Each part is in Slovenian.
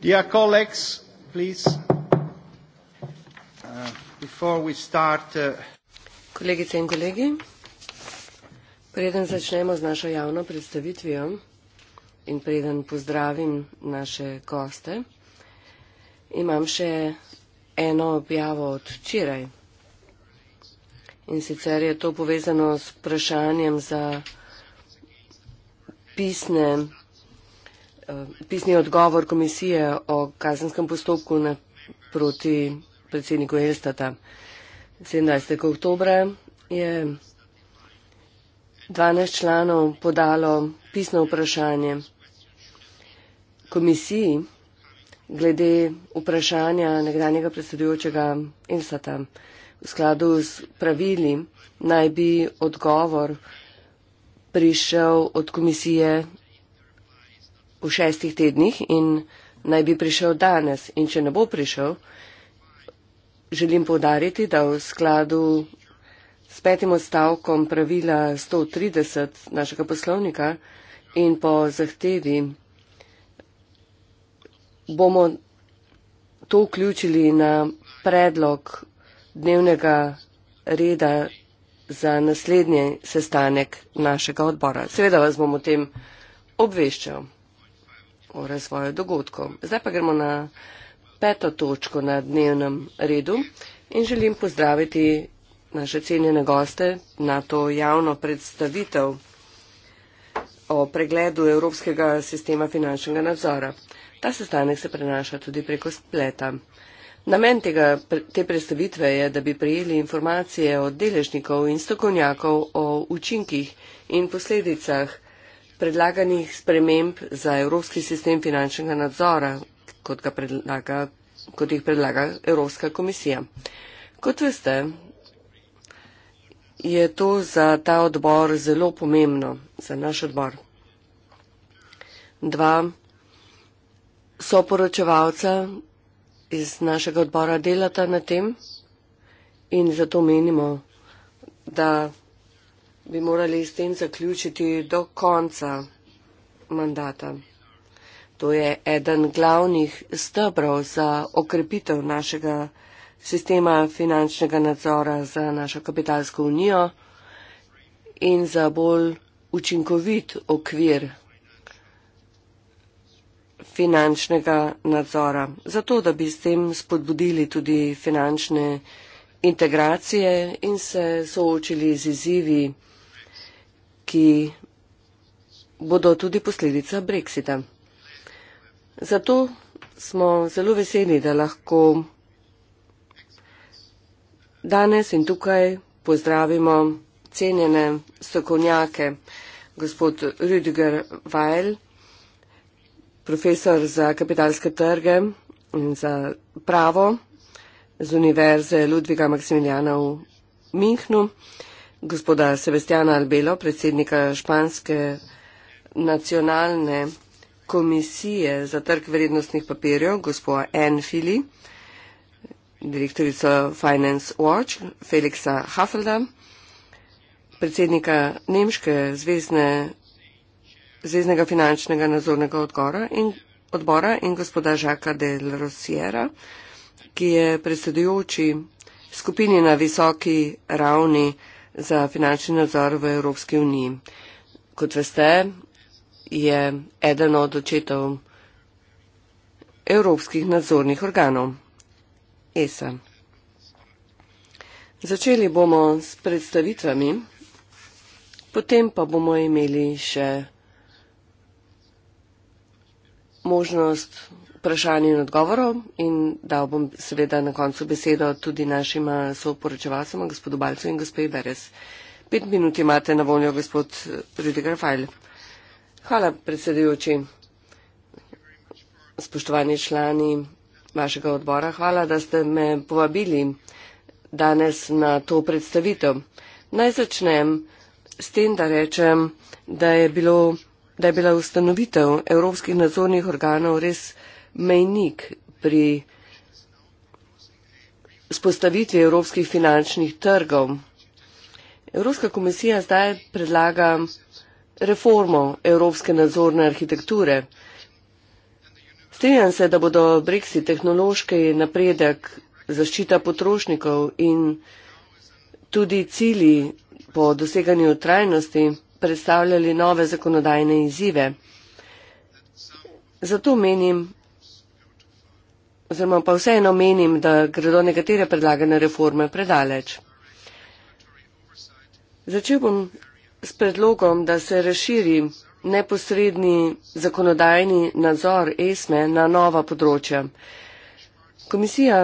dear colleagues please uh, before we start uh, kolegice in kolegi preden začnemo z našo javno predstavitvijo in preden pozdravim naše goste imam še eno objavo od včeraj in sicer je to povezano s vprašanjem za pisne Eh, pisni odgovor komisije o kazenskem postopku na, proti predsedniku Elstata. 17. oktober je 12 članov podalo pisno vprašanje komisiji glede vprašanja nekdanjega predsedujočega Elstata. V skladu z pravili naj bi odgovor prišel od komisije v šestih tednih in naj bi prišel danes. In če ne bo prišel, želim povdariti, da v skladu s petim odstavkom pravila 130 našega poslovnika in po zahtevi bomo to vključili na predlog dnevnega reda za naslednji sestanek našega odbora. Seveda vas bom o tem obveščal o razvoju dogodkov. Zdaj pa gremo na peto točko na dnevnem redu in želim pozdraviti naše cenjene goste na to javno predstavitev o pregledu Evropskega sistema finančnega nadzora. Ta sestanek se prenaša tudi preko spleta. Namen tega, te predstavitve je, da bi prejeli informacije od deležnikov in strokovnjakov o učinkih in posledicah predlaganih sprememb za evropski sistem finančnega nadzora, kot, predlaga, kot jih predlaga Evropska komisija. Kot veste, je to za ta odbor zelo pomembno, za naš odbor. Dva soporočevalca iz našega odbora delata na tem in zato menimo, da bi morali s tem zaključiti do konca mandata. To je eden glavnih stebrov za okrepitev našega sistema finančnega nadzora za našo kapitalsko unijo in za bolj učinkovit okvir finančnega nadzora. Zato, da bi s tem spodbudili tudi finančne integracije in se soočili z izzivi ki bodo tudi posledica Brexita. Zato smo zelo veseli, da lahko danes in tukaj pozdravimo cenjene strokovnjake, gospod Rüdiger Weil, profesor za kapitalske trge in za pravo z Univerze Ludviga Maksimiljana v Minhnu gospoda Sebastiana Albelo, predsednika Španske nacionalne komisije za trg vrednostnih papirjev, gospoda Anne Fili, direktorico Finance Watch, Felixa Hafelda, predsednika Nemške zvezne, zveznega finančnega nadzornega odgora in, odbora in gospoda Žaka del Rosiera, ki je predsedujoči skupini na visoki ravni za finančni nadzor v Evropski uniji. Kot veste, je eden od očetov evropskih nadzornih organov ESA. Začeli bomo s predstavitvami, potem pa bomo imeli še možnost vprašanju in odgovoru in dal bom seveda na koncu besedo tudi našima soporočevalcema, gospodu Balcu in gospe Iberes. Pet minut imate na voljo, gospod Rüdiger Feil. Hvala, predsedujoči. Spoštovani člani vašega odbora, hvala, da ste me povabili danes na to predstavitev. Naj začnem s tem, da rečem, da je, bilo, da je bila ustanovitev evropskih nadzornih organov res mejnik pri spostavitvi evropskih finančnih trgov. Evropska komisija zdaj predlaga reformo evropske nadzorne arhitekture. Strinjam se, da bodo Brexit tehnološki napredek, zaščita potrošnikov in tudi cilji po doseganju trajnosti predstavljali nove zakonodajne izzive. Zato menim, oziroma pa vseeno menim, da gredo nekatere predlagane reforme predaleč. Začel bom s predlogom, da se razširi neposredni zakonodajni nadzor ESME na nova področja. Komisija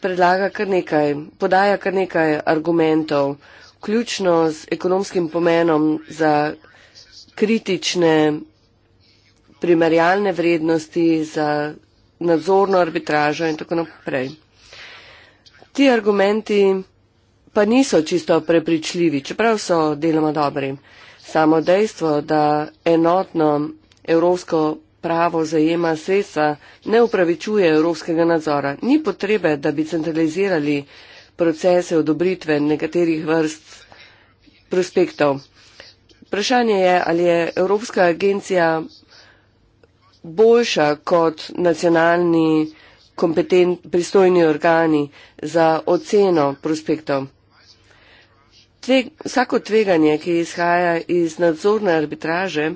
predlaga kar nekaj, podaja kar nekaj argumentov, ključno z ekonomskim pomenom za kritične primerjalne vrednosti, za nadzorno arbitražo in tako naprej. Ti argumenti pa niso čisto prepričljivi, čeprav so deloma dobri. Samo dejstvo, da enotno evropsko pravo zajema sredstva, ne upravičuje evropskega nadzora. Ni potrebe, da bi centralizirali procese odobritve nekaterih vrst prospektov. Vprašanje je, ali je Evropska agencija boljša kot nacionalni pristojni organi za oceno prospektov. Tveg, vsako tveganje, ki izhaja iz nadzorne arbitraže,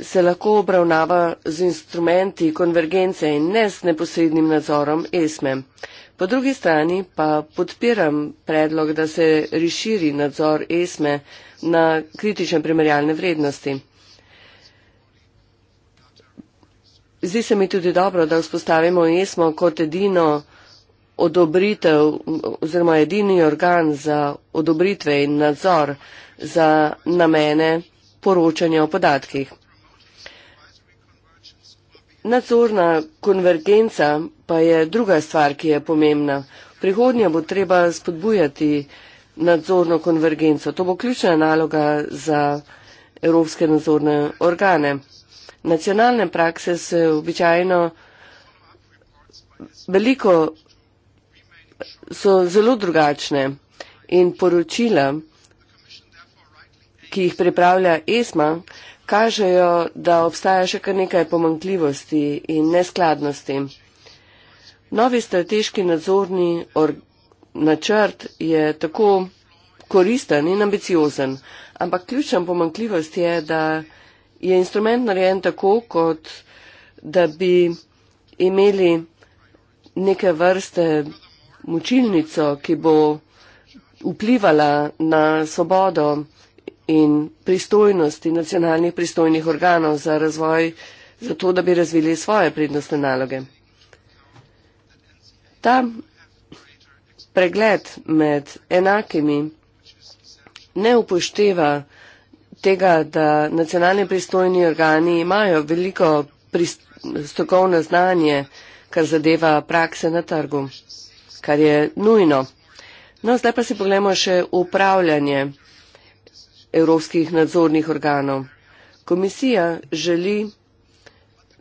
se lahko obravnava z instrumenti konvergence in ne s neposrednim nadzorom ESME. Po drugi strani pa podpiram predlog, da se reširi nadzor ESME na kritične primerjalne vrednosti. Zdi se mi tudi dobro, da vzpostavimo ESMO kot edino odobritev oziroma edini organ za odobritve in nadzor za namene poročanja o podatkih. Nadzorna konvergenca pa je druga stvar, ki je pomembna. V prihodnje bo treba spodbujati nadzorno konvergenco. To bo ključna naloga za evropske nadzorne organe nacionalne prakse se običajno veliko so zelo drugačne in poročila, ki jih pripravlja ESMA, kažejo, da obstaja še kar nekaj pomankljivosti in neskladnosti. Novi strateški nadzorni načrt je tako koristen in ambiciozen, ampak ključna pomankljivost je, da je instrument narejen tako, kot da bi imeli neke vrste mučilnico, ki bo vplivala na svobodo in pristojnosti nacionalnih pristojnih organov za razvoj, za to, da bi razvili svoje prednostne naloge. Ta pregled med enakimi ne upošteva, tega, da nacionalni pristojni organi imajo veliko strokovno znanje, kar zadeva prakse na trgu, kar je nujno. No, zdaj pa si pogledamo še upravljanje evropskih nadzornih organov. Komisija želi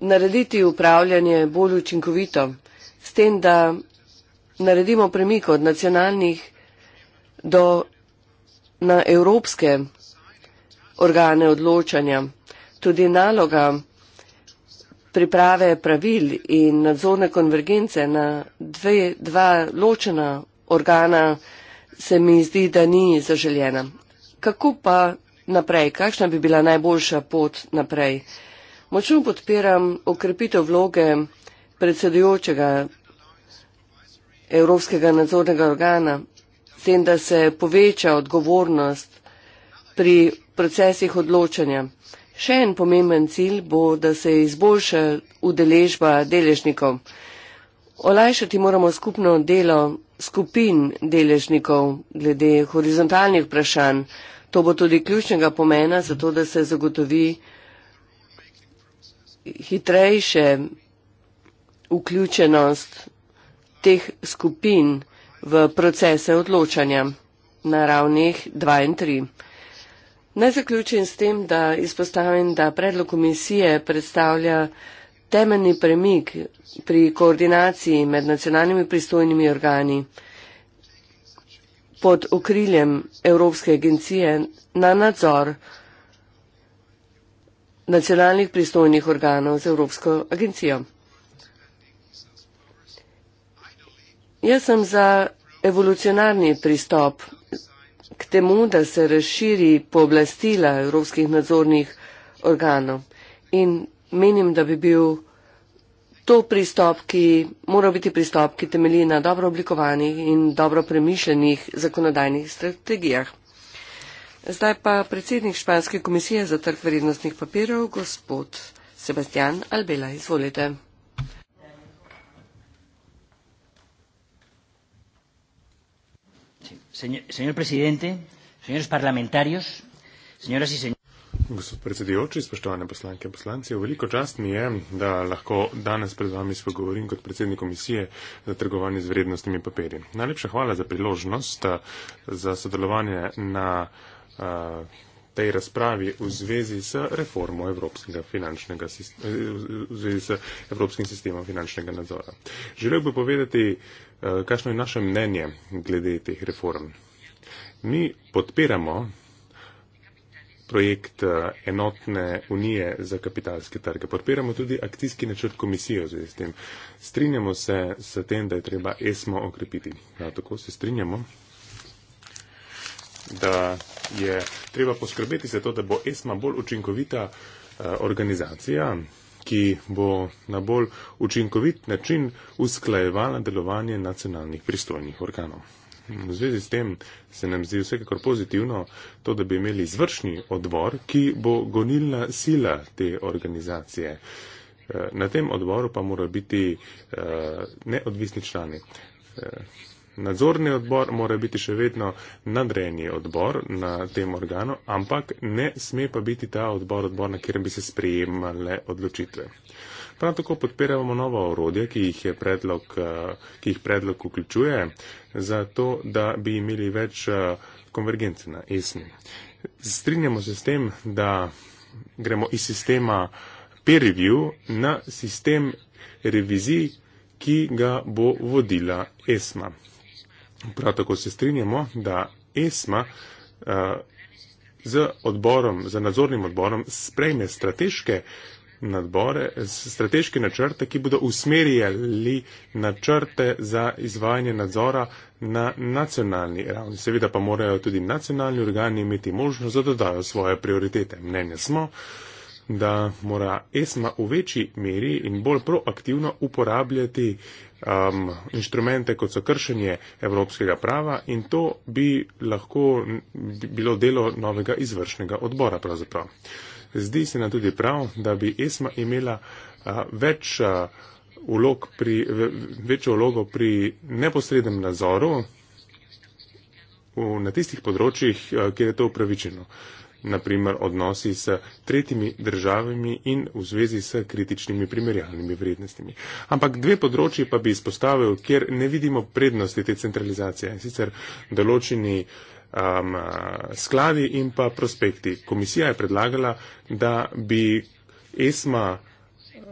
narediti upravljanje bolj učinkovito, s tem, da naredimo premik od nacionalnih do na evropske organe odločanja. Tudi naloga priprave pravil in nadzorne konvergence na dve, dva ločena organa se mi zdi, da ni zaželjena. Kako pa naprej? Kakšna bi bila najboljša pot naprej? Močno podpiram okrepitev vloge predsedujočega Evropskega nadzornega organa, s tem, da se poveča odgovornost pri procesih odločanja. Še en pomemben cilj bo, da se izboljša udeležba deležnikov. Olajšati moramo skupno delo skupin deležnikov glede horizontalnih vprašanj. To bo tudi ključnega pomena za to, da se zagotovi hitrejše vključenost teh skupin v procese odločanja na ravnih 2 in 3. Naj zaključim s tem, da izpostavim, da predlog komisije predstavlja temeljni premik pri koordinaciji med nacionalnimi pristojnimi organi pod okriljem Evropske agencije na nadzor nacionalnih pristojnih organov z Evropsko agencijo. Jaz sem za evolucionarni pristop k temu, da se razširi pooblastila evropskih nadzornih organov. In menim, da bi bil to pristop, ki mora biti pristop, ki temelji na dobro oblikovanih in dobro premišljenih zakonodajnih strategijah. Zdaj pa predsednik Španske komisije za trg vrednostnih papirov, gospod Sebastian Albela, izvolite. Señor presidente, señores parlamentarios, señoras y señores. Gospod predsedujoči, spoštovane poslanke in poslanci, veliko čast mi je, da lahko danes pred vami spogovorim kot predsednik komisije za trgovanje z vrednostnimi papirji. Najlepša hvala za priložnost, eh, za sodelovanje na eh, tej razpravi v zvezi s reformo sistem, eh, zvezi s evropskim sistemom finančnega nadzora. Želel bi povedati, Eh, kakšno je naše mnenje glede teh reform. Mi podpiramo projekt eh, enotne unije za kapitalske trge. Podpiramo tudi akcijski načrt komisije v zvezi s tem. Strinjamo se s tem, da je treba ESMO okrepiti. Prav tako se strinjamo, da je treba poskrbeti za to, da bo ESMA bolj učinkovita eh, organizacija, ki bo na bolj učinkovit način usklajevala delovanje nacionalnih pristojnih organov. V zvezi s tem se nam zdi vsekakor pozitivno to, da bi imeli izvršni odbor, ki bo gonilna sila te organizacije. Eh, na tem odboru pa mora biti eh, neodvisni člani. Eh, Nadzorni odbor mora biti še vedno nadrejeni odbor na tem organu, ampak ne sme pa biti ta odbor odbor, na katerem bi se sprejemale odločitve. Prav tako podpiramo nova orodja, ki jih, predlog, eh, ki jih predlog vključuje, zato da bi imeli več eh, konvergence na ESM. Strinjamo se s tem, da gremo iz sistema peer review na sistem revizij, ki ga bo vodila ESMA. Prav tako se strinjamo, da ESMA eh, z odborom, z nadzornim odborom sprejme strateške nadbore, strateške načrte, ki bodo usmerjali načrte za izvajanje nadzora na nacionalni ravni. Seveda pa morajo tudi nacionalni organi imeti možnost, da dodajo svoje prioritete. Mnenje smo, da mora ESMA v večji meri in bolj proaktivno uporabljati uh, um, inštrumente, kot so kršenje evropskega prava in to bi lahko bilo delo novega izvršnega odbora. Pravzaprav. Zdi se nam tudi prav, da bi ESMA imela uh, več. Uh, Ulog pri, večjo vlogo pri neposrednem nadzoru v, na tistih področjih, uh, kjer je to upravičeno. Uh, naprimer odnosi s tretjimi državami in v zvezi s kritičnimi primerjalnimi vrednostimi. Ampak dve področji pa bi izpostavil, kjer ne vidimo prednosti te centralizacije, sicer določeni um, skladi in pa prospekti. Komisija je predlagala, da bi ESMA uh,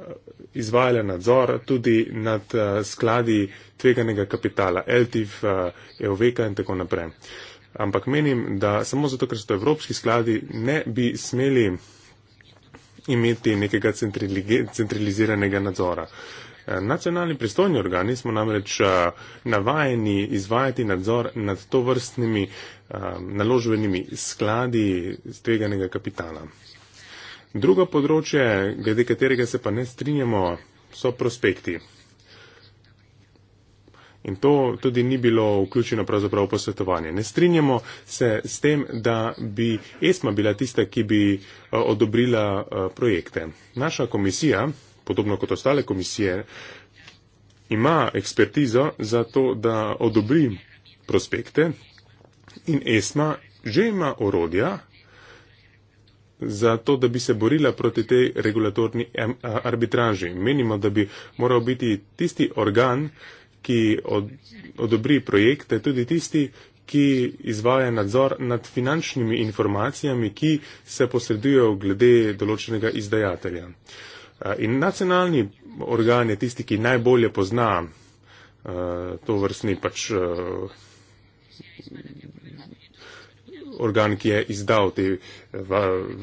izvajala nadzor tudi nad uh, skladi tveganega kapitala, LTIF, uh, EOVK in tako naprej. Uh, ampak menim, da samo zato, ker so to evropski skladi, ne bi smeli imeti nekega centraliziranega nadzora. Eh, nacionalni pristojni organi smo namreč eh, navajeni izvajati nadzor nad to vrstnimi eh, naložbenimi skladi streganega kapitala. Drugo področje, glede katerega se pa ne strinjamo, so prospekti. In to tudi ni bilo vključeno pravzaprav v posvetovanje. Ne strinjamo se s tem, da bi ESMA bila tista, ki bi eh, odobrila eh, projekte. Naša komisija, podobno kot ostale komisije, ima ekspertizo za to, da odobri prospekte in ESMA že ima orodja za to, da bi se borila proti tej regulatorni eh, arbitraži. Menimo, da bi moral biti tisti organ, ki od, odobri projekte, tudi tisti, ki izvaja nadzor nad finančnimi informacijami, ki se posredujejo glede določenega izdajatelja. Eh, in nacionalni organ je tisti, ki najbolje pozna uh, to vrstni pač. Uh, organ, ki je izdal te eh,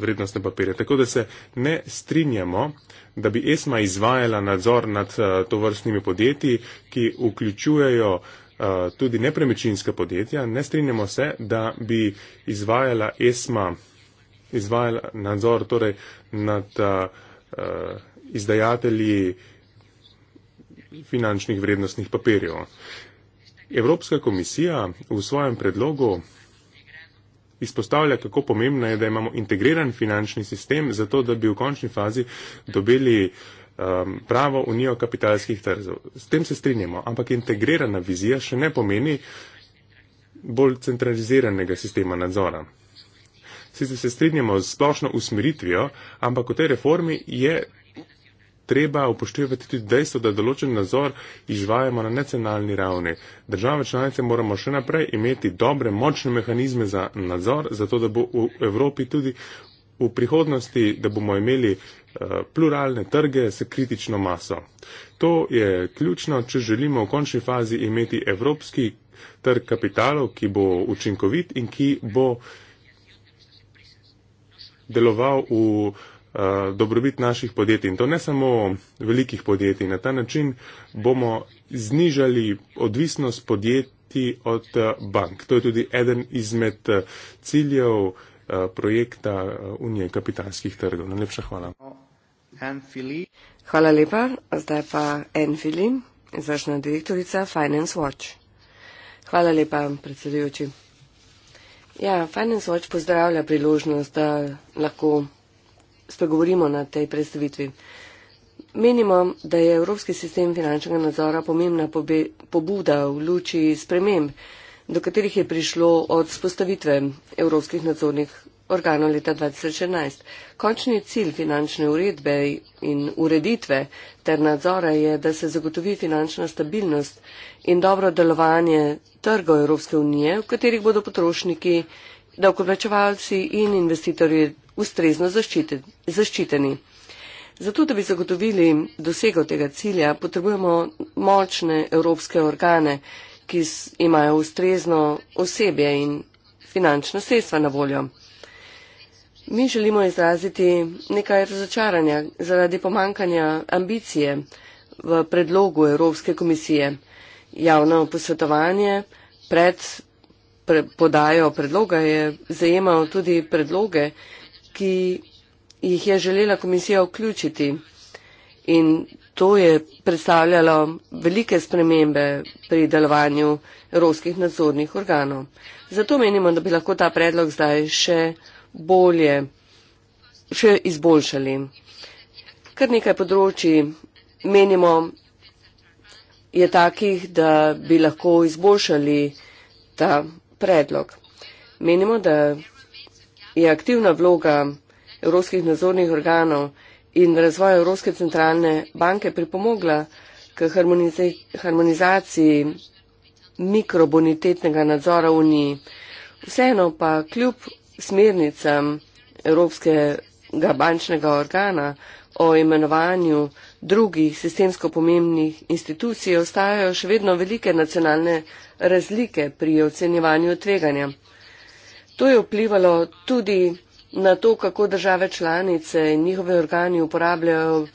vrednostne papirje. Tako da se ne strinjamo, da bi ESMA izvajala nadzor nad eh, to vrstnimi podjetji, ki vključujejo eh, tudi nepremičninska podjetja. Ne strinjamo se, da bi izvajala ESMA izvajala nadzor torej, nad izdajatelji finančnih vrednostnih papirjev. Evropska komisija v svojem predlogu izpostavlja, kako pomembno je, da imamo integriran finančni sistem, zato da bi v končni fazi dobili um, pravo unijo kapitalskih trzov. S tem se strinjamo, ampak integrirana vizija še ne pomeni bolj centraliziranega sistema nadzora. Sicer se strinjamo z splošno usmeritvijo, ampak v tej reformi je treba upoštevati tudi dejstvo, da določen nadzor izvajamo na nacionalni ravni. Države članice moramo še naprej imeti dobre, močne mehanizme za nadzor, zato da bo v Evropi tudi v prihodnosti, da bomo imeli eh, pluralne trge s kritično maso. To je ključno, če želimo v končni fazi imeti evropski trg kapitalov, ki bo učinkovit in ki bo deloval v Eh, dobrobit naših podjetij in to ne samo velikih podjetij. Na ta način bomo znižali odvisnost podjetij od eh, bank. To je tudi eden izmed eh, ciljev projekta Unije kapitalskih trgov. Najlepša hvala. Hvala lepa. Zdaj pa Enfili, izvršna direktorica Finance Watch. Hvala lepa, predsedujoči. Ja, Finance Watch pozdravlja priložnost, da lahko spregovorimo na tej predstavitvi. Menimo, da je Evropski sistem finančnega nadzora pomembna pobe, pobuda v luči sprememb, do katerih je prišlo od spostavitve Evropskih nadzornih organov leta 2011. Končni cilj finančne uredbe in ureditve ter nadzora je, da se zagotovi finančna stabilnost in dobro delovanje trgov Evropske unije, v katerih bodo potrošniki, davkoplačevalci in investitorji ustrezno zaščiteni. Zato, da bi zagotovili dosego tega cilja, potrebujemo močne evropske organe, ki imajo ustrezno osebje in finančno sredstva na voljo. Mi želimo izraziti nekaj razočaranja zaradi pomankanja ambicije v predlogu Evropske komisije. Javno posvetovanje pred pre, podajo predloga je zajemalo tudi predloge, ki jih je želela komisija vključiti. In to je predstavljalo velike spremembe pri delovanju evropskih nadzornih organov. Zato menimo, da bi lahko ta predlog zdaj še bolje, še izboljšali. Kar nekaj področji menimo je takih, da bi lahko izboljšali ta predlog. Menimo, da je aktivna vloga evropskih nadzornih organov in razvoja Evropske centralne banke pripomogla k harmonizaciji mikrobonitetnega nadzora Uniji. Vseeno pa kljub smernicam Evropskega bančnega organa o imenovanju drugih sistemsko pomembnih institucij ostajajo še vedno velike nacionalne razlike pri ocenjevanju tveganja. To je vplivalo tudi na to, kako države članice in njihove organi uporabljajo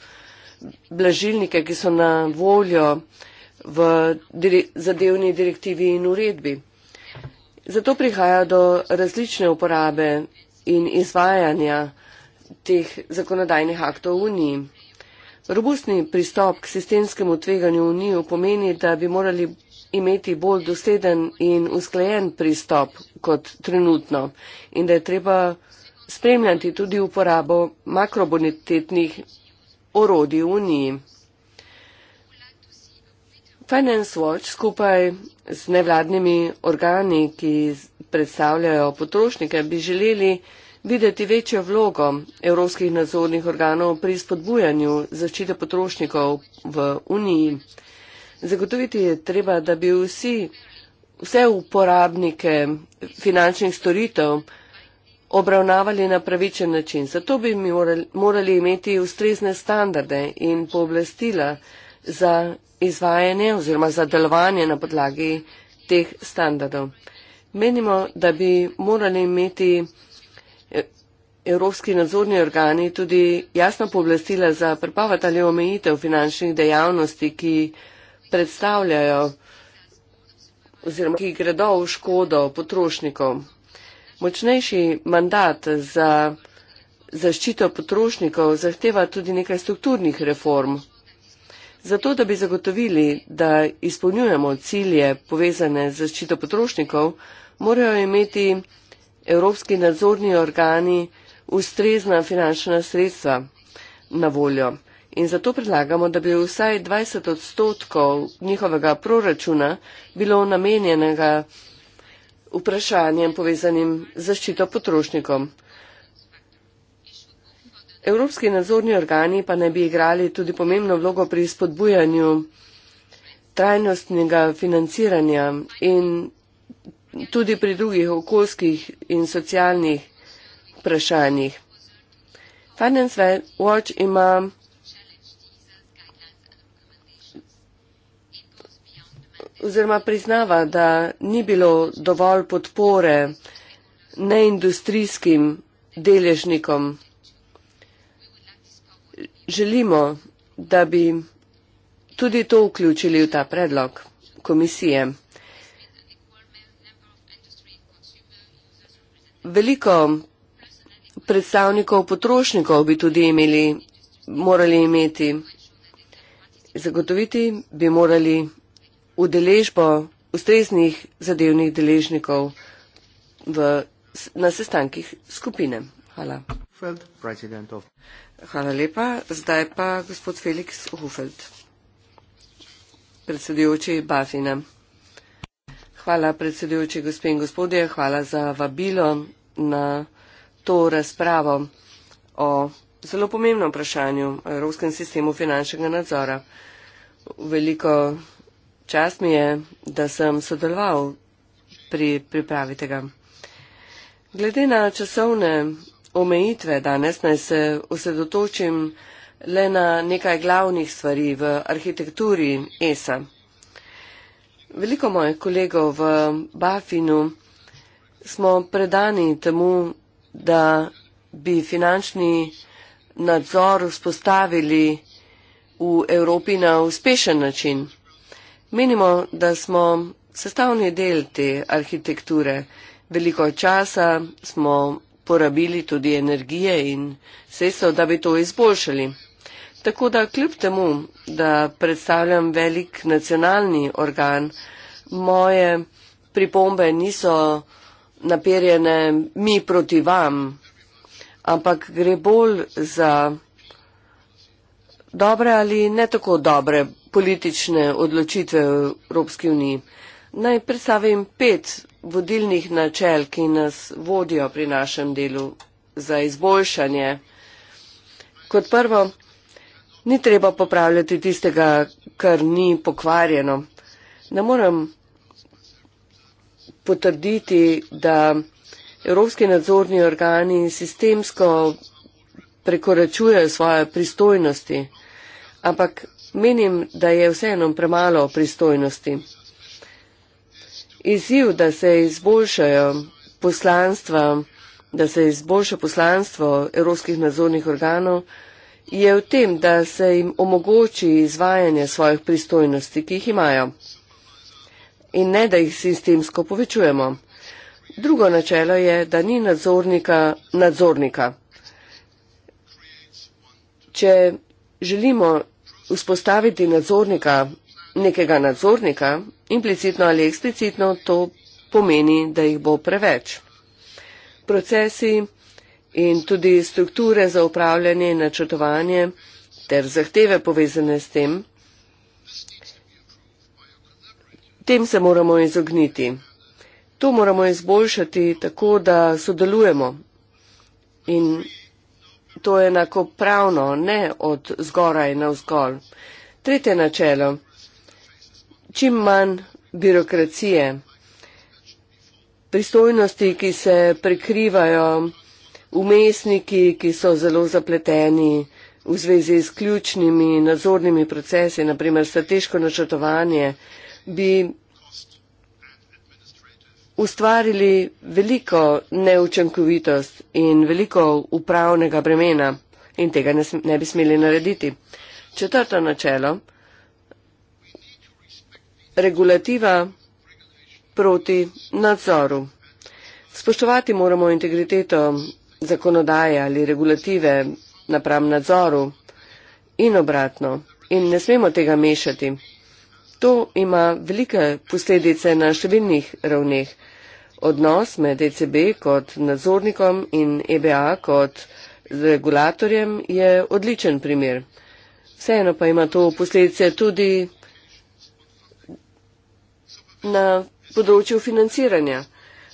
blažilnike, ki so na voljo v zadevni direktivi in uredbi. Zato prihaja do različne uporabe in izvajanja teh zakonodajnih aktov v Uniji. Robustni pristop k sistemskemu tveganju v Uniji pomeni, da bi morali imeti bolj dosleden in usklajen pristop kot trenutno in da je treba spremljati tudi uporabo makrobonitetnih orodij v Uniji. Finance Watch skupaj z nevladnimi organi, ki predstavljajo potrošnike, bi želeli videti večjo vlogo evropskih nadzornih organov pri spodbujanju zaščite potrošnikov v Uniji. Zagotoviti je treba, da bi vsi vse uporabnike finančnih storitev obravnavali na pravičen način. Zato bi morali imeti ustrezne standarde in pooblastila za izvajanje oziroma za delovanje na podlagi teh standardov. Menimo, da bi morali imeti eh, evropski nadzorni organi tudi jasno pooblastila za prepoved ali omejitev finančnih dejavnosti, ki predstavljajo oziroma ki gredo v škodo potrošnikov. Močnejši mandat za zaščito potrošnikov zahteva tudi nekaj strukturnih reform. Zato, da bi zagotovili, da izpolnjujemo cilje povezane z zaščito potrošnikov, morajo imeti evropski nadzorni organi ustrezna finančna sredstva na voljo in zato predlagamo, da bi vsaj 20 odstotkov njihovega proračuna bilo namenjenega vprašanjem povezanim zaščito potrošnikom. Evropski nadzorni organi pa ne bi igrali tudi pomembno vlogo pri spodbujanju trajnostnega financiranja in tudi pri drugih okoljskih in socialnih vprašanjih. Finance Watch ima oziroma priznava, da ni bilo dovolj podpore neindustrijskim deležnikom. Želimo, da bi tudi to vključili v ta predlog komisije. Veliko predstavnikov potrošnikov bi tudi imeli, morali imeti. Zagotoviti bi morali udeležbo ustreznih zadevnih deležnikov v, na sestankih skupine. Hvala. Hvala lepa. Zdaj pa gospod Felix Hufeld, predsedujoči Bafina. Hvala predsedujoči gospe in gospodje, hvala za vabilo na to razpravo o zelo pomembnem vprašanju o evropskem sistemu finančnega nadzora. Veliko Čast mi je, da sem sodeloval pri pripravi tega. Glede na časovne omejitve danes naj se usredotočim le na nekaj glavnih stvari v arhitekturi ESA. Veliko mojih kolegov v Bafinu smo predani temu, da bi finančni nadzor vzpostavili v Evropi na uspešen način. Menimo, da smo sestavni del te arhitekture. Veliko časa smo porabili tudi energije in sredstvo, da bi to izboljšali. Tako da kljub temu, da predstavljam velik nacionalni organ, moje pripombe niso naperjene mi proti vam, ampak gre bolj za dobre ali ne tako dobre politične odločitve v Evropski uniji. Naj predstavim pet vodilnih načel, ki nas vodijo pri našem delu za izboljšanje. Kot prvo, ni treba popravljati tistega, kar ni pokvarjeno. Ne moram potrditi, da evropski nadzorni organi sistemsko prekoračujejo svoje pristojnosti, ampak menim, da je vseeno premalo pristojnosti. Izziv, da se izboljšajo poslanstva, da se izboljša poslanstvo evropskih nadzornih organov, je v tem, da se jim omogoči izvajanje svojih pristojnosti, ki jih imajo in ne, da jih sistemsko povečujemo. Drugo načelo je, da ni nadzornika nadzornika. Če želimo vzpostaviti nadzornika, nekega nadzornika, implicitno ali eksplicitno, to pomeni, da jih bo preveč. Procesi in tudi strukture za upravljanje in načrtovanje ter zahteve povezane s tem, tem se moramo izogniti. To moramo izboljšati tako, da sodelujemo in to enakopravno, ne od zgoraj na vzgor. Tretje načelo. Čim manj birokracije, pristojnosti, ki se prekrivajo, umestniki, ki so zelo zapleteni v zvezi s ključnimi nadzornimi procesi, naprimer strateško načrtovanje, bi ustvarili veliko neučinkovitost in veliko upravnega bremena in tega ne, ne bi smeli narediti. Četrto načelo. Regulativa proti nadzoru. Spoštovati moramo integriteto zakonodaje ali regulative napram nadzoru in obratno. In ne smemo tega mešati. To ima velike posledice na številnih ravneh. Odnos med ECB kot nadzornikom in EBA kot regulatorjem je odličen primer. Vseeno pa ima to posledice tudi na področju financiranja.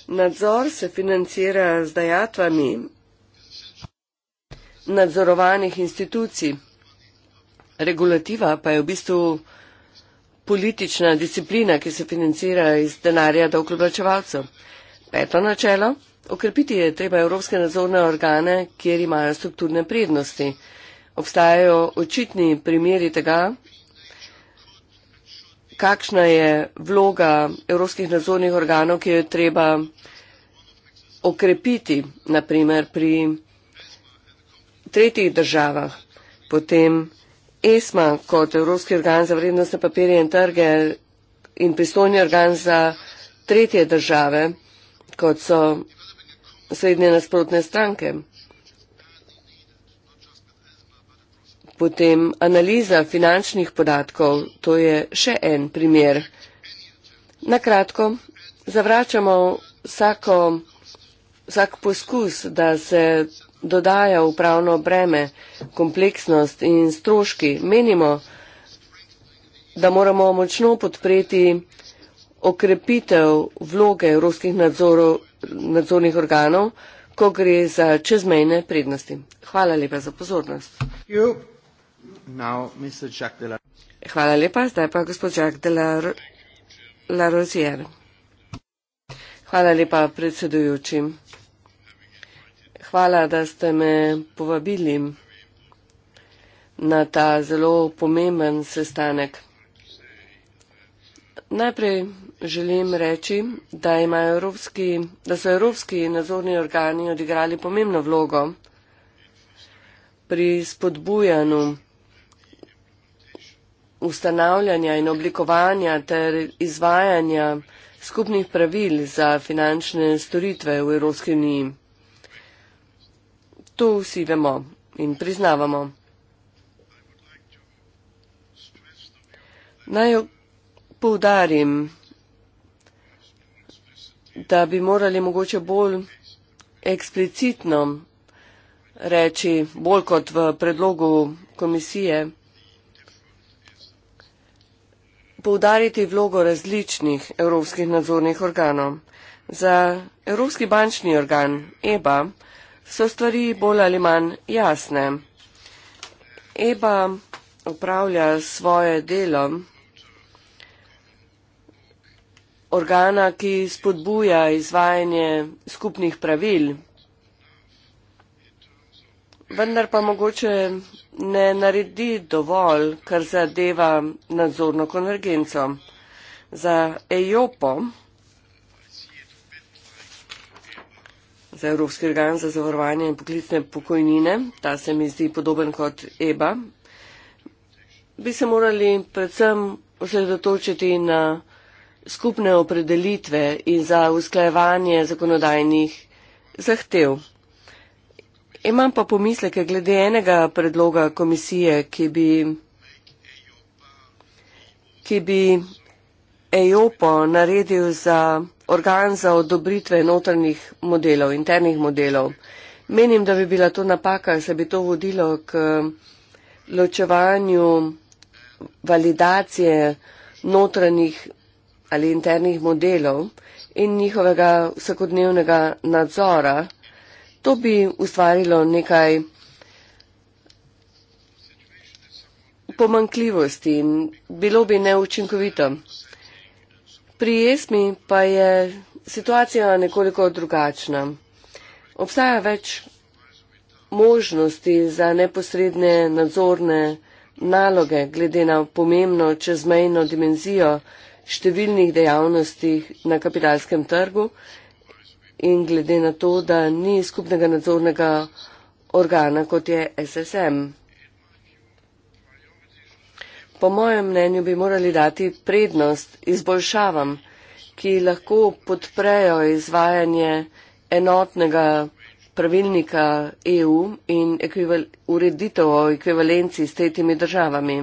Nadzor se financira z dajatvami nadzorovanih institucij. Regulativa pa je v bistvu politična disciplina, ki se financira iz denarja davkoplačevalcev. Peto načelo. Okrepiti je treba evropske nadzorne organe, kjer imajo strukturne prednosti. Obstajajo očitni primeri tega, kakšna je vloga evropskih nadzornih organov, ki jo je treba okrepiti, naprimer pri tretjih državah. Potem ESMA kot Evropski organ za vrednostne papirje in trge in pristojni organ za tretje države, kot so srednje nasprotne stranke. Potem analiza finančnih podatkov, to je še en primer. Nakratko, zavračamo vsako, vsak poskus, da se dodaja upravno breme, kompleksnost in stroški. Menimo, da moramo močno podpreti okrepitev vloge evropskih nadzorov, nadzornih organov, ko gre za čezmejne prednosti. Hvala lepa za pozornost. Hvala lepa, zdaj pa gospod Jacques de la, la Rozier. Hvala lepa predsedujočim. Hvala, da ste me povabili na ta zelo pomemben sestanek. Najprej želim reči, da, evropski, da so evropski nadzorni organi odigrali pomembno vlogo pri spodbujanju ustanavljanja in oblikovanja ter izvajanja skupnih pravil za finančne storitve v Evropski uniji. To vsi vemo in priznavamo. Naj poudarim, da bi morali mogoče bolj eksplicitno reči, bolj kot v predlogu komisije, poudariti vlogo različnih evropskih nadzornih organov. Za Evropski bančni organ EBA so stvari bolj ali manj jasne. Eba upravlja svoje delo organa, ki spodbuja izvajanje skupnih pravil, vendar pa mogoče ne naredi dovolj, kar zadeva nadzorno konvergenco. Za EJOPO članica Evropskega organa za zavarovanje in poklicne pokojnine. Ta se mi zdi podoben kot EBA. Bi se morali predvsem osredotočiti na skupne opredelitve in za usklajevanje zakonodajnih zahtev. Imam pa pomisleke glede enega predloga komisije, ki bi, ki bi EIOPO naredil za organ za odobritve notrnih modelov, internih modelov. Menim, da bi bila to napaka, se bi to vodilo k ločevanju validacije notranjih ali internih modelov in njihovega vsakodnevnega nadzora. To bi ustvarilo nekaj pomankljivosti in bilo bi neučinkovito. Pri Esmi pa je situacija nekoliko drugačna. Obstaja več možnosti za neposredne nadzorne naloge glede na pomembno čezmejno dimenzijo številnih dejavnosti na kapitalskem trgu in glede na to, da ni skupnega nadzornega organa kot je SSM po mojem mnenju bi morali dati prednost izboljšavam, ki lahko podprejo izvajanje enotnega pravilnika EU in ureditev o ekvivalenci s tretjimi državami.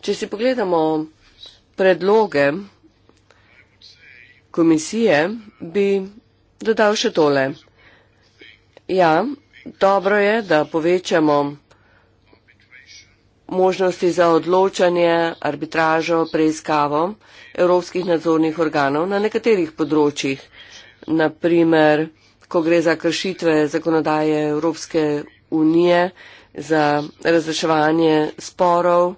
Če si pogledamo predloge komisije, bi dodal še tole. Ja, dobro je, da povečamo možnosti za odločanje, arbitražo, preiskavo evropskih nadzornih organov na nekaterih področjih, naprimer, ko gre za kršitve zakonodaje Evropske unije, za razreševanje sporov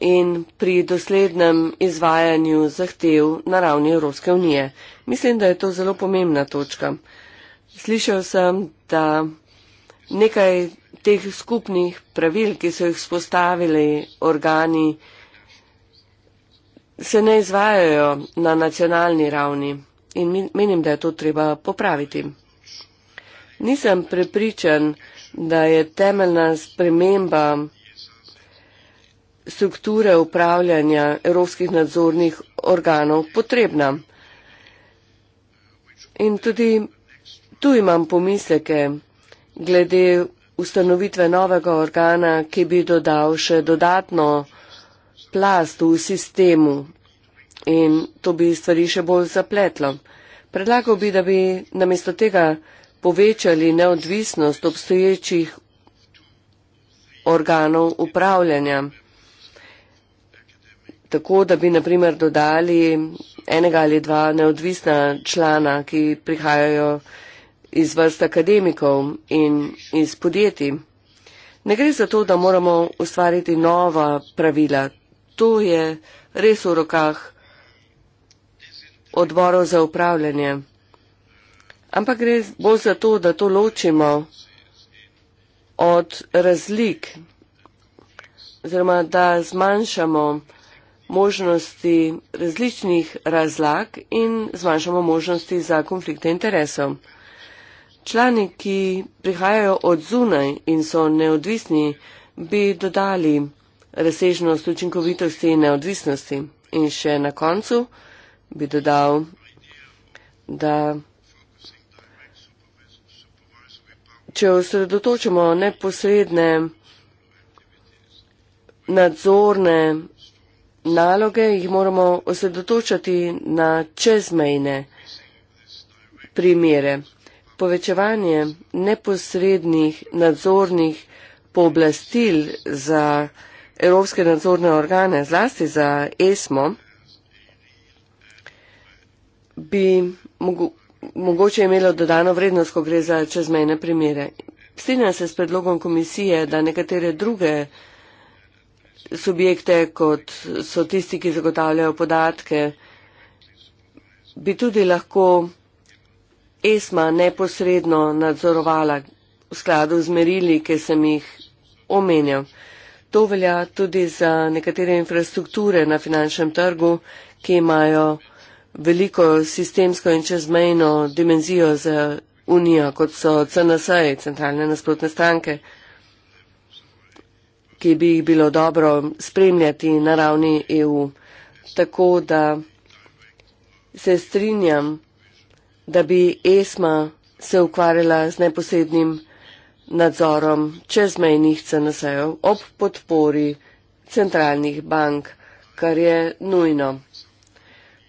in pri doslednem izvajanju zahtev na ravni Evropske unije. Mislim, da je to zelo pomembna točka. Slišal sem, da nekaj teh skupnih pravil, ki so jih spostavili organi, se ne izvajajo na nacionalni ravni in menim, da je to treba popraviti. Nisem prepričan, da je temeljna sprememba strukture upravljanja evropskih nadzornih organov potrebna. In tudi tu imam pomisleke glede ustanovitve novega organa, ki bi dodal še dodatno plast v sistemu in to bi stvari še bolj zapletlo. Predlagal bi, da bi namesto tega povečali neodvisnost obstoječih organov upravljanja. Tako, da bi naprimer dodali enega ali dva neodvisna člana, ki prihajajo iz vrst akademikov in iz podjetij. Ne gre za to, da moramo ustvariti nova pravila. To je res v rokah odborov za upravljanje. Ampak gre bolj za to, da to ločimo od razlik oziroma da zmanjšamo možnosti različnih razlag in zmanjšamo možnosti za konflikte interesov. Člani, ki prihajajo od zunaj in so neodvisni, bi dodali razsežnost učinkovitosti in neodvisnosti. In še na koncu bi dodal, da če osredotočimo neposredne nadzorne naloge, jih moramo osredotočati na čezmejne primere povečevanje neposrednih nadzornih pooblastil za evropske nadzorne organe, zlasti za ESMO, bi mogo mogoče imelo dodano vrednost, ko gre za čezmejne primere. Strinjam se s predlogom komisije, da nekatere druge subjekte, kot so tisti, ki zagotavljajo podatke, bi tudi lahko ESMA neposredno nadzorovala v skladu z merili, ki sem jih omenjal. To velja tudi za nekatere infrastrukture na finančnem trgu, ki imajo veliko sistemsko in čezmejno dimenzijo za Unijo, kot so CNS, centralne nasprotne stranke, ki bi jih bilo dobro spremljati na ravni EU. Tako da se strinjam, da bi ESMA se ukvarjala z neposrednim nadzorom čezmejnih CNS-ev ob podpori centralnih bank, kar je nujno.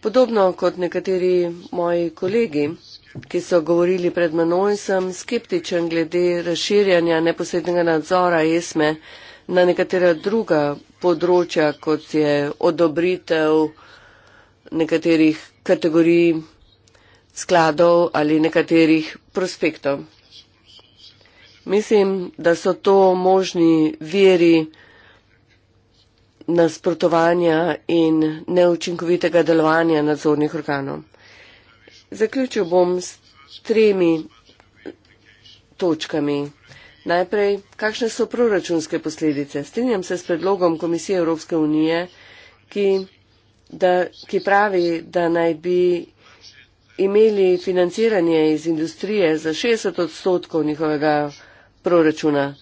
Podobno kot nekateri moji kolegi, ki so govorili pred menoj, sem skeptičen glede razširjanja neposrednega nadzora ESME na nekatera druga področja, kot je odobritev nekaterih kategorij skladov ali nekaterih prospektov. Mislim, da so to možni veri nasprotovanja in neučinkovitega delovanja nadzornih organov. Zaključil bom s tremi točkami. Najprej, kakšne so proračunske posledice? Strinjam se s predlogom Komisije Evropske unije, ki, da, ki pravi, da naj bi imeli financiranje iz industrije za 60 odstotkov njihovega proračuna.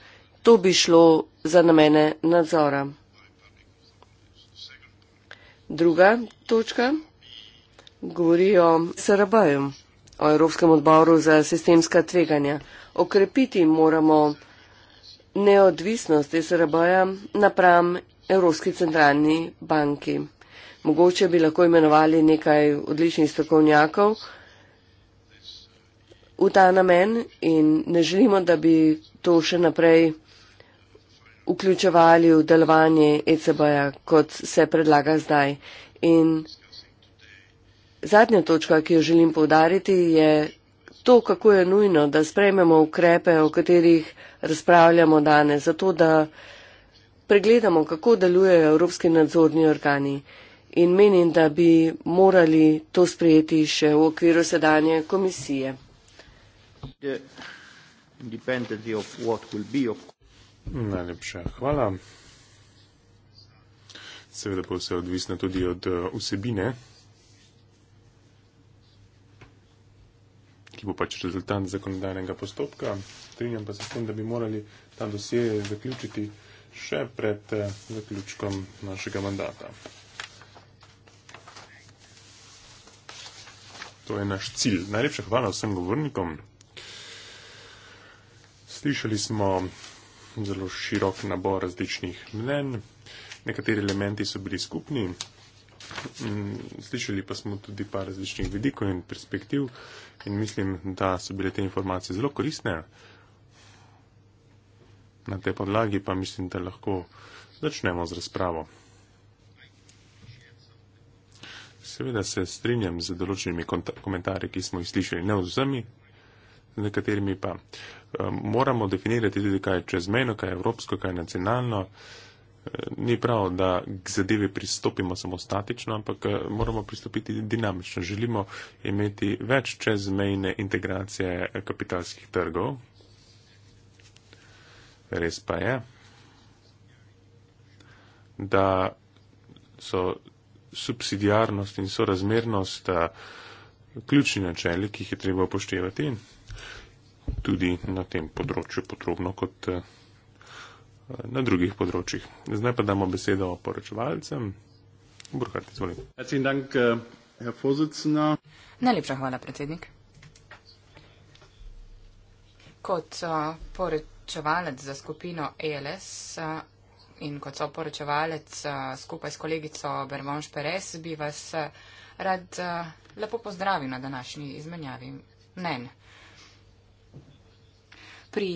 To bi šlo za namene nadzora. Druga točka govori o SRB-ju, o Evropskem odboru za sistemska tveganja. Okrepiti moramo neodvisnost SRB-ja napram Evropski centralni banki mogoče bi lahko imenovali nekaj odličnih strokovnjakov v ta namen in ne želimo, da bi to še naprej vključevali v delovanje ECB-ja, kot se predlaga zdaj. In zadnja točka, ki jo želim povdariti, je to, kako je nujno, da sprejmemo ukrepe, o katerih razpravljamo danes, zato da pregledamo, kako delujejo evropski nadzorni organi in menim, da bi morali to sprejeti še v okviru sedanje komisije. Najlepša hvala. Seveda pa vse odvisno tudi od eh, vsebine, ki bo pač rezultant zakonodajnega postopka. Strinjam pa se s tem, da bi morali ta dosje zaključiti še pred eh, zaključkom našega mandata. to je naš cilj. Najlepša hvala vsem govornikom. Slišali smo zelo širok nabor različnih mnen, nekateri elementi so bili skupni, mm, slišali pa smo tudi par različnih vidikov in perspektiv in mislim, da so bile te informacije zelo koristne. Na tej podlagi pa mislim, da lahko začnemo z razpravo. Seveda se strinjam z določenimi komentarji, ki smo jih slišali, ne vsemi, z nekaterimi pa. Eh, moramo definirati tudi, kaj je čezmejno, kaj je evropsko, kaj je nacionalno. Eh, ni prav, da k zadevi pristopimo samo statično, ampak eh, moramo pristopiti dinamično. Želimo imeti več čezmejne integracije kapitalskih trgov. Res pa je, da so subsidijarnost in sorazmernost ključni načeli, ki jih je treba upoštevati in tudi na tem področju podrobno kot na drugih področjih. Zdaj pa damo besedo poročevalcem. Burkhard, izvolim. Eh, Najlepša hvala, predsednik. Kot uh, poročevalec za skupino ELS uh, in kot so poročevalec eh, skupaj s kolegico Bermonš Peres, bi vas eh, rad eh, lepo pozdravil na današnji izmenjavi mnen. Pri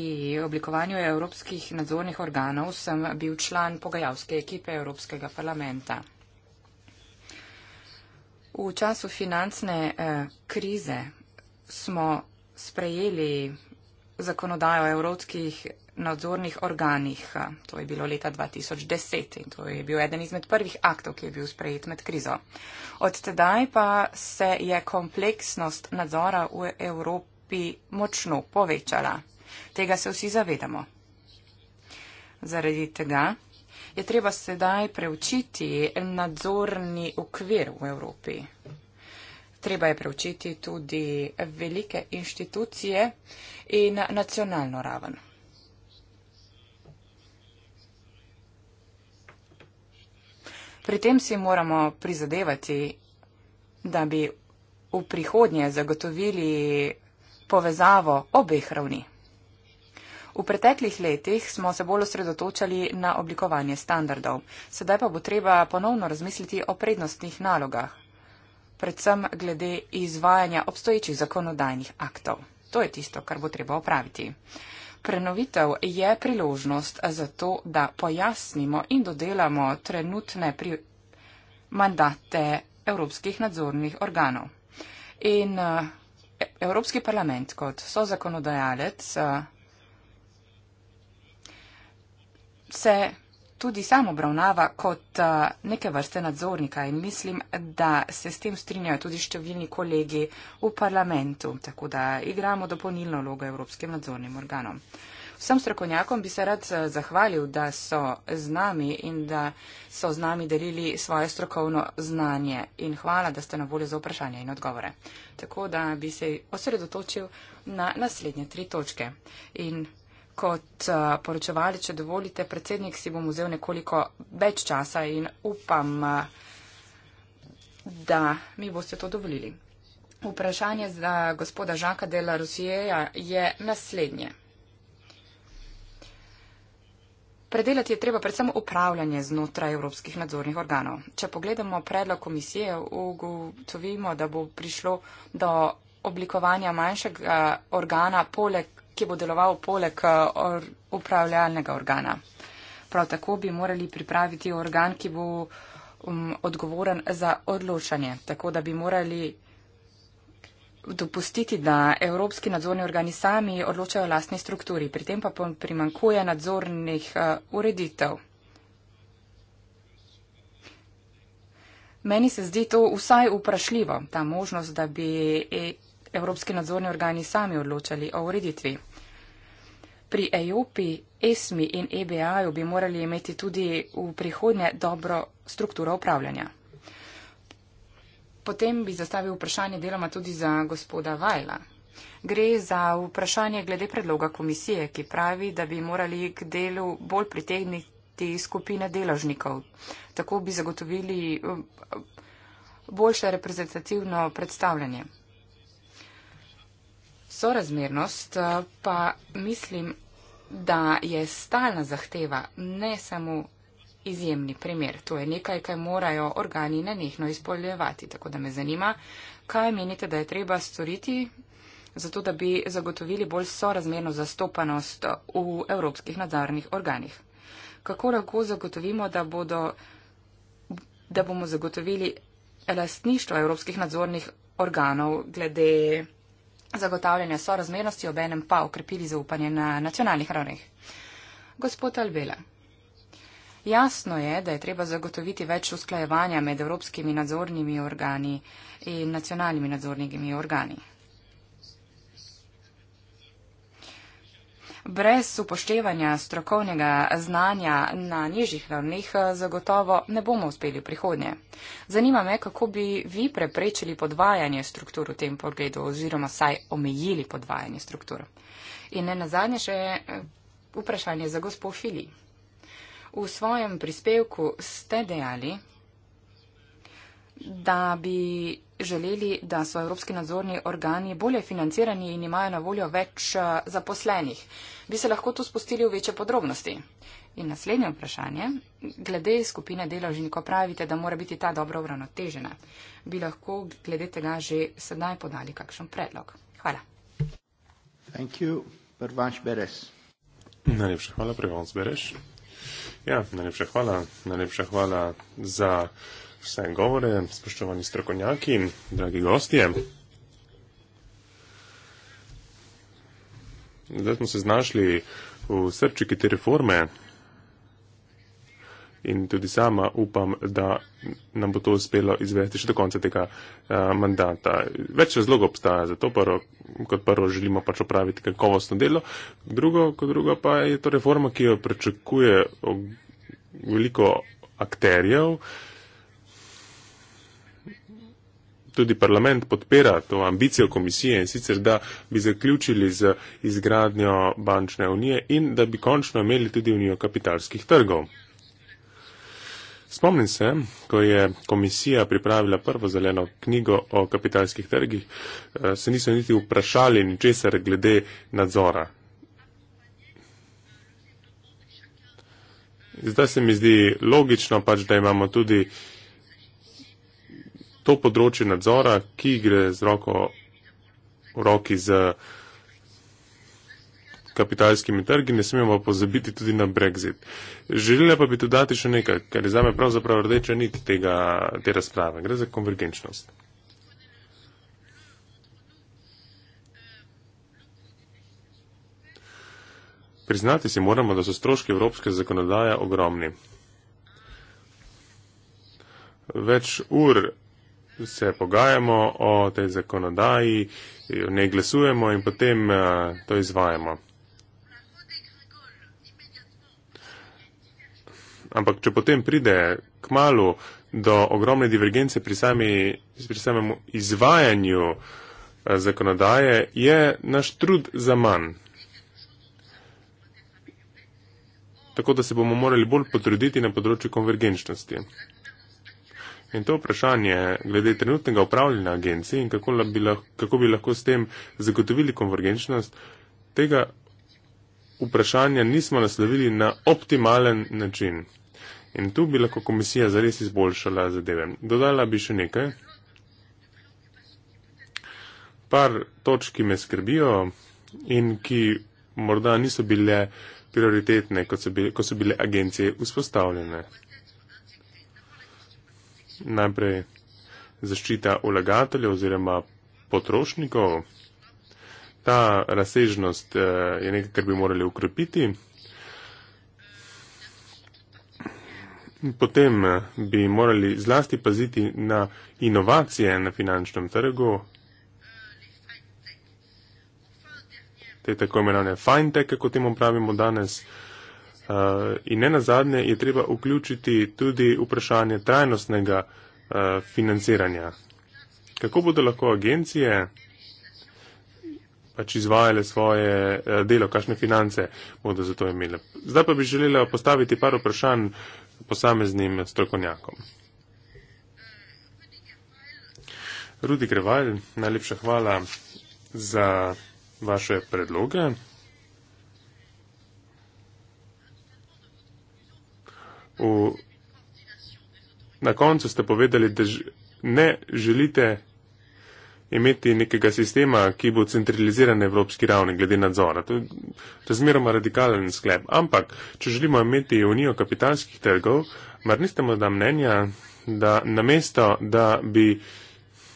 oblikovanju evropskih nadzornih organov sem bil član pogajalske ekipe Evropskega parlamenta. V času finančne krize smo sprejeli zakonodajo evropskih nadzornih organih. To je bilo leta 2010 in to je bil eden izmed prvih aktov, ki je bil sprejet med krizo. Od tedaj pa se je kompleksnost nadzora v Evropi močno povečala. Tega se vsi zavedamo. Zaradi tega je treba sedaj preučiti nadzorni okvir v Evropi. Treba je preučiti tudi velike inštitucije in nacionalno raven. Pri tem si moramo prizadevati, da bi v prihodnje zagotovili povezavo obeh ravni. V preteklih letih smo se bolj osredotočali na oblikovanje standardov, sedaj pa bo treba ponovno razmisliti o prednostnih nalogah, predvsem glede izvajanja obstoječih zakonodajnih aktov. To je tisto, kar bo treba opraviti. Prenovitev je priložnost za to, da pojasnimo in dodelamo trenutne pri... mandate evropskih nadzornih organov. In eh, Evropski parlament kot so zakonodajalec eh, se tudi sam obravnava kot eh, neke vrste nadzornika in mislim, da se s tem strinjajo tudi številni kolegi v parlamentu, tako da igramo dopolnilno vlogo Evropskim nadzornim organom. Vsem strokovnjakom bi se rad eh, zahvalil, da so z nami in da so z nami delili svoje strokovno znanje in hvala, da ste na voljo za vprašanje in odgovore. Tako da bi se osredotočil na naslednje tri točke. In Kot uh, eh, poročevali, če dovolite, predsednik si bom vzel nekoliko več časa in upam, uh, da mi boste to dovolili. Vprašanje za gospoda Žaka de la Rusijeja je naslednje. Predelati je treba predvsem upravljanje znotraj evropskih nadzornih organov. Če pogledamo predlog komisije, ugotovimo, da bo prišlo do oblikovanja manjšega eh, organa poleg ki bo deloval poleg eh, or upravljalnega organa. Prav tako bi morali pripraviti organ, ki bo um, odgovoren za odločanje, tako da bi morali dopustiti, da evropski nadzorni organi sami odločajo o lastni strukturi. Pri tem pa primankuje nadzornih uh, ureditev. Meni se zdi to vsaj uprašljivo, ta možnost, da bi e- evropski nadzorni organi sami odločali o ureditvi. Pri EOP, ESMI e in EBA-ju bi morali imeti tudi v prihodnje dobro strukturo upravljanja. Potem bi zastavil vprašanje deloma tudi za gospoda Vajla. Gre za vprašanje glede predloga komisije, ki pravi, da bi morali k delu bolj pritegniti skupine deložnikov. Tako bi zagotovili eh, boljše reprezentativno predstavljanje. Sorazmernost eh, pa mislim, da je stalna zahteva, ne samo izjemni primer. To je nekaj, kaj morajo organi nenehno izpolnjevati. Tako da me zanima, kaj menite, da je treba storiti, zato da bi zagotovili bolj sorazmerno zastopanost v evropskih nadzornih organih. Kako lahko zagotovimo, da, bodo, da bomo zagotovili lastništvo evropskih nadzornih organov glede zagotavljanja sorazmernosti obenem pa okrepili zaupanje na nacionalnih ravneh. Gospod Albela. Jasno je, da je treba zagotoviti več usklajevanja med evropskimi nadzornimi organi in nacionalnimi nadzornimi organi. brez upoštevanja strokovnega znanja na nižjih ravneh eh, zagotovo ne bomo uspeli v prihodnje. Zanima me, kako bi vi preprečili podvajanje struktur v tem pogledu oziroma saj omejili podvajanje struktur. In ne nazadnje še eh, vprašanje za gospod Fili. V svojem prispevku ste dejali, da bi želeli, da so evropski nadzorni organi bolje financirani in imajo na voljo več eh, zaposlenih. Bi se lahko tu spustili v večje podrobnosti? In naslednje vprašanje. Glede skupine deložnikov pravite, da mora biti ta dobro uravnotežena. Bi lahko glede tega že sedaj podali kakšen predlog? Hvala. Najlepša hvala, prevod zbereš. Ja, najlepša hvala, najlepša hvala za vse govore, spoštovani strokovnjaki, dragi gostje. Zdaj smo se znašli v srčiki te reforme in tudi sama upam, da nam bo to uspelo izvesti še do konca tega a, eh, mandata. Več razlogov obstaja za to, prvo, kot prvo želimo pač opraviti kakovostno delo, drugo, kot drugo pa je to reforma, ki jo prečakuje veliko akterjev, tudi parlament podpira to ambicijo komisije in sicer, da bi zaključili z izgradnjo bančne unije in da bi končno imeli tudi unijo kapitalskih trgov. Spomnim se, ko je komisija pripravila prvo zeleno knjigo o kapitalskih trgih, eh, se niso niti vprašali ničesar glede nadzora. Zdaj se mi zdi logično pač, da imamo tudi uh, to področje nadzora, ki gre z roko v roki z kapitalskimi trgi, ne smemo pa pozabiti tudi na Brexit. Želela pa bi dodati še nekaj, kar je zame pravzaprav rdeča nit tega, te razprave. Gre za konvergenčnost. Priznati si moramo, da so stroški evropske zakonodaje ogromni. Več ur se pogajamo o tej zakonodaji, ne glasujemo in potem eh, to izvajamo. Ampak, če potem pride k malu do ogromne divergence pri, sami, pri samem izvajanju eh, zakonodaje, je naš trud za manj. Tako da se bomo morali bolj potruditi na področju konvergenčnosti. In to vprašanje glede trenutnega upravljanja agencij in kako bi, lahko, kako bi lahko s tem zagotovili konvergenčnost, tega vprašanja nismo naslovili na optimalen način. In tu bi lahko komisija zares izboljšala zadeve. Dodala bi še nekaj. Par točk, ki me skrbijo in ki morda niso bile prioritetne, kot so bile, ko so bile agencije vzpostavljene najprej zaščita ulagateljev oziroma potrošnikov. Ta razsežnost eh, je nekaj, kar bi morali ukrepiti. Potem eh, bi morali zlasti paziti na inovacije na finančnem trgu, te tako imenovane fintech, kot temu pravimo danes, Uh, in ne nazadnje je treba vključiti tudi vprašanje trajnostnega uh, financiranja. Kako bodo lahko agencije pač izvajale svoje uh, delo, kakšne finance bodo za to imele. Zdaj pa bi želela postaviti par vprašanj posameznim strokovnjakom. Rudi Greval, najlepša hvala za vaše predloge. v, na koncu ste povedali, da ne želite imeti nekega sistema, ki bo centraliziran na evropski ravni glede nadzora. To je razmeroma radikalen sklep. Ampak, če želimo imeti unijo kapitalskih trgov, mar niste morda mnenja, da namesto, da bi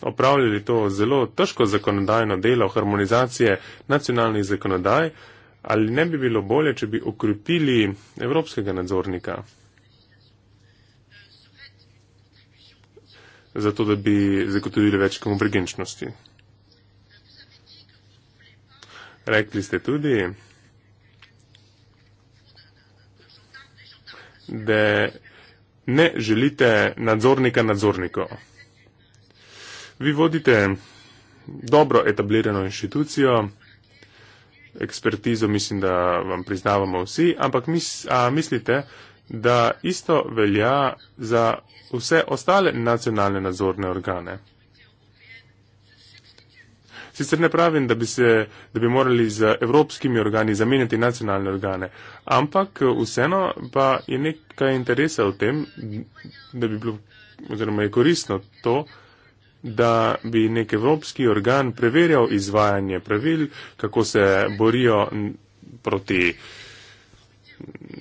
opravljali to zelo težko zakonodajno delo harmonizacije nacionalnih zakonodaj, ali ne bi bilo bolje, če bi okrepili evropskega nadzornika? zato da bi zagotovili več konvergenčnosti. Rekli ste tudi, da ne želite nadzornika nadzorniko. Vi vodite dobro etablirano inštitucijo, ekspertizo mislim, da vam priznavamo vsi, ampak mis, a, mislite, da isto velja za vse ostale nacionalne nadzorne organe. Sicer ne pravim, da bi, se, da bi morali z evropskimi organi zamenjati nacionalne organe, ampak vseeno pa je nekaj interesa v tem, da bi bilo oziroma je koristno to, da bi nek evropski organ preverjal izvajanje pravil, kako se borijo proti uh,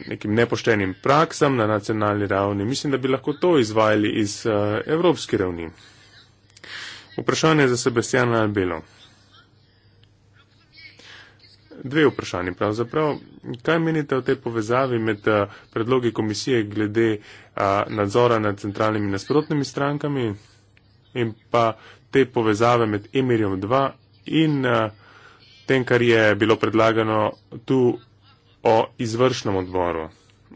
nekim nepoštenim praksam na nacionalni ravni. Mislim, da bi lahko to izvajali iz uh, evropske ravni. Vprašanje za Sebastiana Albelo. Dve vprašanje pravzaprav. Kaj menite o tej povezavi med eh, predlogi komisije glede a, eh, nadzora nad centralnimi nasprotnimi strankami in pa te povezave med Emirjem 2 in a, tem, kar je bilo predlagano tu o izvršnem odboru.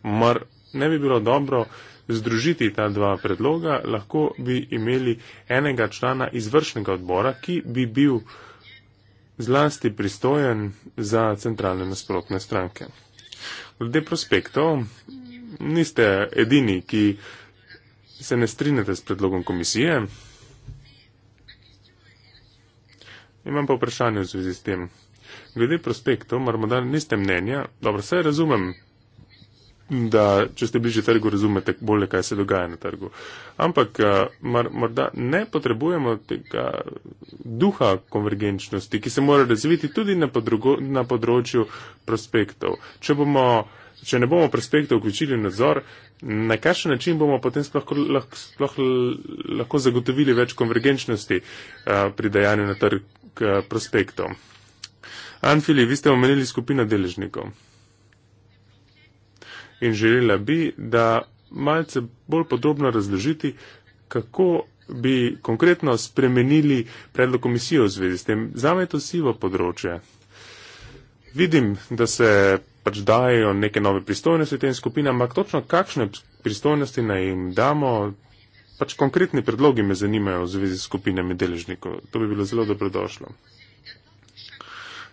Mar ne bi bilo dobro združiti ta dva predloga, lahko bi imeli enega člana izvršnega odbora, ki bi bil zlasti pristojen za centralne nasprotne stranke. Glede prospektov, niste edini, ki se ne strinjate s predlogom komisije. Imam pa vprašanje v zvezi s tem. Glede prospektov, moramo dan niste mnenja, dobro, vse razumem, da če ste bliže trgu, razumete bolje, kaj se dogaja na trgu. Ampak eh, mar, morda ne potrebujemo tega duha konvergenčnosti, ki se mora razviti tudi na, podrugo, na področju prospektov. Če, bomo, če ne bomo prospektov vključili v nadzor, na kakšen način bomo potem sploh, lahko, sploh lahko zagotovili več konvergenčnosti eh, pri dajanju na trg eh, prospektov. Anfili, vi ste omenili skupino deležnikov. In želela bi, da malce bolj podrobno razložiti, kako bi konkretno spremenili predlog komisije v zvezi s tem. Zame je to sivo področje. Vidim, da se pač dajo neke nove pristojnosti tem skupinam, ampak točno kakšne pristojnosti naj jim damo, pač konkretni predlogi me zanimajo v zvezi s skupinami deležnikov. To bi bilo zelo dobrodošlo.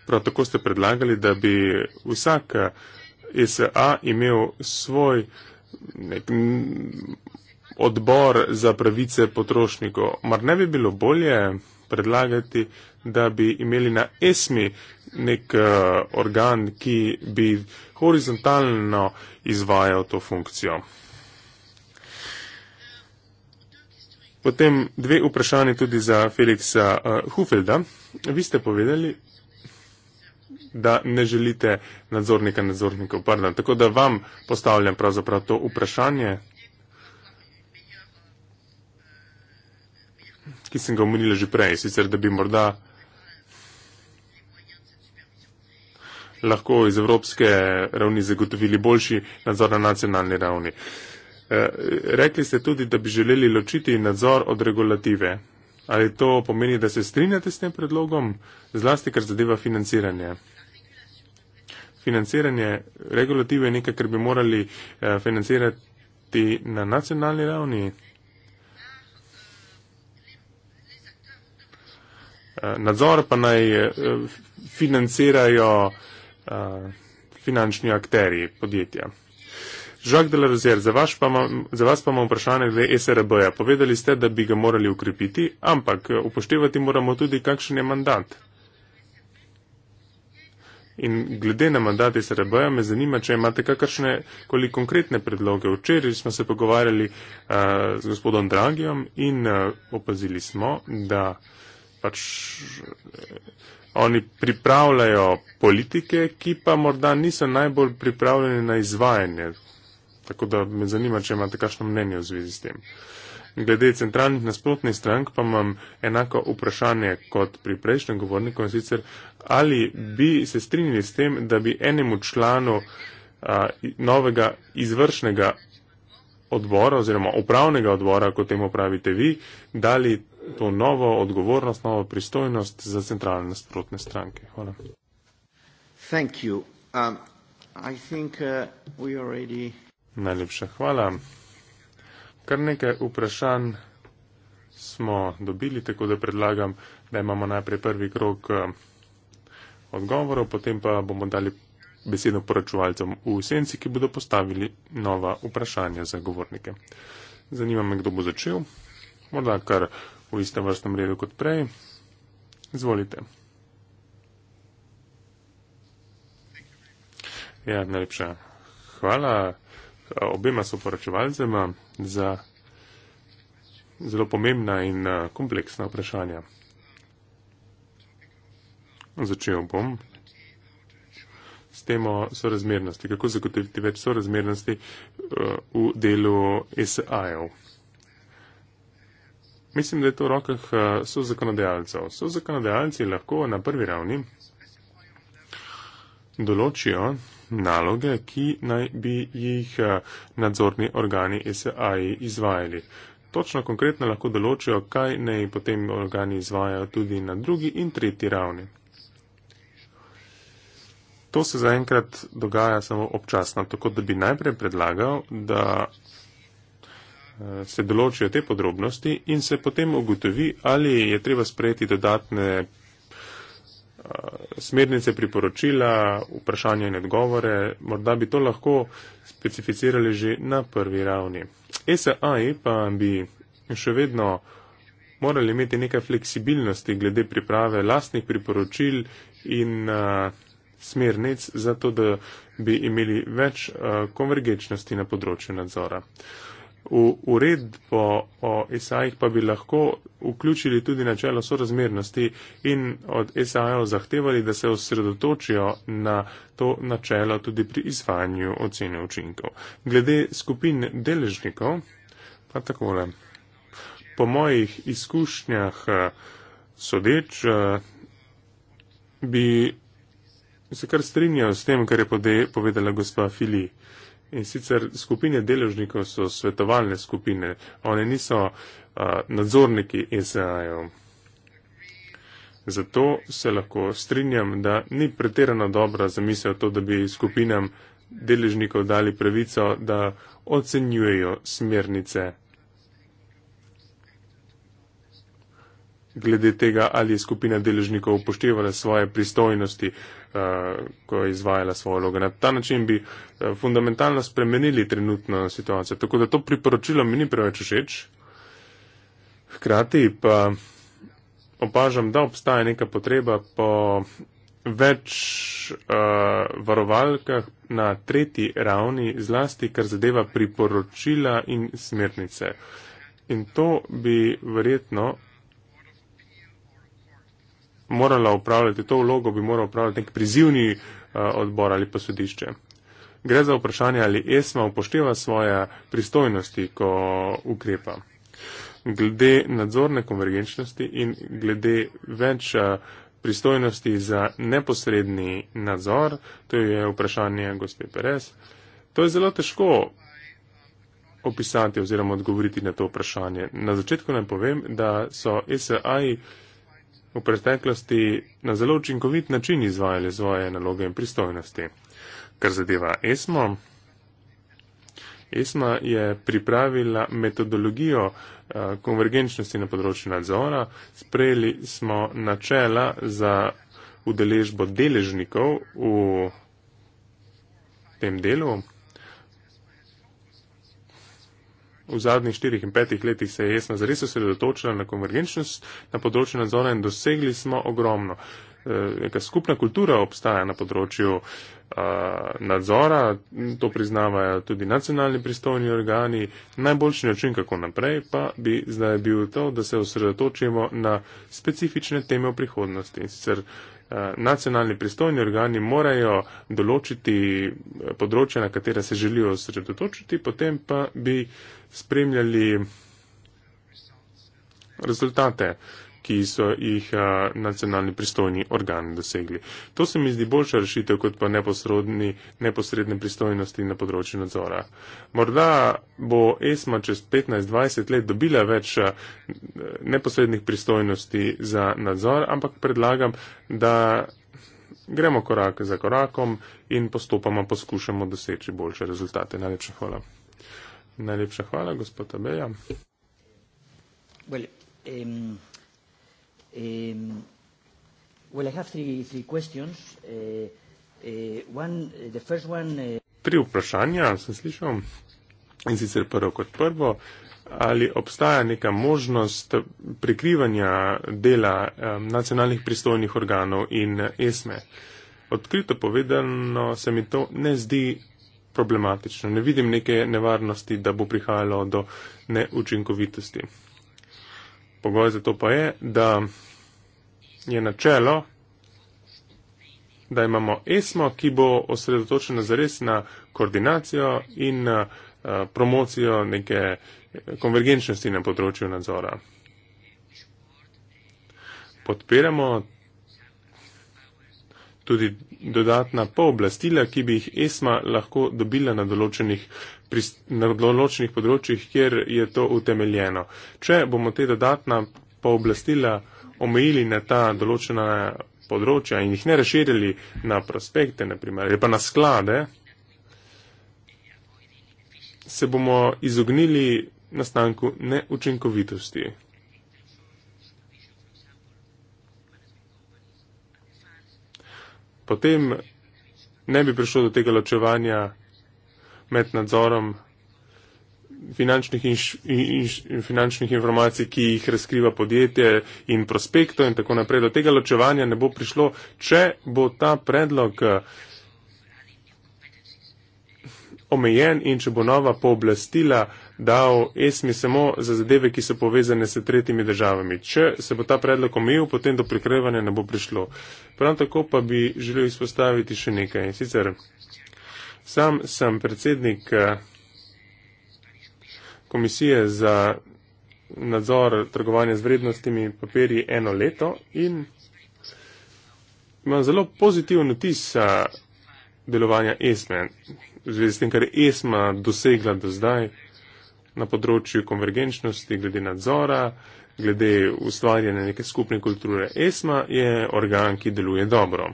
Prav tako ste predlagali, da bi vsak SA imel svoj nek odbor za pravice potrošnikov. Mar ne bi bilo bolje predlagati, da bi imeli na ESMI nek eh, organ, ki bi horizontalno izvajal to funkcijo? Potem dve vprašanje tudi za Felixa eh, Hufelda. Vi ste povedali, da ne želite nadzornika nadzornikov. Pardon. Tako da vam postavljam pravzaprav to vprašanje, ki sem ga omenila že prej, sicer da bi morda lahko iz evropske ravni zagotovili boljši nadzor na nacionalni ravni. Eh, rekli ste tudi, da bi želeli ločiti nadzor od regulative. Ali to pomeni, da se strinjate s tem predlogom, zlasti kar zadeva financiranje? financiranje regulative nekaj, kar bi morali eh, financirati na nacionalni ravni? Eh, nadzor pa naj eh, financirajo finančni akteri podjetja. Žak Delarozer, za, za vas pa imamo vprašanje glede SRB-ja. Povedali ste, da bi ga morali ukrepiti, ampak upoštevati moramo tudi, kakšen je mandat In glede na mandat SRB, me zanima, če imate kakršne koli konkretne predloge. Včeraj smo se pogovarjali uh, z gospodom Dragijom in uh, opazili smo, da pač. Eh, oni pripravljajo politike, ki pa morda niso najbolj pripravljeni na izvajanje. Tako da me zanima, če imate kakšno mnenje v zvezi s tem. Glede centralnih nasprotnih strank pa imam enako vprašanje kot pri prejšnjem govorniku in sicer, ali bi se strinili s tem, da bi enemu članu a, novega izvršnega odbora oziroma upravnega odbora, kot temu pravite vi, dali to novo odgovornost, novo pristojnost za centralne nasprotne stranke. Hvala. Thank you. Um, I think, uh, we already... Najlepša hvala. Kar nekaj vprašanj smo dobili, tako da predlagam, da imamo najprej prvi krok eh, odgovorov, potem pa bomo dali besedo poročuvalcem v senci, ki bodo postavili nova vprašanja za govornike. Zanima me, kdo bo začel. Morda kar v istem vrstnem redu kot prej. Izvolite. Ja, najlepša hvala obema soporočevalcema za zelo pomembna in eh, kompleksna vprašanja. Začel bom s temo sorazmernosti. Kako zagotoviti več sorazmernosti eh, v delu SAJ-ov? Mislim, da je to v rokah eh, so zakonodajalcev. So zakonodajalci lahko na prvi ravni določijo naloge, ki naj bi jih eh, nadzorni organi SAI izvajali. Točno konkretno lahko določijo, kaj naj potem organi izvajajo tudi na drugi in tretji ravni. To se zaenkrat dogaja samo občasno, tako da bi najprej predlagal, da eh, se določijo te podrobnosti in se potem ugotovi, ali je treba sprejeti dodatne smernice, priporočila, vprašanje in odgovore. Morda bi to lahko specificirali že na prvi ravni. SAI e pa bi še vedno morali imeti nekaj fleksibilnosti glede priprave lastnih priporočil in uh, smernic, zato da bi imeli več uh, konvergečnosti na področju nadzora. Uh, v uredbo o SA-jih pa bi lahko vključili tudi načelo sorazmernosti in od SA-jev zahtevali, da se osredotočijo na to načelo tudi pri izvajanju ocene učinkov. Glede skupin deležnikov, pa takole. Po mojih izkušnjah eh, sodeč eh, bi se kar strinjal s tem, kar je povedala gospa Fili. In sicer skupine deležnikov so svetovalne skupine, one niso uh, nadzorniki SNA-jo. Zato se lahko strinjam, da ni pretirano dobra zamisel to, da bi skupinam deležnikov dali pravico, da ocenjujejo smernice glede tega, ali je skupina deležnikov upoštevala svoje pristojnosti. Uh, Eh, ko je izvajala svojo vlogo. Na ta način bi eh, fundamentalno spremenili trenutno situacijo. Tako da to priporočilo mi ni preveč všeč. Hkrati pa opažam, da obstaja neka potreba po več uh, varovalkah na tretji ravni, zlasti kar zadeva priporočila in smernice. In to bi verjetno morala upravljati, to vlogo bi moral upravljati nek prizivni eh, odbor ali pa sodišče. Gre za vprašanje, ali ESMA upošteva svoje pristojnosti, ko ukrepa. Glede nadzorne konvergenčnosti in glede več eh, pristojnosti za neposredni nadzor, to je vprašanje gospe Perez, to je zelo težko opisati oziroma odgovoriti na to vprašanje. Na začetku naj povem, da so SAI v preteklosti na zelo učinkovit način izvajali svoje naloge in pristojnosti. Kar zadeva ESMO, ESMA je pripravila metodologijo eh, konvergenčnosti na področju nadzora, sprejeli smo načela za udeležbo deležnikov v tem delu. v zadnjih štirih in petih letih se je jasno zares osredotočila na konvergenčnost na področju nadzora in dosegli smo ogromno. E, neka skupna kultura obstaja na področju e, nadzora, to priznavajo tudi nacionalni pristovni organi. Najboljši način, kako naprej, pa bi zdaj bil to, da se osredotočimo na specifične teme v prihodnosti. In sicer e, nacionalni pristovni organi morajo določiti področje, na katera se želijo osredotočiti, potem pa bi spremljali rezultate, ki so jih eh, nacionalni pristojni organi dosegli. To se mi zdi boljša rešitev kot pa neposredne pristojnosti na področju nadzora. Morda bo ESMA čez 15-20 let dobila več eh, neposrednih pristojnosti za nadzor, ampak predlagam, da. Gremo korak za korakom in postopoma poskušamo doseči boljše rezultate. Najlepša hvala. Najlepša hvala, gospod Abeja. Well, um, um, well, I have three, three questions. Uh, uh, one, uh, the first one, uh... Tri vprašanja sem slišal in sicer prvo kot prvo. Ali obstaja neka možnost prikrivanja dela um, nacionalnih pristojnih organov in ESME? Odkrito povedano se mi to ne zdi problematično. Ne vidim neke nevarnosti, da bo prihajalo do neučinkovitosti. Pogoj za to pa je, da je načelo, da imamo ESMO, ki bo osredotočena zares na koordinacijo in na eh, promocijo neke konvergenčnosti na področju nadzora. Podpiramo tudi dodatna pooblastila, ki bi jih ESMA lahko dobila na določenih, na določenih področjih, kjer je to utemeljeno. Če bomo te dodatna pooblastila omejili na ta določena področja in jih ne reširili na prospekte, naprimer, ali pa na sklade, se bomo izognili nastanku neučinkovitosti. potem ne bi prišlo do tega ločevanja med nadzorom finančnih, inš, inš, inš, finančnih informacij, ki jih razkriva podjetje in prospekto in tako naprej. Do tega ločevanja ne bo prišlo, če bo ta predlog omejen in če bo nova pooblastila dal esmi samo za zadeve, ki so povezane s tretjimi državami. Če se bo ta predlog omejil, potem do prikrevanja ne bo prišlo. Prav tako pa bi želel izpostaviti še nekaj. Sicer sam sem predsednik eh, komisije za nadzor trgovanja z vrednostimi papirji eno leto in imam zelo pozitivno tis eh, delovanja ESME v zvezi s tem, kar je ESMA dosegla do zdaj na področju konvergenčnosti, glede nadzora, glede ustvarjanja neke skupne kulture. ESMA je organ, ki deluje dobro.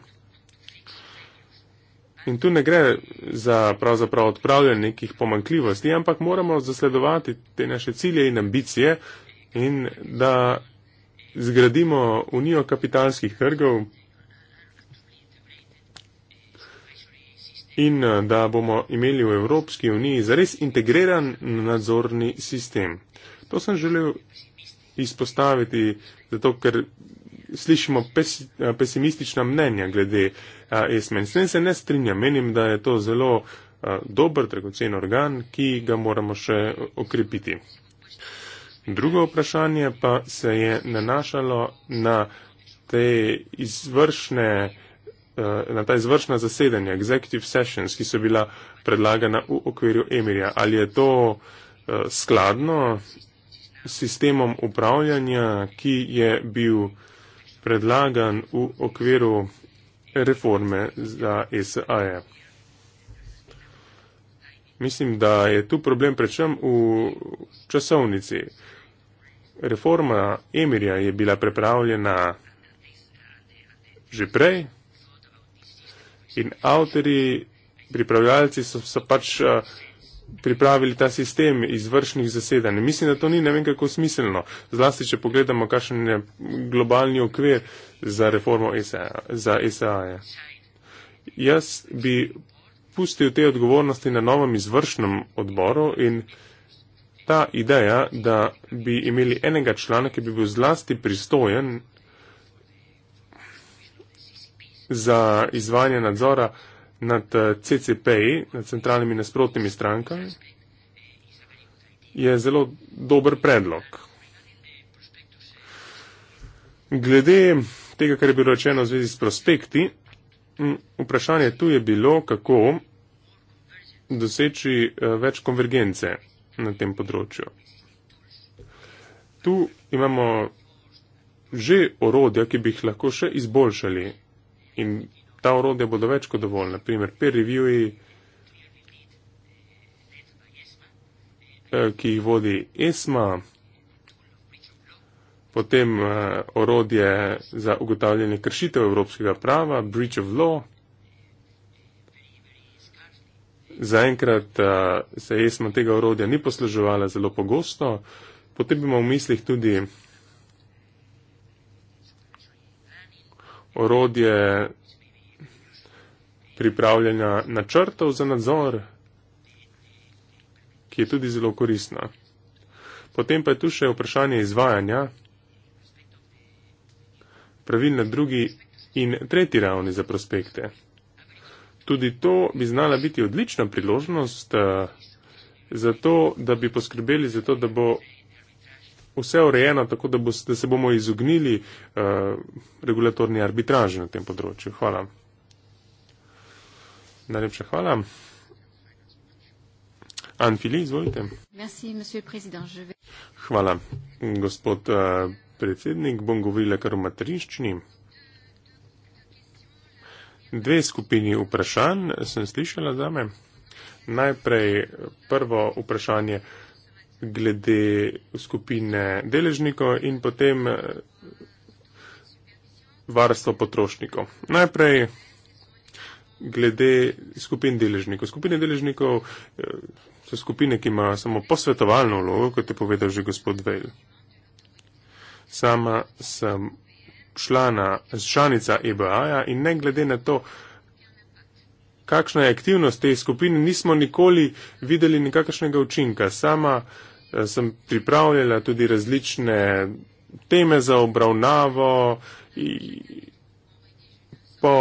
In tu ne gre za pravzaprav odpravljanje nekih pomankljivosti, ampak moramo zasledovati te naše cilje in ambicije in da zgradimo unijo kapitalskih trgov. in eh, da bomo imeli v Evropski uniji zares integriran nadzorni sistem. To sem želel izpostaviti, zato ker slišimo eh, pesimistična mnenja glede eh, ESMEN. S tem se ne strinjam, menim, da je to zelo dober, dragocen organ, ki ga moramo še okrepiti. Drugo vprašanje pa se je nanašalo na te izvršne. Eh, na ta izvršna zasedanja, executive sessions, ki so bila predlagana v okviru Emirja. Ali je to eh, skladno s sistemom upravljanja, ki je bil predlagan v okviru reforme za SAE? Mislim, da je tu problem predvsem v časovnici. Reforma Emirja je bila prepravljena že prej, In avtori, pripravljalci so, so pač eh, pripravili ta sistem izvršnih zasedanj. Mislim, da to ni ne vem kako smiselno. Zlasti, če pogledamo, kakšen je globalni okvir za reformo SA, za SA. -je. Jaz bi pustil te odgovornosti na novem izvršnem odboru in ta ideja, da bi imeli enega člana, ki bi bil zlasti pristojen za izvajanje nadzora nad eh, CCP-ji, nad centralnimi nasprotnimi strankami, je zelo dober predlog. Glede tega, kar je bilo rečeno v zvezi s prospekti, vprašanje tu je bilo, kako doseči eh, več konvergence na tem področju. Tu imamo že orodja, ki bi jih lahko še izboljšali in ta orodja bodo več kot dovolj, naprimer peer reviewji, eh, ki jih vodi ESMA, potem eh, orodje za ugotavljanje kršitev evropskega prava, breach of law. Zaenkrat eh, se ESMA tega orodja ni posluževala zelo pogosto, potem bomo v mislih tudi orodje pripravljanja načrtov za nadzor, ki je tudi zelo koristna. Potem pa je tu še vprašanje izvajanja, pravilna drugi in tretji ravni za prospekte. Tudi to bi znala biti odlična priložnost eh, za to, da bi poskrbeli za to, da bo vse urejeno, tako da, bo, da se bomo izognili uh, regulatorni arbitraži na tem področju. Hvala. Najlepša hvala. Anfili, izvolite. Hvala, gospod uh, predsednik. Bom govorila kar o materinščini. Dve skupini vprašanj sem slišala za me. Najprej prvo vprašanje. Uh, glede skupine deležnikov in potem eh, varstvo potrošnikov. Najprej glede skupin deležnikov. Skupine deležnikov eh, so skupine, ki imajo samo posvetovalno vlogo, kot je povedal že gospod Vejl. Sama sem člana, članica EBA-ja in ne glede na to, kakšna je aktivnost te skupine, nismo nikoli videli nikakršnega učinka. Sama eh, sem pripravljala tudi različne teme za obravnavo. Po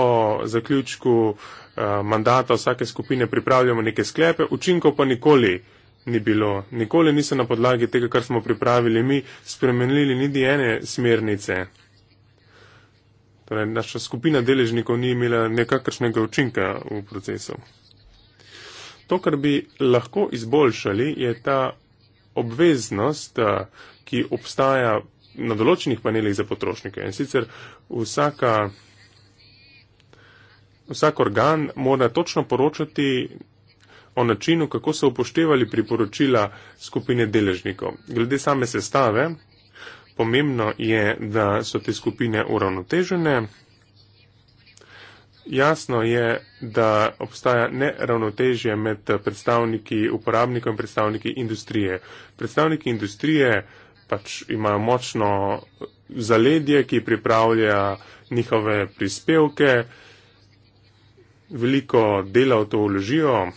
zaključku eh, mandata vsake skupine pripravljamo neke sklepe, učinkov pa nikoli. Ni bilo. Nikoli niso na podlagi tega, kar smo pripravili mi, spremenili niti ene smernice. Torej, naša skupina deležnikov ni imela nekakršnega učinka v procesu. To, kar bi lahko izboljšali, je ta obveznost, eh, ki obstaja na določenih panelih za potrošnike. In sicer vsaka, vsak organ mora točno poročati o načinu, kako so upoštevali priporočila skupine deležnikov. Glede same sestave Pomembno je, da so te skupine uravnotežene. Jasno je, da obstaja neravnotežje med predstavniki uporabnikov in predstavniki industrije. Predstavniki industrije pač imajo močno zaledje, ki pripravlja njihove prispevke, veliko dela v to vložijo.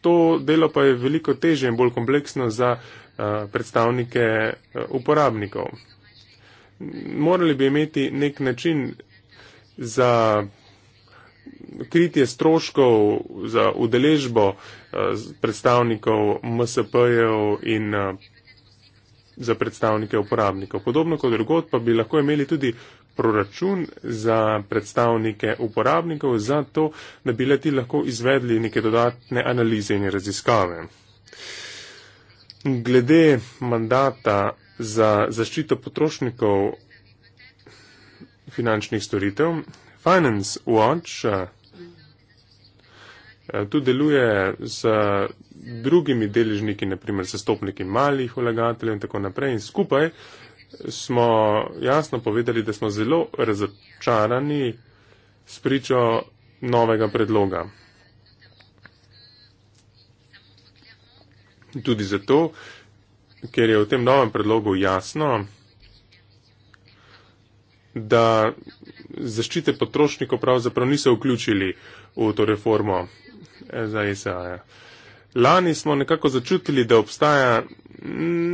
To delo pa je veliko teže in bolj kompleksno za uh, predstavnike uh, uporabnikov. Morali bi imeti nek način za kritje stroškov, za udeležbo uh, predstavnikov MSP-jev in uh, za predstavnike uporabnikov. Podobno kot drugot pa bi lahko imeli tudi proračun za predstavnike uporabnikov, zato da bi leti lahko izvedli neke dodatne analize in raziskave. Glede mandata za zaščito potrošnikov finančnih storitev, Finance Watch eh, tu deluje z drugimi deležniki, naprimer zastopniki malih vlagateljev in tako naprej in skupaj smo jasno povedali, da smo zelo razočarani s pričo novega predloga. Tudi zato, ker je v tem novem predlogu jasno, da zaščite potrošnikov pravzaprav niso vključili v to reformo za ISA. -ja. Lani smo nekako začutili, da obstaja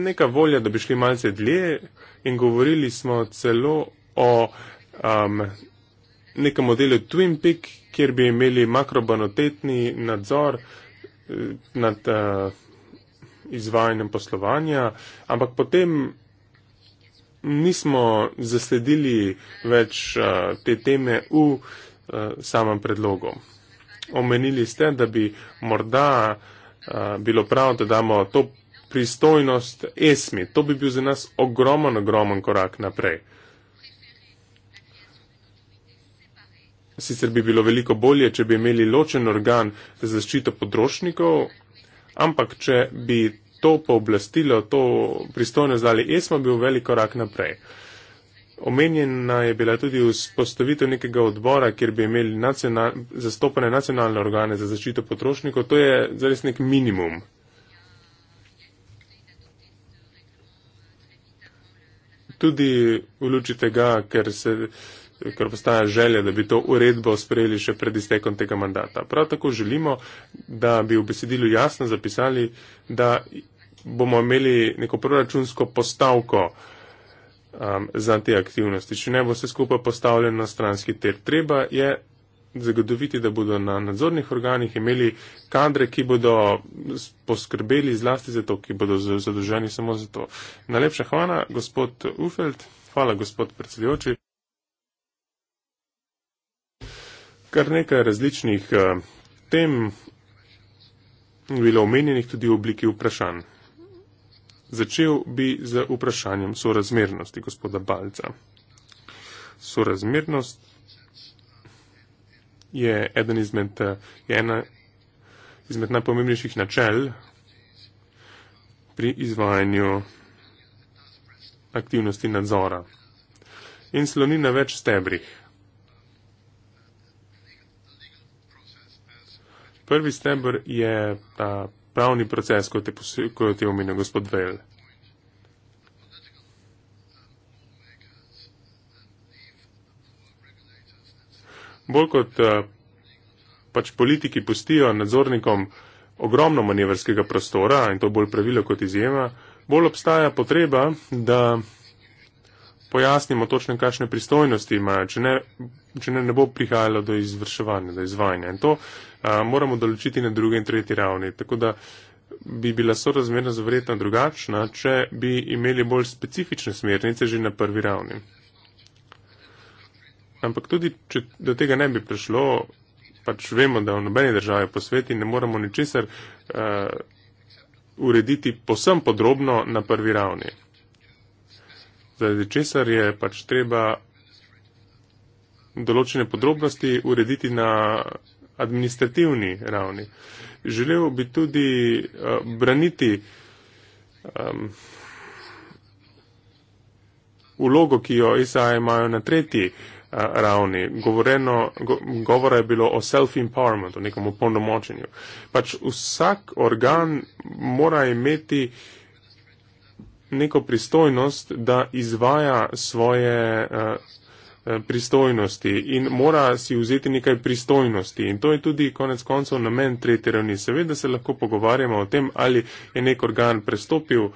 neka volja, da bi šli malce dlje in govorili smo celo o um, nekem modelu Twin Peak, kjer bi imeli makrobanotetni nadzor eh, nad uh, izvajanjem poslovanja, ampak potem nismo zasledili več uh, te teme v uh, samem predlogu. Omenili ste, da bi morda uh, bilo prav, da damo to pristojnost esmi. To bi bil za nas ogromen, ogromen korak naprej. Sicer bi bilo veliko bolje, če bi imeli ločen organ za zaščito potrošnikov, ampak če bi to pooblastilo, to pristojnost dali esmo, bi bil velik korak naprej. Uh, Omenjena je bila tudi vzpostavitev nekega odbora, kjer bi imeli nacional, zastopane nacionalne organe za zaščito potrošnikov. To je zares nek minimum. Tudi v luči tega, ker, se, ker postaja želja, da bi to uredbo sprejeli še pred iztekom tega mandata. Prav tako želimo, da bi v besedilu jasno zapisali, da bomo imeli neko proračunsko postavko. Uh, um, za te aktivnosti. Če ne bo vse skupaj postavljeno na stranski ter treba je zagotoviti, da bodo na nadzornih organih imeli kadre, ki bodo poskrbeli zlasti za to, ki bodo zadoženi samo za to. Najlepša hvala, gospod Ufeld. Hvala, gospod predsedujoči. Kar nekaj različnih uh, tem bilo omenjenih tudi v obliki vprašanj. Začel bi z vprašanjem sorazmernosti gospoda Balca. Sorazmernost je, eden izmed, je ena izmed najpomembnejših načel pri izvajanju aktivnosti nadzora in sloni na več stebrih. Prvi stebr je ta pravni proces, kot je omenil gospod Vejl. Bolj kot eh, pač politiki pustijo nadzornikom ogromno manevrskega prostora, in to bolj pravilo kot izjema, bolj obstaja potreba, da pojasnimo točno, kakšne pristojnosti imajo, če ne, če ne, ne bo prihajalo do izvrševanja, do izvajanja. In to a, moramo določiti na drugi in tretji ravni. Tako da bi bila sorazmerna zavretna drugačna, če bi imeli bolj specifične smernice že na prvi ravni. Ampak tudi, če do tega ne bi prišlo, pač vemo, da v nobeni državi po sveti ne moramo ničesar uh, urediti posem podrobno na prvi ravni zaradi česar je pač treba določene podrobnosti urediti na administrativni ravni. Želel bi tudi uh, braniti um, ehm, ulogo, ki jo ISA imajo na tretji uh, ravni. Govoreno, go, govora je bilo o self-empowerment, o nekom opolnomočenju. Pač vsak organ mora imeti uh, neko pristojnost, da izvaja svoje eh, eh, pristojnosti in mora si vzeti nekaj pristojnosti. In to je tudi konec koncev namen tretje ravni. Seveda se lahko pogovarjamo o tem, ali je nek organ prestopil eh,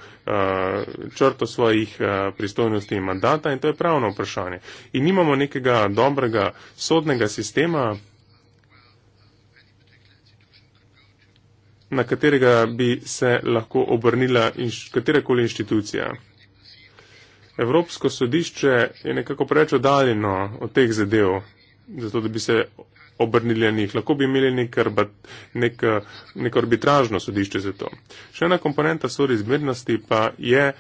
črto svojih pristojnosti in mandata in to je pravno vprašanje. In nimamo nekega dobrega sodnega sistema, na katerega bi se lahko obrnila inš, katerakoli inštitucija. Evropsko sodišče je nekako preveč oddaljeno od teh zadev, zato da bi se obrnili na njih. Lahko bi imeli nek, arbat, nek, nek arbitražno sodišče za to. Še ena komponenta sorizmernosti pa je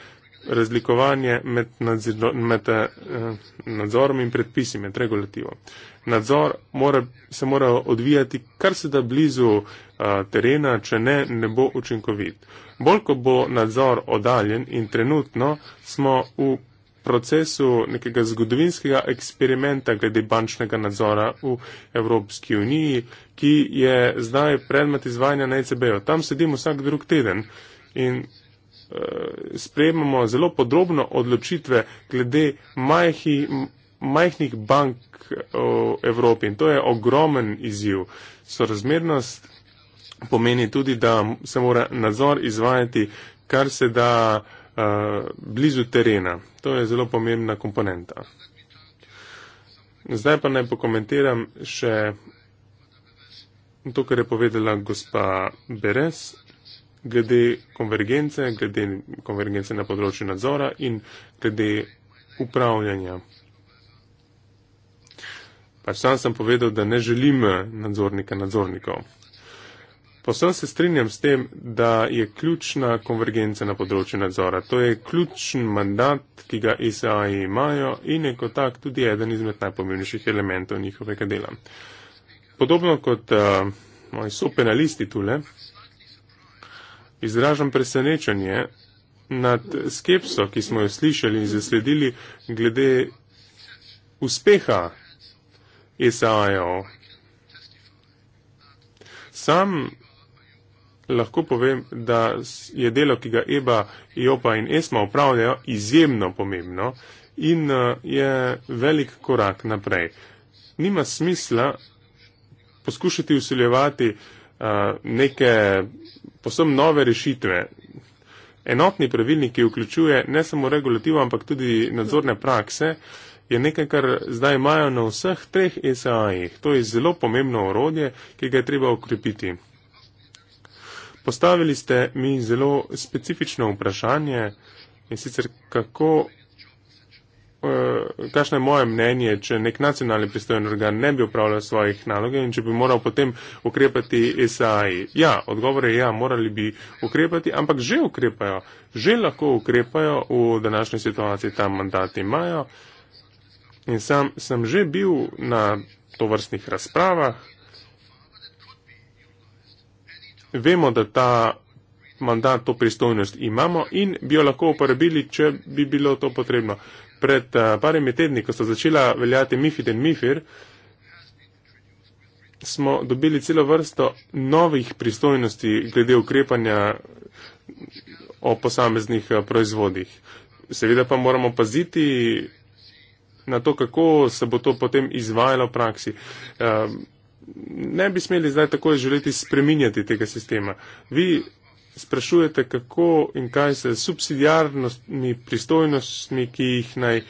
razlikovanje med, nadzir, med eh, nadzorom in predpisi, med regulativo nadzor mora, se mora odvijati kar se da blizu a, uh, terena, če ne, ne bo učinkovit. Bolj, ko bo nadzor odaljen in trenutno smo v procesu nekega zgodovinskega eksperimenta glede bančnega nadzora v Evropski uniji, ki je zdaj predmet izvajanja na ECB-ju. Tam sedimo vsak drug teden in e, sprejemamo zelo podrobno odločitve glede majhnih majhnih bank eh, v Evropi in to je ogromen izjiv. Sorazmernost pomeni tudi, da se mora nadzor izvajati, kar se da uh, blizu terena. To je zelo pomembna komponenta. Zdaj pa naj pokomentiram še to, kar je povedala gospa Beres, glede konvergence, glede konvergence na področju nadzora in glede upravljanja. Pač sam sem povedal, da ne želim eh, nadzornika nadzornikov. Posem se strinjam s tem, da je ključna konvergenca na področju nadzora. To je ključen mandat, ki ga ISA e imajo in je kot tak tudi eden izmed najpomembnejših elementov njihovega dela. Podobno kot uh, moji sopenalisti tule, izražam presenečenje nad skepso, ki smo jo slišali in zasledili glede uspeha Izajo. Sam lahko povem, da je delo, ki ga Eba, Jopa in Esma upravljajo, izjemno pomembno in eh, je velik korak naprej. Nima smisla poskušati usiljevati eh, neke posebno nove rešitve. Enotni pravilnik, ki vključuje ne samo regulativo, ampak tudi nadzorne prakse, uh, je nekaj, kar zdaj imajo na vseh treh SAA-jih. To je zelo pomembno orodje, ki ga je treba okrepiti. Postavili ste mi zelo specifično vprašanje in sicer kako, eh, kakšno je moje mnenje, če nek nacionalni pristojen organ ne bi upravljal svojih nalog in če bi moral potem ukrepati SAA-ji. Ja, odgovor je ja, morali bi ukrepati, ampak že ukrepajo, že lahko ukrepajo v današnji situaciji, tam mandati imajo. In sam sem že bil na tovrstnih razpravah. Vemo, da ta mandat, to pristojnost imamo in bi jo lahko uporabili, če bi bilo to potrebno. Pred eh, parimi tedni, ko so začela veljati MIFID in MIFIR, smo dobili celo vrsto novih pristojnosti glede ukrepanja o posameznih eh, proizvodih. Seveda pa moramo paziti na to, kako se bo to potem izvajalo v praksi. Ehm, ne bi smeli zdaj takoj želeti spreminjati tega sistema. Vi sprašujete, kako in kaj se s subsidijarnostmi, pristojnostmi, ki jih naj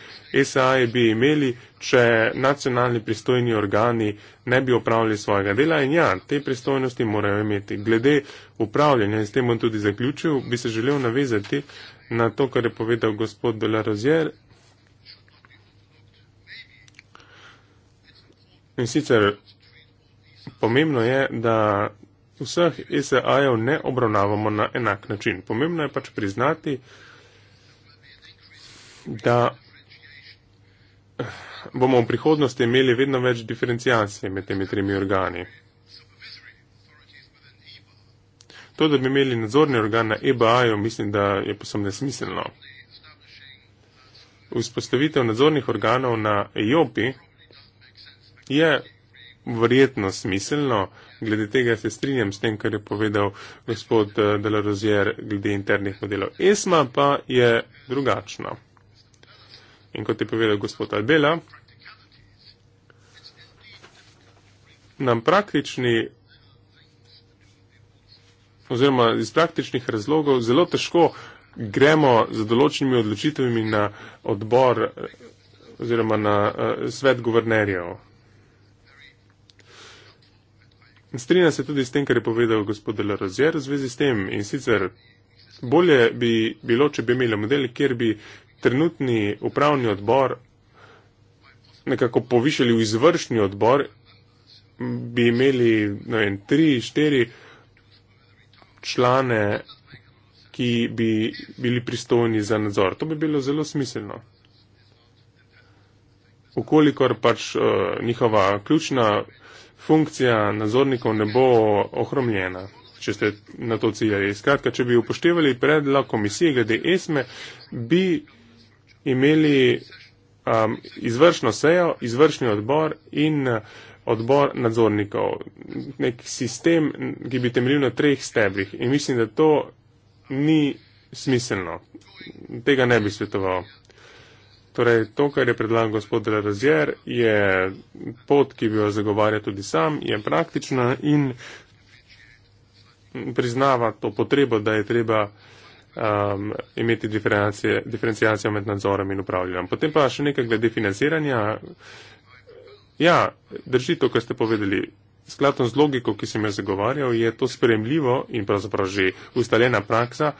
SAE bi imeli, če nacionalni pristojni organi ne bi opravljali svojega dela. In ja, te pristojnosti morajo imeti. Glede upravljanja, in s tem bom tudi zaključil, bi se želel navezati na to, kar je povedal gospod Delarozier, In sicer pomembno je, da vseh SEA-jev ne obravnavamo na enak način. Pomembno je pač priznati, da eh, bomo v prihodnosti imeli vedno več diferencijacije med temi tremi organi. To, da bi imeli nadzorni organ na EBA-ju, mislim, da je posem nesmiselno. Vzpostavitev nadzornih organov na EOP-i je verjetno smiselno, glede tega se strinjam s tem, kar je povedal gospod eh, Delarozier glede internih modelov. ESMA pa je drugačna. In kot je povedal gospod Albela, nam praktični oziroma iz praktičnih razlogov zelo težko gremo z določenimi odločitvami na odbor eh, oziroma na eh, svet guvernerjev, Strinja se tudi s tem, kar je povedal gospod Larozier v zvezi s tem in sicer bolje bi bilo, če bi imeli model, kjer bi trenutni upravni odbor nekako povišali v izvršni odbor, bi imeli no, en, tri, štiri člane, ki bi bili pristojni za nadzor. To bi bilo zelo smiselno. Ukolikor pač uh, njihova ključna funkcija nadzornikov ne bo ohromljena, če ste na to ciljali. Skratka, če bi upoštevali predlog komisije glede ESME, bi imeli um, izvršno sejo, izvršni odbor in uh, odbor nadzornikov. Nek sistem, ki bi temeljil na treh stebrih. In mislim, da to ni smiselno. Tega ne bi svetoval. Torej, to, kar je predlagal gospod Razjer, je pot, ki bi jo zagovarjal tudi sam, je praktična in priznava to potrebo, da je treba um, imeti diferencijacijo med nadzorom in upravljanjem. Potem pa še nekaj glede financiranja. Ja, drži to, kar ste povedali. Skladno z logiko, ki sem jo zagovarjal, je to spremljivo in pravzaprav že ustaljena praksa,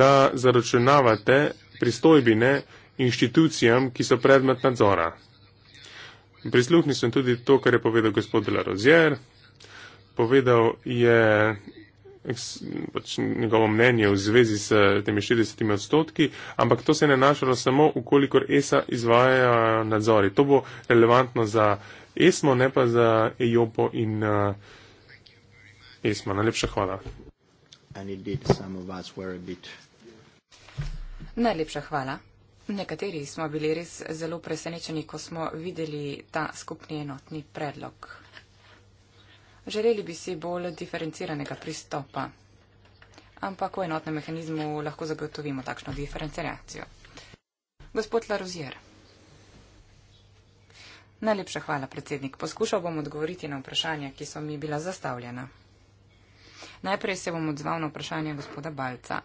da zaračunavate pristojbine inštitucijam, ki so predmet nadzora. Prisluhnil sem tudi to, kar je povedal gospod Larozier. Povedal je pač njegovo mnenje v zvezi s temi 60 odstotki, ampak to se je nanašalo samo, ukolikor ESA izvaja nadzori. To bo relevantno za ESMO, ne pa za EJOPO in uh, ESMO. Najlepša hvala. Najlepša hvala. Nekateri smo bili res zelo presenečeni, ko smo videli ta skupni enotni predlog. Želeli bi si bolj diferenciranega pristopa, ampak v enotnem mehanizmu lahko zagotovimo takšno diferenciacijo. Gospod Larozier. Najlepša hvala, predsednik. Poskušal bom odgovoriti na vprašanja, ki so mi bila zastavljena. Najprej se bom odzval na vprašanje gospoda Balca.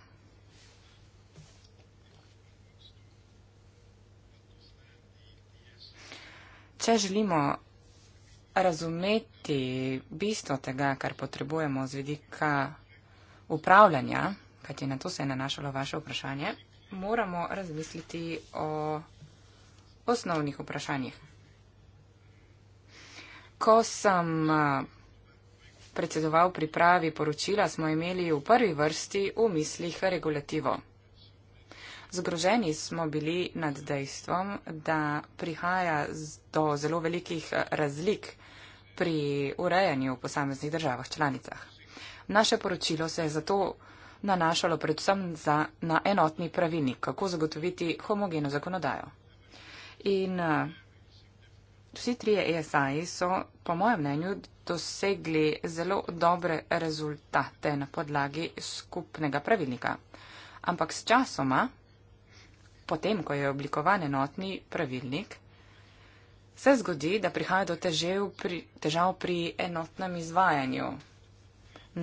če želimo razumeti bistvo tega, kar potrebujemo z vidika upravljanja, kajti na to se je nanašalo vaše vprašanje, moramo razmisliti o osnovnih vprašanjih. Ko sem predsedoval pripravi poročila, smo imeli v prvi vrsti v mislih regulativo. Zgroženi smo bili nad dejstvom, da prihaja do zelo velikih eh, razlik pri urejanju v posameznih državah članicah. Naše poročilo se je zato nanašalo predvsem za, na enotni pravilnik, kako zagotoviti homogeno zakonodajo. In eh, vsi trije ESI so, po mojem mnenju, dosegli zelo dobre rezultate na podlagi skupnega pravilnika. Ampak s časoma potem, ko je oblikovan enotni pravilnik, se zgodi, da prihaja do pri, težav pri enotnem izvajanju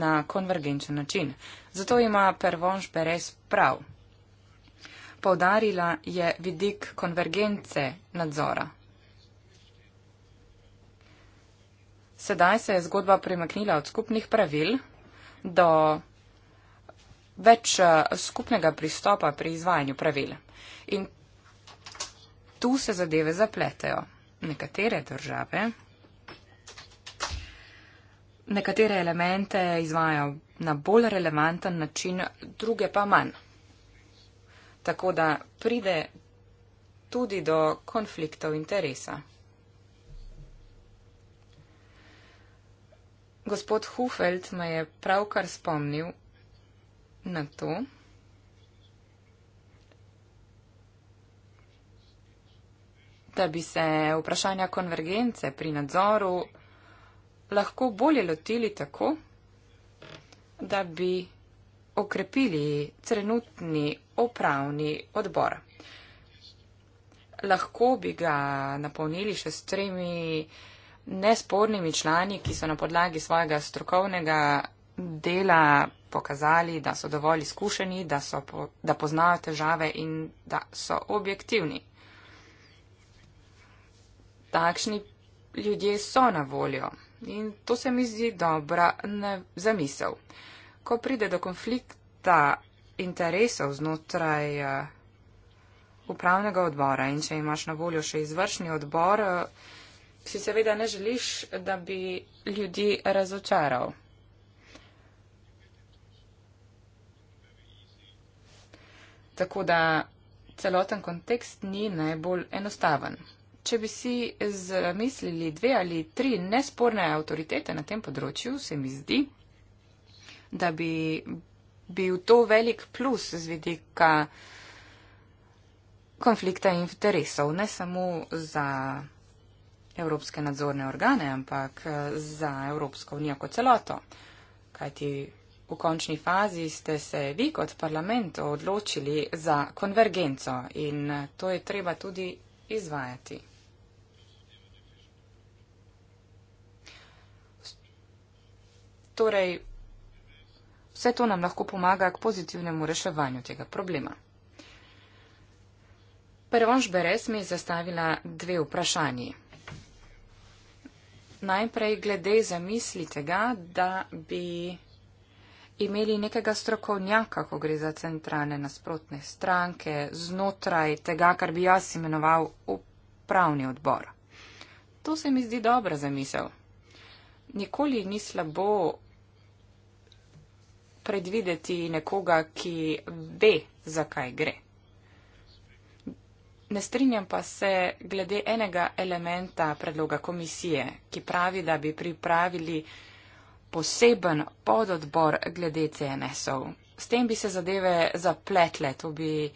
na konvergenčen način. Zato ima Pervonš Perez prav. Poudarila je vidik konvergence nadzora. Sedaj se je zgodba premaknila od skupnih pravil do več eh, skupnega pristopa pri izvajanju pravil. In tu se zadeve zapletejo. Nekatere države, nekatere elemente izvajo na bolj relevanten način, druge pa manj. Tako da pride tudi do konfliktov interesa. Gospod Hufeld me je pravkar spomnil na to. da bi se vprašanja konvergence pri nadzoru lahko bolje lotili tako, da bi okrepili trenutni upravni odbor. Lahko bi ga napolnili še s tremi nespornimi člani, ki so na podlagi svojega strokovnega dela pokazali, da so dovolj izkušeni, da, po, da poznajo težave in da so objektivni. Takšni ljudje so na voljo in to se mi zdi dobra zamisel. Ko pride do konflikta interesov znotraj eh, upravnega odbora in če imaš na voljo še izvršni odbor, eh, si seveda ne želiš, da bi ljudi razočaral. Tako da celoten kontekst ni najbolj enostaven če bi si zamislili dve ali tri nesporne avtoritete na tem področju, se mi zdi, da bi bil to velik plus z vidika konflikta interesov, ne samo za evropske nadzorne organe, ampak eh, za Evropsko unijo kot celoto. Kajti v končni fazi ste se vi kot parlament odločili za konvergenco in eh, to je treba tudi izvajati. Torej, vse to nam lahko pomaga k pozitivnemu reševanju tega problema. Pervonš Beres mi je zastavila dve vprašanji. Najprej glede zamislitega, da bi imeli nekega strokovnjaka, ko gre za centralne nasprotne stranke, znotraj tega, kar bi jaz imenoval upravni odbor. To se mi zdi dobra zamisel. Nikoli ni slabo predvideti nekoga, ki ve, zakaj gre. Ne strinjam pa se glede enega elementa predloga komisije, ki pravi, da bi pripravili poseben pododbor glede CNS-ov. S tem bi se zadeve zapletle, to bi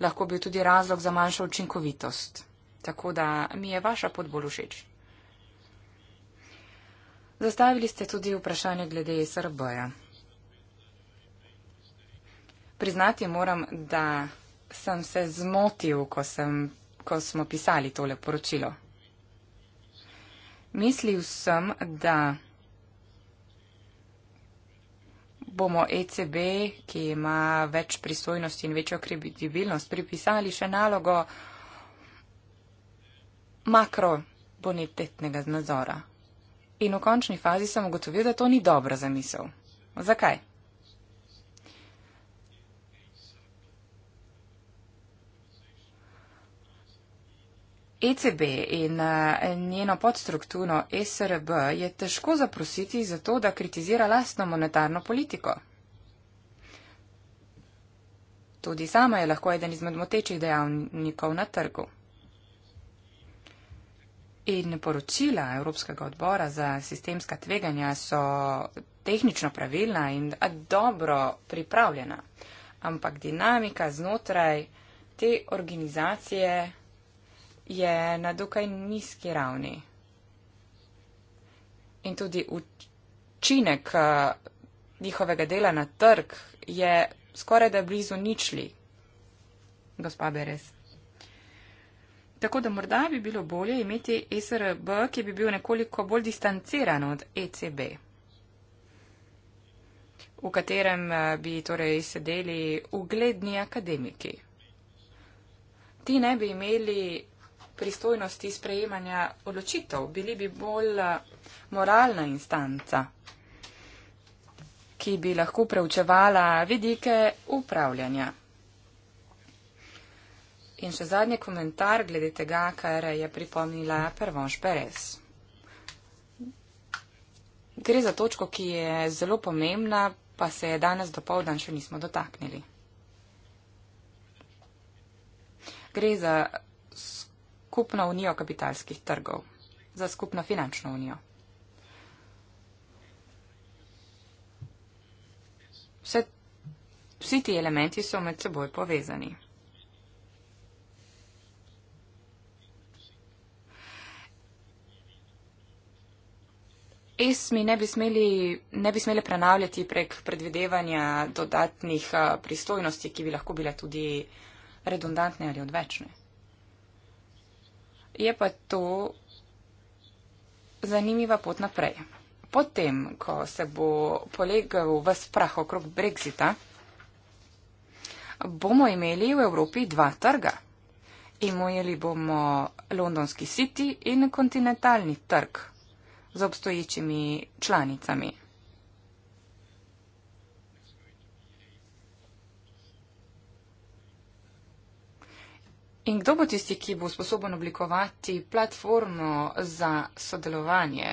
lahko bil tudi razlog za manjšo učinkovitost. Tako da mi je vaša pot bolj všeč. Zastavili ste tudi vprašanje glede SRB-ja. Priznati moram, da sem se zmotil, ko, sem, ko smo pisali tole poročilo. Mislil sem, da bomo ECB, ki ima več pristojnosti in večjo kredibilnost, pripisali še nalogo makrobonitetnega nadzora. In v končni fazi sem ugotovil, da to ni dobra zamisel. Zakaj? ECB in eh, njeno podstrukturo e SRB je težko zaprositi za to, da kritizira lastno monetarno politiko. Tudi sama je lahko eden izmed motečih dejavnikov na trgu. In poročila Evropskega odbora za sistemska tveganja so tehnično pravilna in dobro pripravljena, ampak dinamika znotraj te organizacije je na dokaj nizki ravni. In tudi učinek eh, njihovega dela na trg je skoraj da blizu ničli, gospa Beres. Tako da morda bi bilo bolje imeti SRB, ki bi bil nekoliko bolj distanciran od ECB, v katerem eh, bi torej sedeli ugledni akademiki. Ti ne bi imeli pristojnosti sprejemanja odločitev, bili bi bolj eh, moralna instanca, ki bi lahko preučevala vidike upravljanja. In še zadnji komentar glede tega, kar je pripomnila Pervonš Perez. Gre za točko, ki je zelo pomembna, pa se je danes do povdan še nismo dotaknili. Gre za skupno unijo kapitalskih trgov, za skupno finančno unijo. Vse, vsi ti elementi so med seboj povezani. ESMI ne bi, smeli, ne bi smeli prenavljati prek predvidevanja dodatnih eh, pristojnosti, ki bi lahko bile tudi redundantne ali odvečne je pa to zanimiva pot naprej. Potem, ko se bo polegal v sprah okrog Brexita, bomo imeli v Evropi dva trga. Imeli bomo londonski city in kontinentalni trg z obstoječimi članicami. In kdo bo tisti, ki bo sposoben oblikovati platformo za sodelovanje,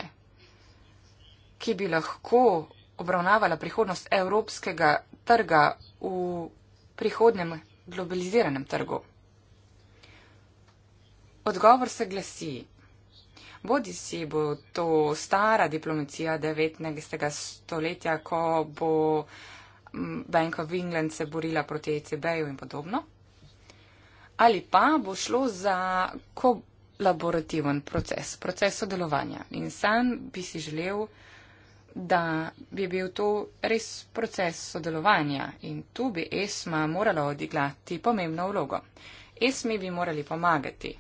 ki bi lahko obravnavala prihodnost evropskega trga v prihodnem globaliziranem trgu? Odgovor se glasi. Bodi si bo to stara diplomacija 19. stoletja, ko bo mm, Bank of England se borila proti ECB-ju in podobno ali pa bo šlo za kolaborativen proces, proces sodelovanja. In sam bi si želel, da bi bil to res proces sodelovanja in tu bi ESMA morala odiglati pomembno vlogo. ESMI bi morali pomagati.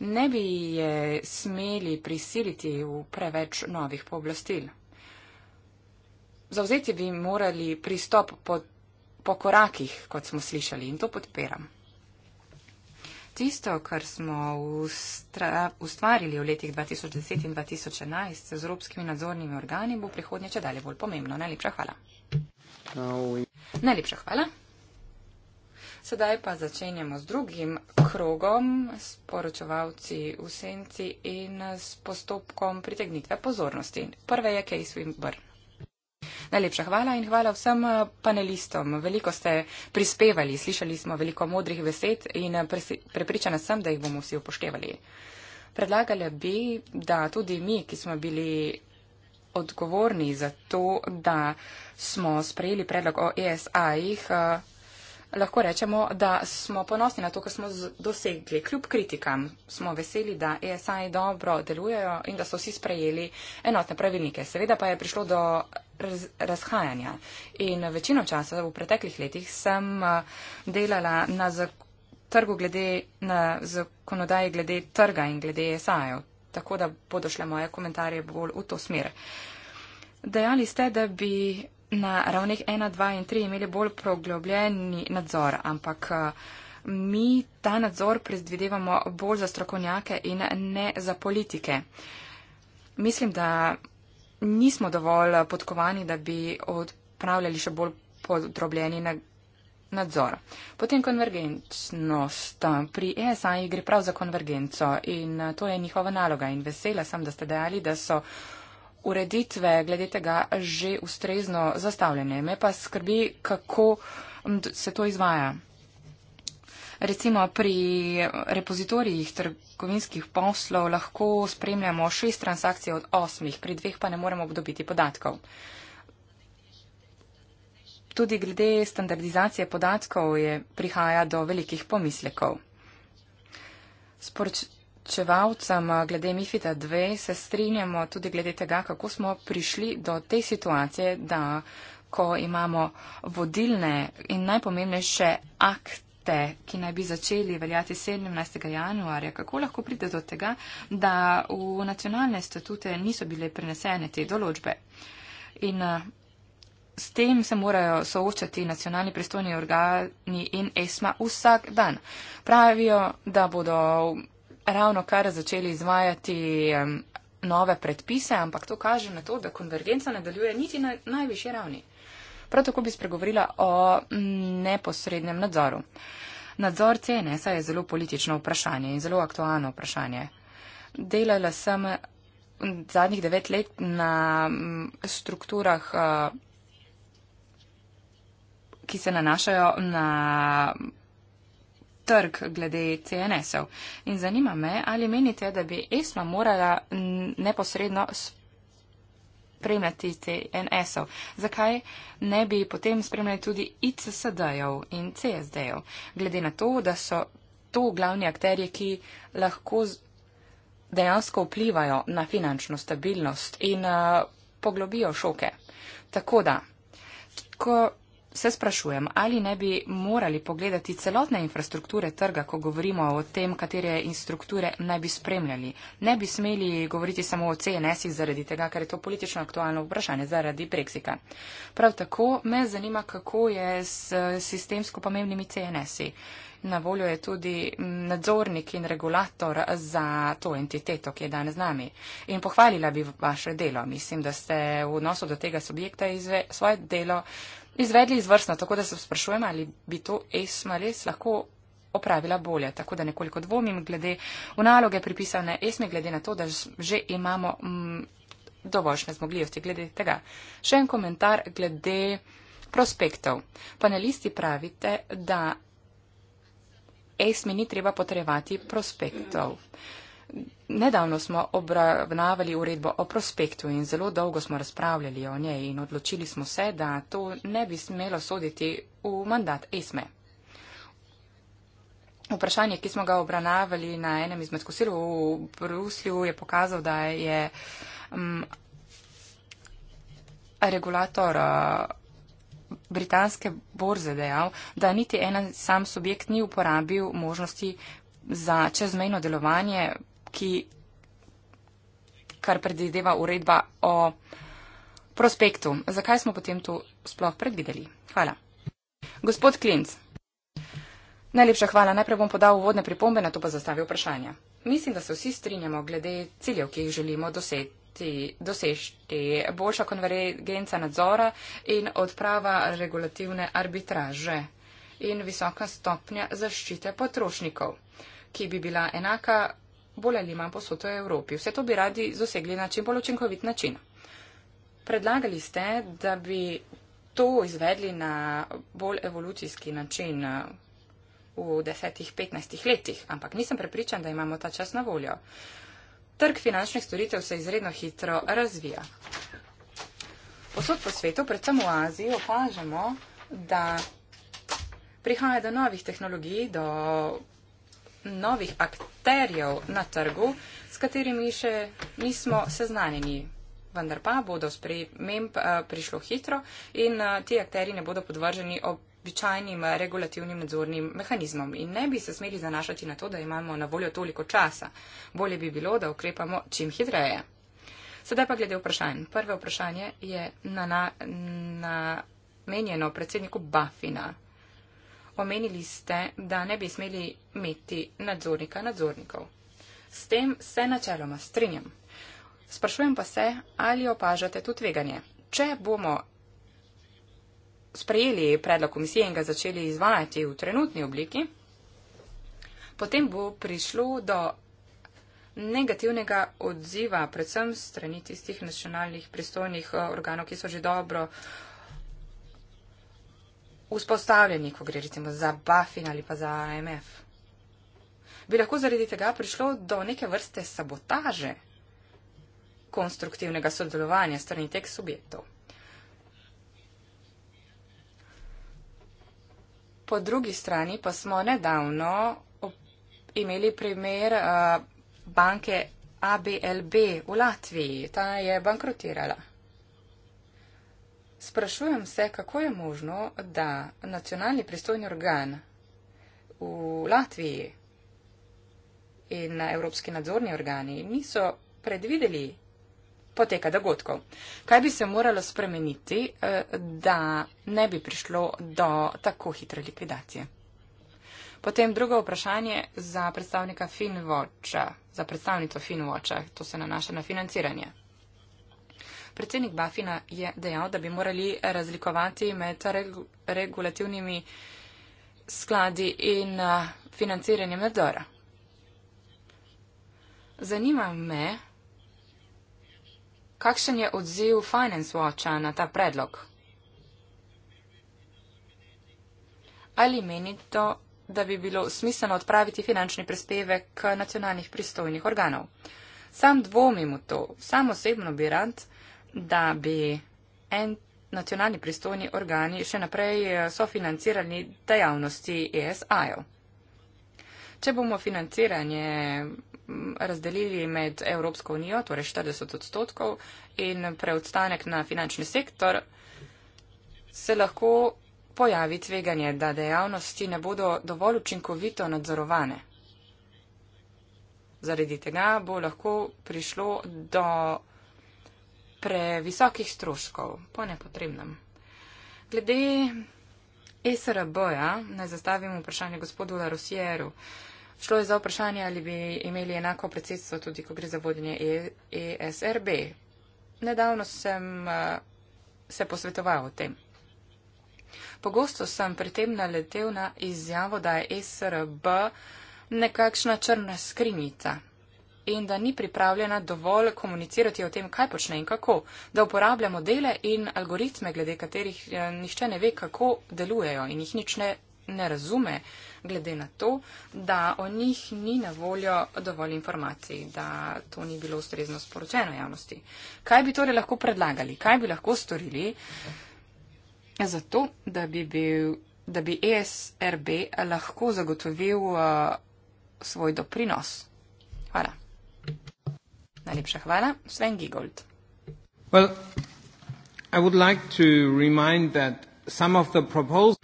Ne bi je smeli prisiliti v preveč novih pooblastil. Zavzeti bi morali pristop pod po korakih, kot smo slišali, in to podpiram. Tisto, kar smo ustvarili v letih 2010 in 2011 z evropskimi nadzornimi organi, bo prihodnje če dalje bolj pomembno. Najlepša hvala. No, we... Najlepša hvala. Sedaj pa začenjamo z drugim krogom, s poročevalci v senci in s postopkom pritegnitve pozornosti. Prve je Case Wimbledon. Najlepša hvala in hvala vsem eh, panelistom. Veliko ste prispevali, slišali smo veliko modrih besed in eh, prepričana sem, da jih bomo vsi upoštevali. Predlagala bi, da tudi mi, ki smo bili odgovorni za to, da smo sprejeli predlog o ESA-jih, eh, lahko rečemo, da smo ponosni na to, kar smo dosegli. Kljub kritikam smo veseli, da ESA-ji dobro delujejo in da so vsi sprejeli enotne pravilnike. Seveda pa je prišlo do raz, razhajanja. In večino časa v preteklih letih sem eh, delala na trgu glede, na zakonodaji glede trga in glede SAJ-ev. Tako da bodo šle moje komentarje bolj v to smer. Dejali ste, da bi na ravneh 1, 2 in 3 imeli bolj proglobljeni nadzor, ampak eh, mi ta nadzor predvidevamo bolj za strokovnjake in ne za politike. Mislim, da nismo dovolj eh, podkovani, da bi odpravljali še bolj podrobljeni nadzor. Potem konvergentnost. Pri ESA-ji gre prav za konvergenco in eh, to je njihova naloga in vesela sem, da ste dejali, da so ureditve glede tega že ustrezno zastavljene. Me pa skrbi, kako se to izvaja. Recimo pri repozitorijih trgovinskih poslov lahko spremljamo šest transakcij od osmih, pri dveh pa ne moremo dobiti podatkov. Tudi glede standardizacije podatkov je, prihaja do velikih pomislekov. Sporočevalcem glede MIFID-a 2 se strinjamo tudi glede tega, kako smo prišli do te situacije, da ko imamo vodilne in najpomembnejše akte, te, ki naj bi začeli veljati 17. januarja, kako lahko pride do tega, da v nacionalne statute niso bile prenesene te določbe. In eh, s tem se morajo soočati nacionalni pristojni organi in ESMA vsak dan. Pravijo, da bodo ravno kar začeli izvajati eh, nove predpise, ampak to kaže na to, da konvergenca nadaljuje niti na najvišji ravni. Prav tako bi spregovorila o mm, neposrednem nadzoru. Nadzor cene saj je zelo politično vprašanje in zelo aktualno vprašanje. Delala sem zadnjih devet let na mm, strukturah, eh, ki se nanašajo na trg glede CNS-ev. In zanima me, ali menite, da bi ESMA morala neposredno spregovoriti spremljati TNS-ov. Zakaj ne bi potem spremljali tudi ICSD-jev in CSD-jev? Glede na to, da so to glavni akterji, ki lahko dejansko vplivajo na finančno stabilnost in uh, poglobijo šoke. Tako da, ko se sprašujem, ali ne bi morali pogledati celotne infrastrukture trga, ko govorimo o tem, katere infrastrukture ne bi spremljali. Ne bi smeli govoriti samo o CNS-ih zaradi tega, ker je to politično aktualno vprašanje zaradi Brexika. Prav tako me zanima, kako je s sistemsko pomembnimi CNS-i. Na voljo je tudi nadzornik in regulator za to entiteto, ki je danes z nami. In pohvalila bi vaše delo. Mislim, da ste v odnosu do tega subjekta izve svoje delo izvedli izvrstno, tako da se sprašujem, ali bi to ESMA res lahko opravila bolje. Tako da nekoliko dvomim glede v naloge pripisane ESMA, glede na to, da že imamo mm, dovoljšne zmogljivosti glede tega. Še en komentar glede prospektov. Panelisti pravite, da ESMA ni treba potrejevati prospektov. Mm. Nedavno smo obravnavali uredbo o prospektu in zelo dolgo smo razpravljali o njej in odločili smo se, da to ne bi smelo soditi v mandat ESME. Vprašanje, ki smo ga obravnavali na enem izmed kosilov v Bruslju, je pokazal, da je um, regulator eh, britanske borze dejal, da niti en sam subjekt ni uporabil možnosti za čezmejno delovanje ki, kar predvideva uredba o prospektu. Zakaj smo potem to sploh predvideli? Hvala. Gospod Klinc, najlepša hvala. Najprej bom podal uvodne pripombe, na to pa zastavil vprašanje. Mislim, da se vsi strinjamo glede ciljev, ki jih želimo doseti dosežti boljša konvergenca nadzora in odprava regulativne arbitraže in visoka stopnja zaščite potrošnikov, ki bi bila enaka bolj ali manj posod v Evropi. Vse to bi radi zasegli na čim bolj učinkovit način. Predlagali ste, da bi to izvedli na bolj evolucijski način eh, v desetih, petnajstih letih, ampak nisem prepričan, da imamo ta čas na voljo. Trg finančnih storitev se izredno hitro razvija. Posod po svetu, predvsem v Aziji, opažamo, da prihaja do novih tehnologij, do novih akterjev na trgu, s katerimi še nismo seznanjeni. Vendar pa bodo sprememb eh, prišlo hitro in eh, ti akteri ne bodo podvrženi običajnim regulativnim nadzornim mehanizmom in ne bi se smeli zanašati na to, da imamo na voljo toliko časa. Bolje bi bilo, da ukrepamo čim hitreje. Sedaj pa glede vprašanj. Prvo vprašanje je namenjeno na predsedniku Bafina. Omenili ste, da ne bi smeli imeti nadzornika nadzornikov. S tem se načeloma strinjam. Sprašujem pa se, ali opažate tu tveganje. Če bomo sprejeli predlog komisije in ga začeli izvajati v trenutni obliki, potem bo prišlo do negativnega odziva, predvsem strani tistih nacionalnih pristojnih eh, organov, ki so že dobro vzpostavljeni, ko gre recimo za Bafin ali pa za AMF. Bi lahko zaradi tega prišlo do neke vrste sabotaže konstruktivnega sodelovanja strani teh subjektov. Po drugi strani pa smo nedavno imeli primer eh, banke ABLB v Latviji. Ta je bankrotirala. Sprašujem se, kako je možno, da nacionalni pristojni organ v Latviji in evropski nadzorni organi niso predvideli poteka dogodkov. Kaj bi se moralo spremeniti, eh, da ne bi prišlo do tako hitre likvidacije? Potem drugo vprašanje za predstavnika Finwatcha, za predstavnico Finwatcha, to se nanaša na financiranje. Predsednik Bafina je dejal, da bi morali razlikovati med regulativnimi skladi in eh, financiranjem nadzora. Zanima me, kakšen je odziv Finance Watcha na ta predlog? Ali menite, da bi bilo smiselno odpraviti finančni prispevek nacionalnih pristojnih organov? Sam dvomim v to. Sam osebno bi rad, da bi en nacionalni pristojni organi še naprej eh, sofinancirali dejavnosti ESI-ov. Če bomo financiranje mm, razdelili med Evropsko unijo, torej 40 odstotkov, in preostanek na finančni sektor, se lahko pojavi tveganje, da dejavnosti ne bodo dovolj učinkovito nadzorovane. Zaradi tega bo lahko prišlo do previsokih stroškov po nepotrebnem. Glede e SRB-ja naj zastavim vprašanje gospodu Larosieru. Šlo je za vprašanje, ali bi imeli enako predsedstvo tudi, ko gre za vodenje ESRB. E Nedavno sem eh, se posvetoval o tem. Pogosto sem pri tem naletel na izjavo, da je e SRB nekakšna črna skrinjica, in da ni pripravljena dovolj komunicirati o tem, kaj počne in kako, da uporablja modele in algoritme, glede katerih eh, nišče ne ve, kako delujejo in jih nič ne, ne razume, glede na to, da o njih ni na voljo dovolj informacij, da to ni bilo ustrezno sporočeno javnosti. Kaj bi torej lahko predlagali, kaj bi lahko storili za to, da bi bil da bi ESRB lahko zagotovil uh, svoj doprinos. Hvala. Najlepša hvala. Sven Gigold. Well, I would like to remind that some of the proposals.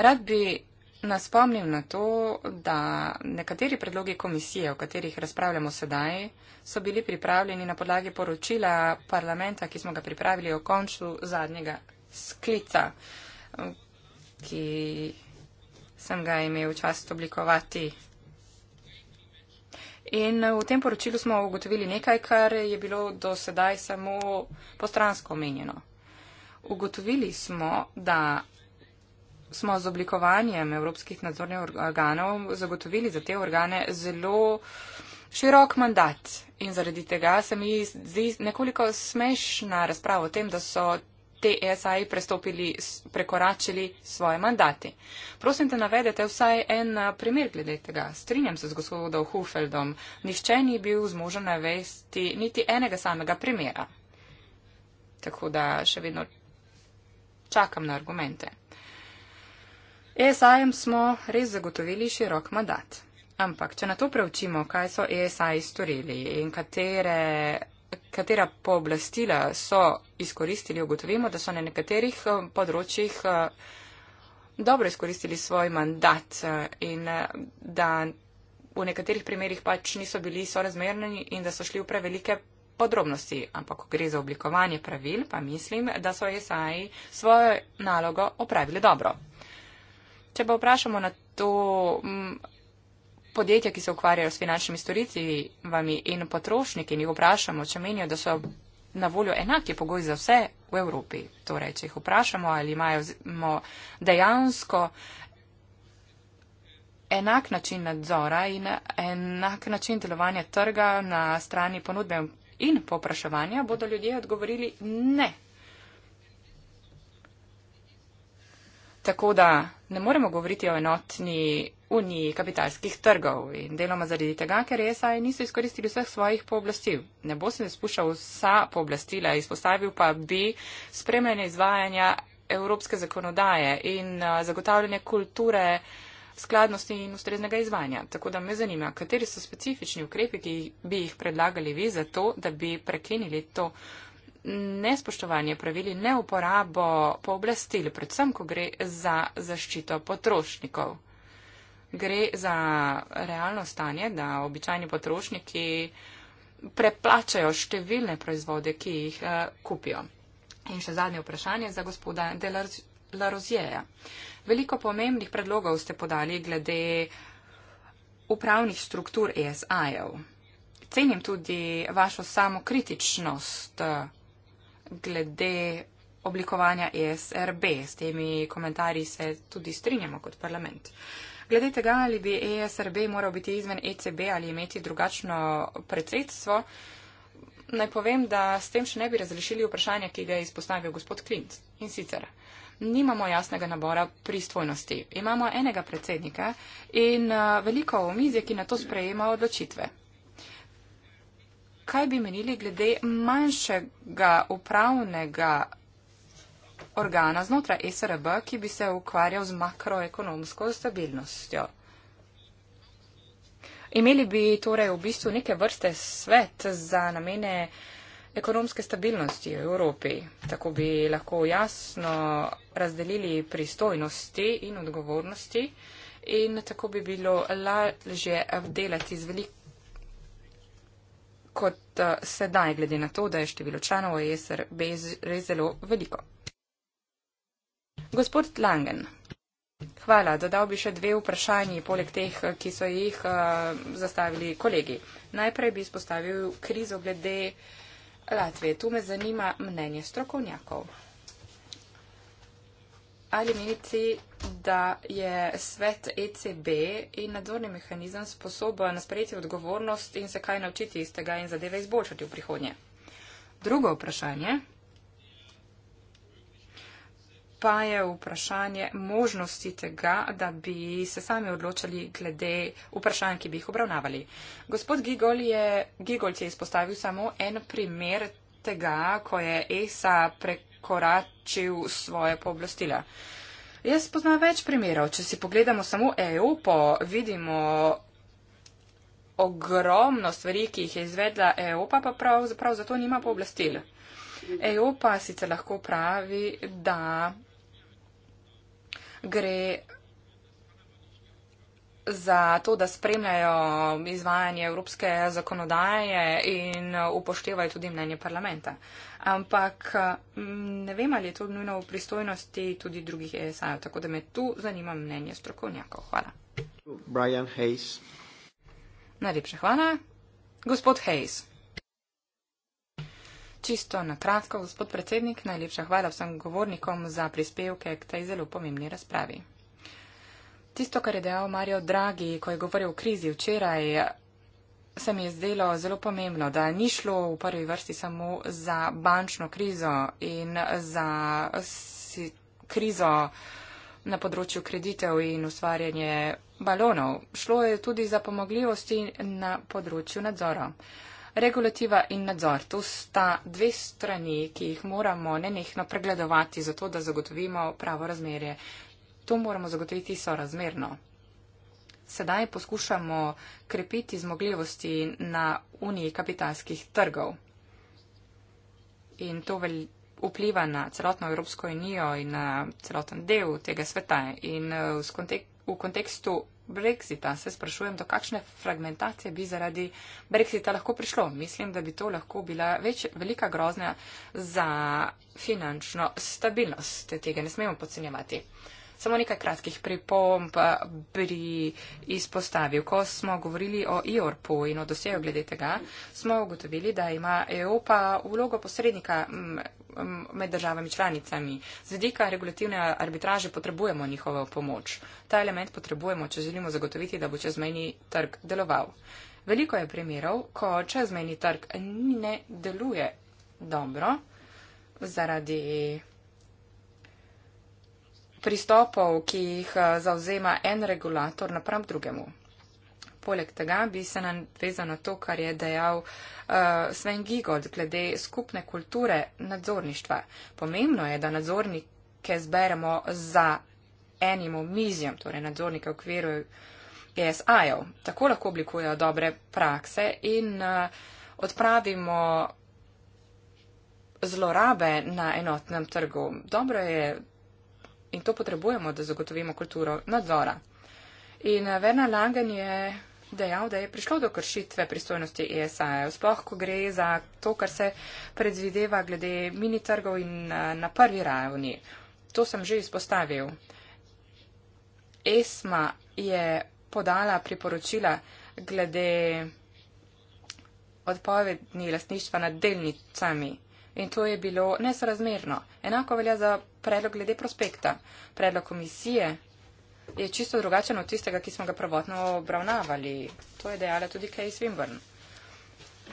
Rad bi nas spomnil na to, da nekateri predlogi komisije, o katerih razpravljamo sedaj, so bili pripravljeni na podlagi poročila parlamenta, ki smo ga pripravili o koncu zadnjega sklica, ki sem ga imel čast oblikovati In eh, v tem poročilu smo ugotovili nekaj, kar je bilo do sedaj samo postransko omenjeno. Ugotovili smo, da smo z oblikovanjem evropskih nadzornih organov zagotovili za te organe zelo širok mandat. In zaradi tega se mi zdi nekoliko smešna razprava o tem, da so te ESA-ji prestopili, prekoračili svoje mandate. Prosim te navedete vsaj en primer glede tega. Strinjam se z gospodom Hufeldom. Nihče ni bil zmožen navesti niti enega samega primera. Tako da še vedno čakam na argumente. ESA-jem smo res zagotovili širok mandat. Ampak, če na to preučimo, kaj so ESA-ji storili in katere katera pooblastila so izkoristili, ugotovimo, da so na nekaterih eh, področjih eh, dobro izkoristili svoj mandat eh, in da v nekaterih primerjih pač niso bili sorazmerni in da so šli v prevelike podrobnosti. Ampak, ko gre za oblikovanje pravil, pa mislim, da so SAI svojo nalogo opravili dobro. Če pa vprašamo na to, mm, podjetja, ki se ukvarjajo s finančnimi storitvami in potrošniki in jih vprašamo, če menijo, da so na voljo enake pogoji za vse v Evropi. Torej, če jih vprašamo, ali imajo dejansko enak način nadzora in enak način delovanja trga na strani ponudbe in popraševanja, bodo ljudje odgovorili ne. Tako da ne moremo govoriti o enotni uniji kapitalskih trgov in deloma zaradi tega, ker ESA niso izkoristili vseh svojih pooblastil. Ne bo se ne spuščal vsa pooblastila, izpostavil pa bi spremljanje izvajanja evropske zakonodaje in uh, zagotavljanje kulture skladnosti in ustreznega izvanja. Tako da me zanima, kateri so specifični ukrepi, ki bi jih predlagali vi za to, da bi prekinili to nespoštovanje pravili, neuporabo pooblastil, predvsem, ko gre za zaščito potrošnikov. Gre za realno stanje, da običajni potrošniki preplačajo številne proizvode, ki jih eh, kupijo. In še zadnje vprašanje za gospoda Delarozjeja. Veliko pomembnih predlogov ste podali glede upravnih struktur ESI-ev. Cenim tudi vašo samokritičnost eh, glede oblikovanja ESRB. S temi komentarji se tudi strinjamo kot parlament. Glede tega, ali bi ESRB moral biti izven ECB ali imeti drugačno predsedstvo, naj povem, da s tem še ne bi razrešili vprašanja, ki ga je izpostavil gospod Klint. In sicer, nimamo jasnega nabora pristojnosti. Imamo enega predsednika in eh, veliko omizje, ki na to sprejema odločitve kaj bi menili glede manjšega upravnega organa znotraj SRB, ki bi se ukvarjal z makroekonomsko stabilnostjo. Imeli bi torej v bistvu neke vrste svet za namene ekonomske stabilnosti v Evropi. Tako bi lahko jasno razdelili pristojnosti in odgovornosti in tako bi bilo lažje obdelati z veliko kot eh, sedaj, glede na to, da je število članov ESR res zelo veliko. Gospod Langen. Hvala. Dodal bi še dve vprašanji, poleg teh, eh, ki so jih uh, zastavili kolegi. Najprej bi izpostavil krizo glede Latvije. Tu me zanima mnenje strokovnjakov ali meniti, da je svet ECB in nadzorni mehanizem sposoben sprejeti odgovornost in se kaj naučiti iz tega in zadeve izboljšati v prihodnje? Drugo vprašanje pa je vprašanje možnosti tega, da bi se sami odločali glede vprašanj, ki bi jih obravnavali. Gospod Gigol je, Gigolc je izpostavil samo en primer tega, ko je ESA prekrati prekoračil svoje pooblastila. Jaz poznam več primerov. Če si pogledamo samo EU, pa vidimo ogromno stvari, ki jih je izvedla EU, pa pravzaprav zato nima pooblastil. EU pa sicer lahko pravi, da gre za to, da spremljajo izvajanje evropske zakonodaje in upoštevajo tudi mnenje parlamenta. Uh, ampak eh, ne vem, ali je to nujno v pristojnosti tudi drugih ESA, tako da me tu zanima mnenje strokovnjakov. Hvala. Brian Hayes. Najlepša hvala. Gospod Hayes. Čisto na kratko, gospod predsednik, najlepša hvala vsem govornikom za prispevke k tej zelo pomembni razpravi. Tisto, kar je dejal Mario Draghi, ko je govoril o krizi včeraj, se mi je zdelo zelo pomembno, da ni šlo v prvi vrsti samo za bančno krizo in za krizo na področju kreditev in ustvarjanje balonov. Šlo je tudi za pomagljivosti na področju nadzora. Regulativa in nadzor, to sta dve strani, ki jih moramo nenehno pregledovati, zato da zagotovimo pravo razmerje. To moramo zagotoviti sorazmerno sedaj poskušamo krepiti zmogljivosti na uniji kapitalskih trgov. In to vpliva na celotno Evropsko unijo in na celoten del tega sveta. In eh, v kontekstu Brexita se sprašujem, do kakšne fragmentacije bi zaradi Brexita lahko prišlo. Mislim, da bi to lahko bila več velika groznja za finančno stabilnost. Tega ne smemo podcenjevati. Samo nekaj kratkih pripomb bi izpostavil. Ko smo govorili o IORP-u in o dosejo glede tega, smo ugotovili, da ima EOPA vlogo posrednika med državami članicami. Z vedika regulativne arbitraže potrebujemo njihovo pomoč. Ta element potrebujemo, če želimo zagotoviti, da bo čezmejni trg deloval. Veliko je primerov, ko čezmejni trg ne deluje dobro zaradi pristopov, ki jih eh, zauzema en regulator napram drugemu. Poleg tega bi se nam vezal na to, kar je dejal uh, Sven Gigold glede skupne kulture nadzorništva. Pomembno je, da nadzornike zberemo za enim omizjem, torej nadzornike v okviru ESI-ov. Tako lahko oblikujejo dobre prakse in uh, odpravimo zlorabe na enotnem trgu. Dobro je in to potrebujemo, da zagotovimo kulturo nadzora. In eh, Werner Langen je dejal, da je prišlo do kršitve pristojnosti ESA-ja, sploh ko gre za to, kar se predvideva glede mini trgov in eh, na prvi ravni. To sem že izpostavil. ESMA je podala priporočila glede odpovedni lasništva nad delnicami in to je bilo nesrazmerno. Enako velja za predlog glede prospekta. Predlog komisije je čisto drugačen od tistega, ki smo ga prvotno obravnavali. To je dejala tudi Kay Swinburne.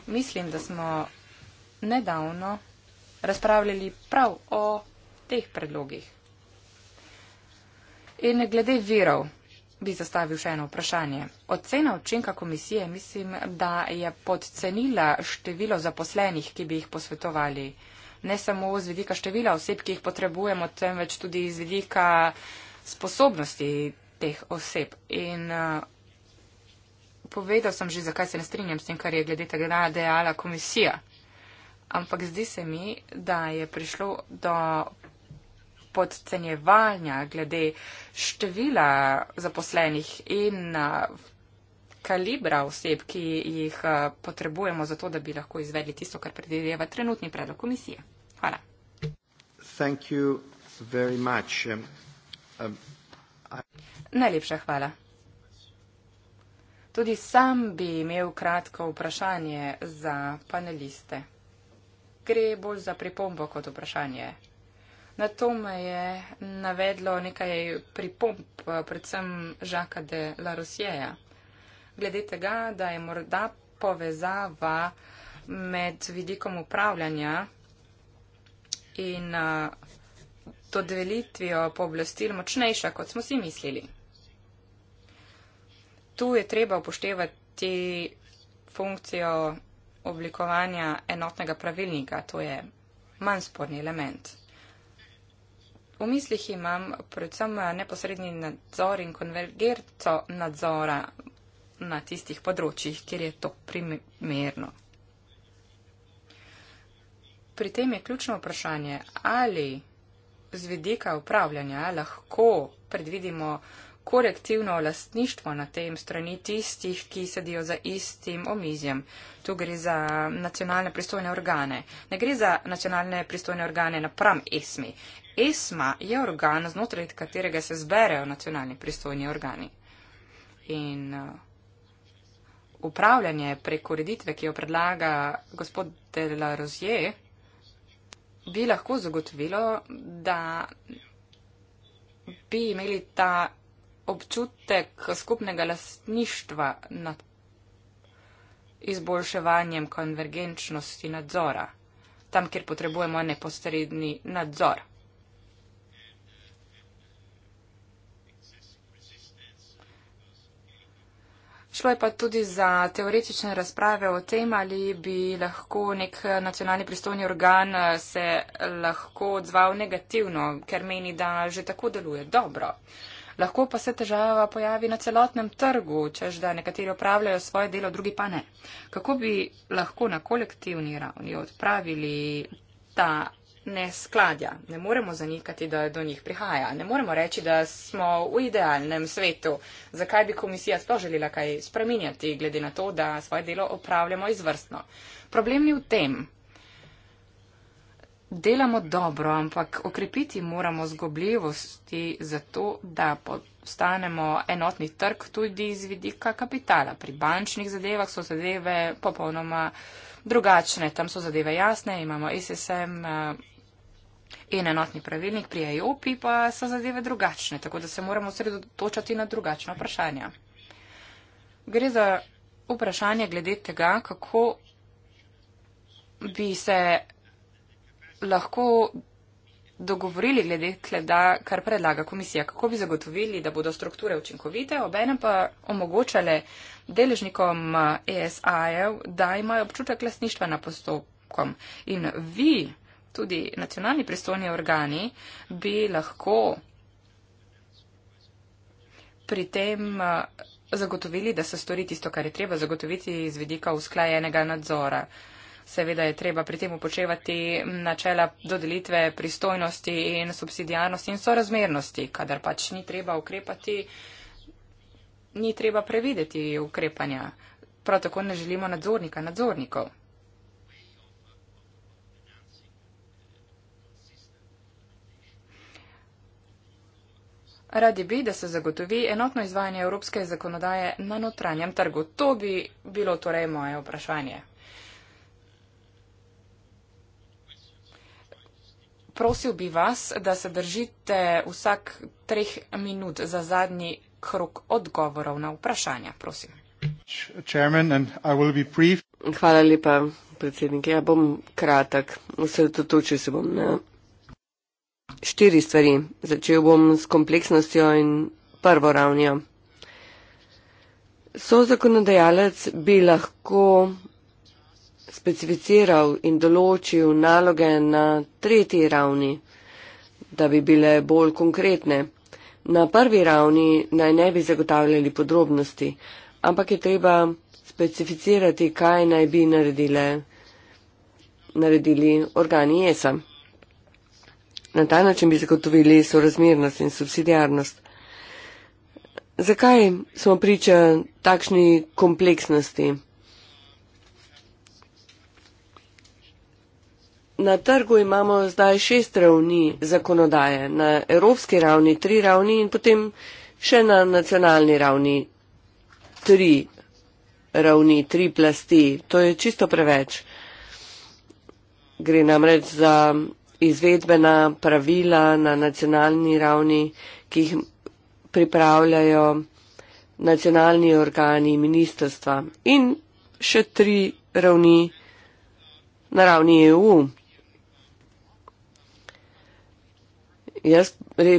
Mislim, da smo nedavno razpravljali prav o teh predlogih. In glede virov, bi zastavil še eno vprašanje. Ocena učinka komisije mislim, da je podcenila število zaposlenih, ki bi jih posvetovali. Ne samo z vidika števila oseb, ki jih potrebujemo, temveč tudi z vidika sposobnosti teh oseb. In uh, povedal sem že, zakaj se ne strinjam s tem, kar je glede tega dejala komisija. Ampak zdi se mi, da je prišlo do podcenjevanja glede števila zaposlenih in kalibra oseb, ki jih potrebujemo za to, da bi lahko izvedli tisto, kar predvideva trenutni predlog komisije. Hvala. Um, um, I... Najlepša hvala. Tudi sam bi imel kratko vprašanje za paneliste. Gre bolj za pripombo kot vprašanje. Na to me je navedlo nekaj pripomp, predvsem Žaka de la Rosjeja. Glede tega, da je morda povezava med vidikom upravljanja in dodelitvijo pooblastil močnejša, kot smo si mislili. Tu je treba upoštevati funkcijo oblikovanja enotnega pravilnika, to je manj sporni element. V mislih imam predvsem eh, neposredni nadzor in konvergerco nadzora na tistih področjih, kjer je to primerno. Pri tem je ključno vprašanje, ali z vidika upravljanja lahko predvidimo korektivno lastništvo na tem strani tistih, ki sedijo za istim omizjem. Tu gre za nacionalne pristojne organe. Ne gre za nacionalne pristojne organe napram ESMI. ESMA je organ, znotraj katerega se zberejo nacionalni pristojni organi. In uh, upravljanje prek ureditve, ki jo predlaga gospod Delarozje, bi lahko zagotovilo, da bi imeli ta občutek skupnega lastništva nad izboljševanjem konvergenčnosti nadzora, tam, kjer potrebujemo neposredni nadzor. Šlo je pa tudi za teoretične razprave o tem, ali bi lahko nek nacionalni pristojni organ eh, se lahko odzval negativno, ker meni, da že tako deluje dobro. Lahko pa se težava pojavi na celotnem trgu, čež da nekateri opravljajo svoje delo, drugi pa ne. Kako bi lahko na kolektivni ravni odpravili ta neskladja. Ne moremo zanikati, da do njih prihaja. Ne moremo reči, da smo v idealnem svetu. Zakaj bi komisija sploh želela kaj spreminjati, glede na to, da svoje delo opravljamo izvrstno? Problem je v tem. Delamo dobro, ampak okrepiti moramo zgobljivosti za to, da postanemo enotni trg tudi iz vidika kapitala. Pri bančnih zadevah so zadeve popolnoma drugačne, tam so zadeve jasne, imamo SSM, in enotni pravilnik pri EOP-i pa so zadeve drugačne, tako da se moramo osredotočati na drugačno vprašanje. Gre za vprašanje glede tega, kako bi se lahko dogovorili glede tega, kar predlaga komisija, kako bi zagotovili, da bodo strukture učinkovite, obenem pa omogočale deležnikom ESI-ev, eh, e da imajo občutek lasništva na postopkom. In vi, tudi nacionalni pristojni organi bi lahko pri tem eh, zagotovili, da se stori tisto, kar je treba zagotoviti iz vedika usklajenega nadzora. Seveda je treba pri tem upočevati načela dodelitve pristojnosti in subsidijarnosti in sorazmernosti, kadar pač ni treba ukrepati, ni treba prevideti ukrepanja. Prav tako ne želimo nadzornika nadzornikov. Radi bi, da se zagotovi enotno izvajanje evropske zakonodaje na notranjem trgu. To bi bilo torej moje vprašanje. Prosil bi vas, da se držite vsak treh minut za zadnji krok odgovorov na vprašanja. Prosim. Hvala lepa, predsednik. Ja bom kratek. Vse to toče se bom na. Ne... Štiri stvari. Začel bom s kompleksnostjo in prvo ravnjo. So zakonodajalec bi lahko specificiral in določil naloge na tretji ravni, da bi bile bolj konkretne. Na prvi ravni naj ne bi zagotavljali podrobnosti, ampak je treba specificirati, kaj naj bi naredile, naredili organi jesa. Na ta način bi zagotovili sorazmernost in subsidijarnost. Zakaj smo priča takšni kompleksnosti? Na trgu imamo zdaj šest ravni zakonodaje, na evropski ravni tri ravni in potem še na nacionalni ravni tri ravni, tri plasti. To je čisto preveč. Gre namreč za izvedbena pravila na nacionalni ravni, ki jih pripravljajo nacionalni organi in ministrstva in še tri ravni na ravni EU. Jaz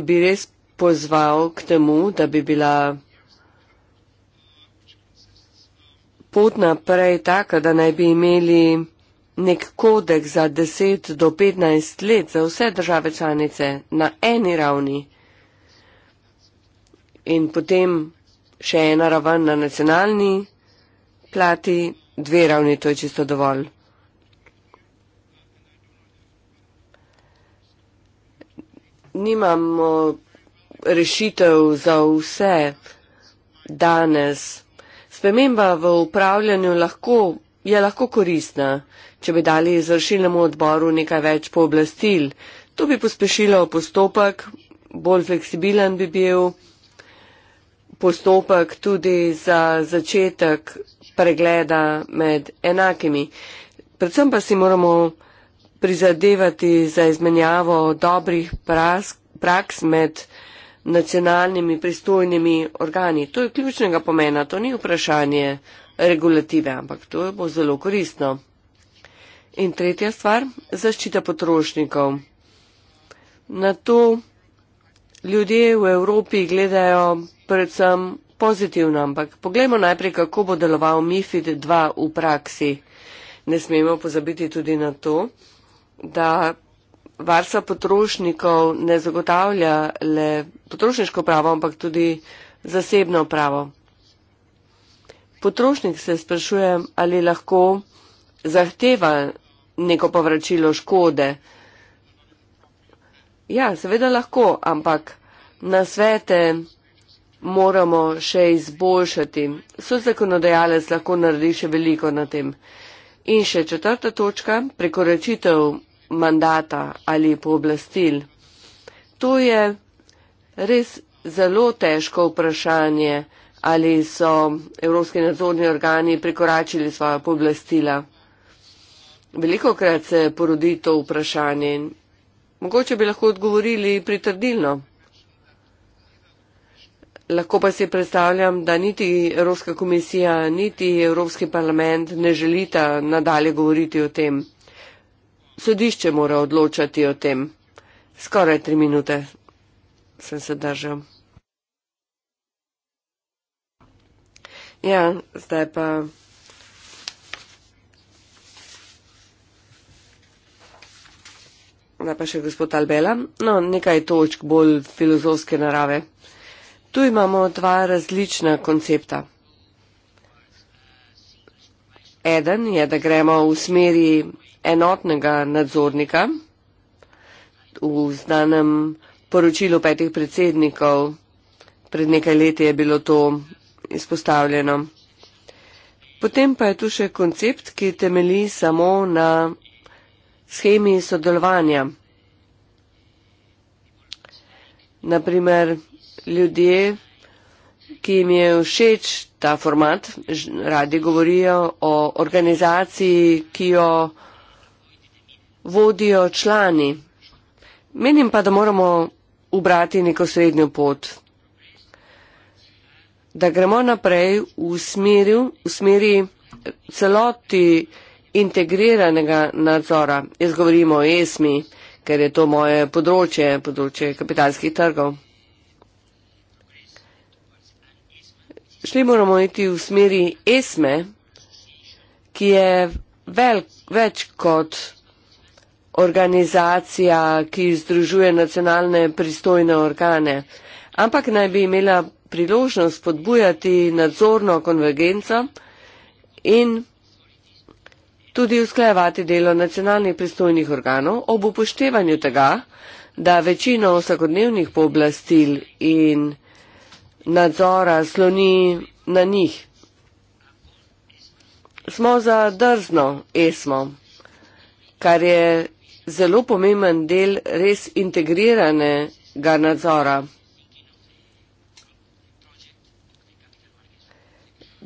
bi res pozval k temu, da bi bila pot naprej taka, da naj bi imeli nek kodek za 10 do 15 let za vse države članice na eni ravni in potem še ena raven na nacionalni plati, dve ravni, to je čisto dovolj. Nimamo rešitev za vse danes. Sprememba v upravljanju lahko, je lahko koristna. Če bi dali izvršilnemu odboru nekaj več pooblastil, to bi pospešilo postopek, bolj fleksibilen bi bil postopek tudi za začetek pregleda med enakimi. Predvsem pa si moramo prizadevati za izmenjavo dobrih praks med nacionalnimi pristojnimi organi. To je ključnega pomena, to ni vprašanje regulative, ampak to bo zelo koristno. In tretja stvar, zaščita potrošnikov. Na to ljudje v Evropi gledajo predvsem pozitivno, ampak poglejmo najprej, kako bo deloval MIFID 2 v praksi. Ne smemo pozabiti tudi na to, da varstva potrošnikov ne zagotavlja le potrošniško pravo, ampak tudi zasebno pravo. Potrošnik se sprašuje, ali lahko zahteva neko povračilo škode. Ja, seveda lahko, ampak na svete moramo še izboljšati. So zakonodajalec lahko naredi še veliko na tem. In še četrta točka, prekoračitev mandata ali pooblastil. To je res zelo težko vprašanje, ali so evropski nadzorni organi prekoračili svoja pooblastila. Veliko krat se porodi to vprašanje in mogoče bi lahko odgovorili pritrdilno. Lahko pa si predstavljam, da niti Evropska komisija, niti Evropski parlament ne želita nadalje govoriti o tem. Sodišče mora odločati o tem. Skoraj tri minute sem se držal. Ja, zdaj pa. Zdaj pa še gospod Albela. No, nekaj točk bolj filozofske narave. Tu imamo dva različna koncepta. Eden je, da gremo v smeri enotnega nadzornika. V znanem poročilu petih predsednikov pred nekaj leti je bilo to izpostavljeno. Potem pa je tu še koncept, ki temeli samo na schemi sodelovanja. Naprimer, ljudje, ki jim je všeč ta format, radi govorijo o organizaciji, ki jo vodijo člani. Menim pa, da moramo ubrati neko srednjo pot, da gremo naprej v smeri, v smeri celoti integriranega nadzora. Jaz govorim o ESMI, ker je to moje področje, področje kapitalskih trgov. Šli moramo iti v smeri ESME, ki je vel, več kot organizacija, ki združuje nacionalne pristojne organe, ampak naj bi imela priložnost podbujati nadzorno konvergenco in tudi usklajevati delo nacionalnih pristojnih organov ob upoštevanju tega, da večino vsakodnevnih pooblastil in nadzora sloni na njih. Smo za drzno esmo, kar je zelo pomemben del res integriranega nadzora.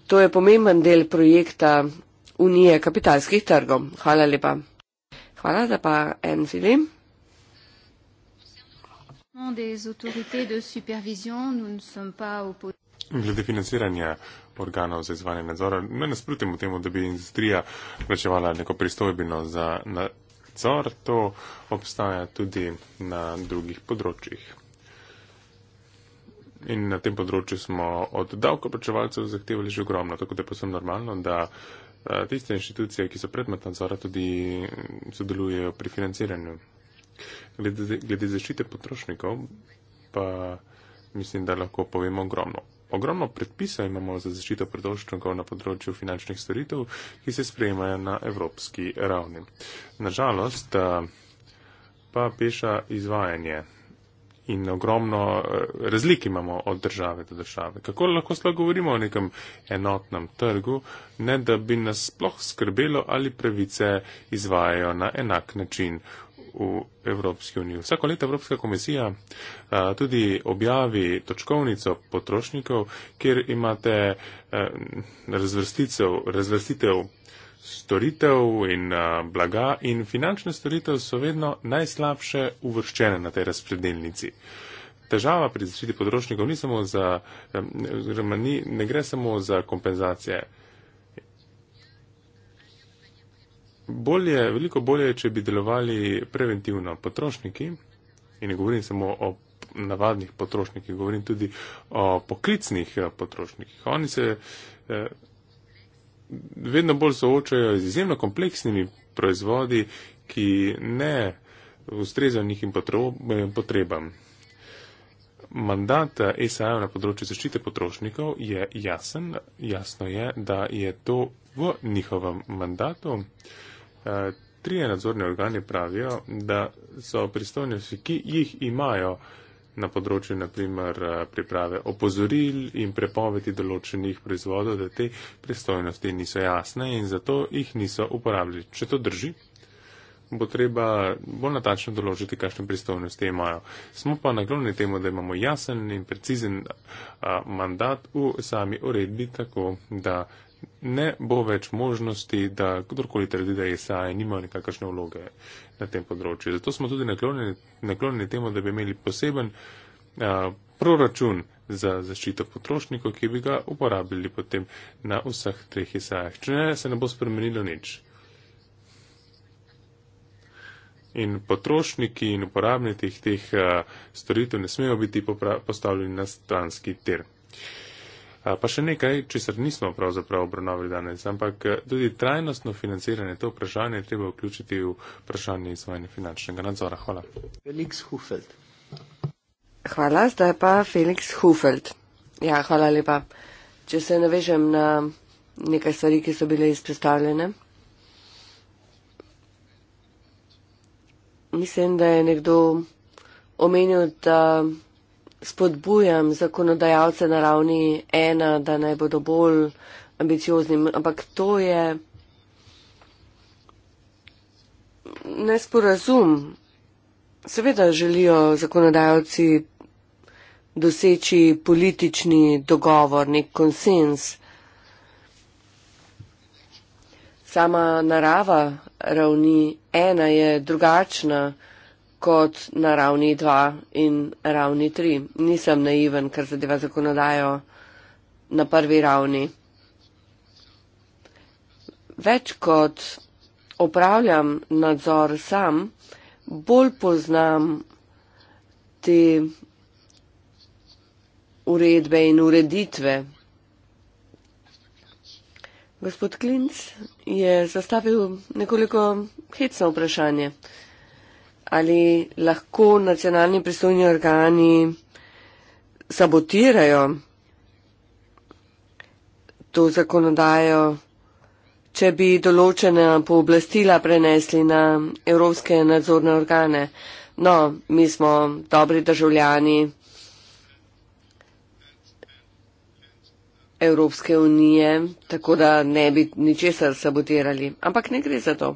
To je pomemben del projekta unije kapitalskih trgov. Hvala lepa. Hvala za pa en film. Glede financiranja organov za izvajanje nadzora, ne nasprotimo temu, da bi industrija plačevala neko pristojbino za nadzor, to obstaja tudi na drugih področjih. In na tem področju smo od davkoplačevalcev zahtevali že ogromno, tako da je posebno normalno, da uh, tiste inštitucije, ki so predmet nadzora, tudi sodelujejo pri financiranju. Glede, glede zaščite potrošnikov pa mislim, da lahko povemo ogromno. Ogromno predpisov imamo za zaščito potrošnikov na področju finančnih storitev, ki se sprejemajo na evropski ravni. Nažalost pa peša izvajanje in ogromno eh, razlik imamo od države do države. Kako lahko sploh govorimo o nekem enotnem trgu, ne da bi nas sploh skrbelo, ali pravice izvajajo na enak način v Evropski uniji. Vsako leto Evropska komisija a, eh, tudi objavi točkovnico potrošnikov, kjer imate eh, a, razvrstitev, razvrstitev storitev in blaga in finančne storitev so vedno najslabše uvrščene na tej razpredelnici. Težava pri zaščiti potrošnikov ni samo za, oziroma ne, ne gre samo za kompenzacije. Bolje, veliko bolje, če bi delovali preventivno potrošniki in ne govorim samo o navadnih potrošnikih, govorim tudi o poklicnih eh, potrošnikih. Oni se eh, vedno bolj soočajo z izjemno kompleksnimi proizvodi, ki ne ustrezajo njihim potrebam. Mandat SAA na področju zaščite potrošnikov je jasen. Jasno je, da je to v njihovem mandatu. E, trije nadzorni organi pravijo, da so pristojnosti, ki jih imajo, na področju naprimer eh, priprave opozoril in prepovedi določenih proizvodov, da te pristojnosti niso jasne in zato jih niso uporabili. Če to drži, bo treba bolj natančno določiti, kakšne pristojnosti imajo. Smo pa naglovni temu, da imamo jasen in precizen eh, mandat v sami uredbi, tako da ne bo več možnosti, da kdorkoli trdi, da SAE nima nekakšne vloge na tem področju. Zato smo tudi naklonjeni, naklonjeni temu, da bi imeli poseben a, proračun za zaščito potrošnikov, ki bi ga uporabili potem na vseh treh SAE. Če ne, se ne bo spremenilo nič. In potrošniki in uporabniki teh storitev ne smejo biti postavljeni na stranski tir. Uh, Pa še nekaj, česar nismo pravzaprav obravnavali danes, ampak eh, tudi trajnostno financiranje, to vprašanje treba vključiti v vprašanje izvajanja finančnega nadzora. Hvala. Felix Hufeld. Hvala, zdaj pa Felix Hufeld. Ja, hvala lepa. Če se navežem na nekaj stvari, ki so bile izpostavljene. Mislim, da je nekdo omenil, da spodbujam zakonodajalce na ravni ena, da naj bodo bolj ambiciozni, ampak to je nesporazum. Seveda želijo zakonodajalci doseči politični dogovor, nek konsens. Sama narava ravni ena je drugačna kot na ravni 2 in ravni 3. Nisem naiven, kar zadeva zakonodajo na prvi ravni. Več kot opravljam nadzor sam, bolj poznam te uredbe in ureditve. Gospod Klinc je zastavil nekoliko hitsno vprašanje ali lahko nacionalni pristojni organi sabotirajo to zakonodajo, če bi določena pooblastila prenesli na evropske nadzorne organe. No, mi smo dobri državljani Evropske unije, tako da ne bi ničesar sabotirali. Ampak ne gre za to.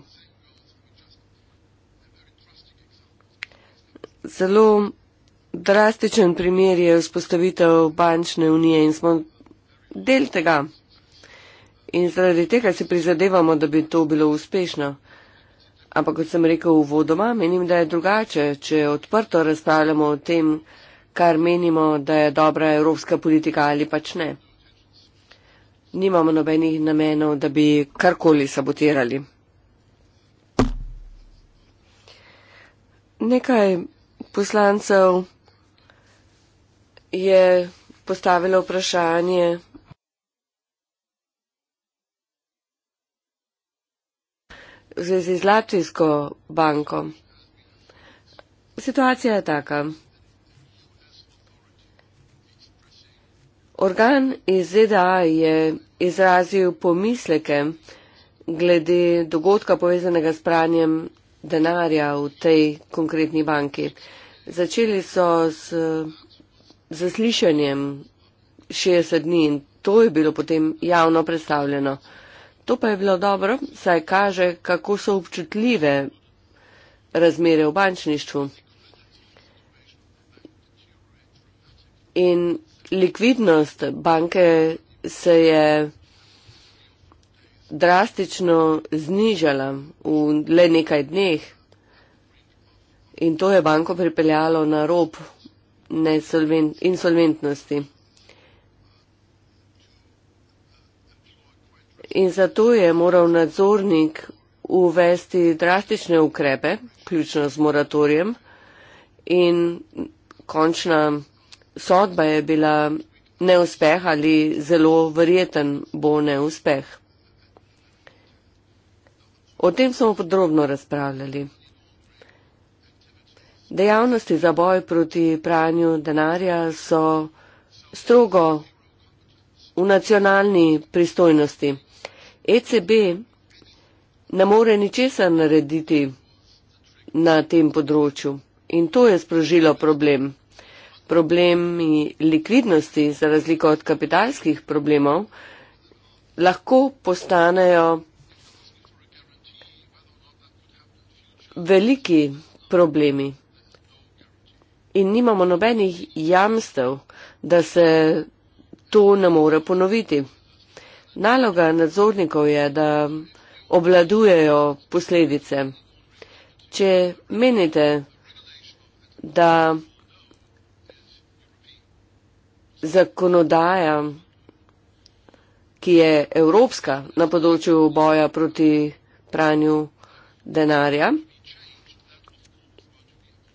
zelo drastičen primer je vzpostavitev bančne unije in smo del tega. In zaradi tega si prizadevamo, da bi to bilo uspešno. Ampak, kot sem rekel v vodoma, menim, da je drugače, če odprto razpravljamo o tem, kar menimo, da je dobra evropska politika ali pač ne. Nimamo nobenih namenov, da bi karkoli sabotirali. Nekaj poslancev je postavilo vprašanje. V zvezi z Latvijsko banko. Situacija je taka. Organ iz ZDA je izrazil pomisleke glede dogodka povezanega s pranjem denarja v tej konkretni banki začeli so z zaslišanjem 60 dni in to je bilo potem javno predstavljeno. To pa je bilo dobro, saj kaže, kako so občutljive razmere v bančništvu. In likvidnost banke se je drastično znižala v le nekaj dneh in to je banko pripeljalo na rob insolventnosti. In zato je moral nadzornik uvesti drastične ukrepe, ključno z moratorijem, in končna sodba je bila neuspeh ali zelo verjeten bo neuspeh. O tem smo podrobno razpravljali. Dejavnosti za boj proti pranju denarja so strogo v nacionalni pristojnosti. ECB ne more ničesar narediti na tem področju in to je sprožilo problem. Problemi likvidnosti, za razliko od kapitalskih problemov, lahko postanejo veliki problemi in nimamo nobenih jamstev, da se to ne more ponoviti. Naloga nadzornikov je, da obladujejo posledice. Če menite, da zakonodaja, ki je evropska na področju boja proti pranju denarja,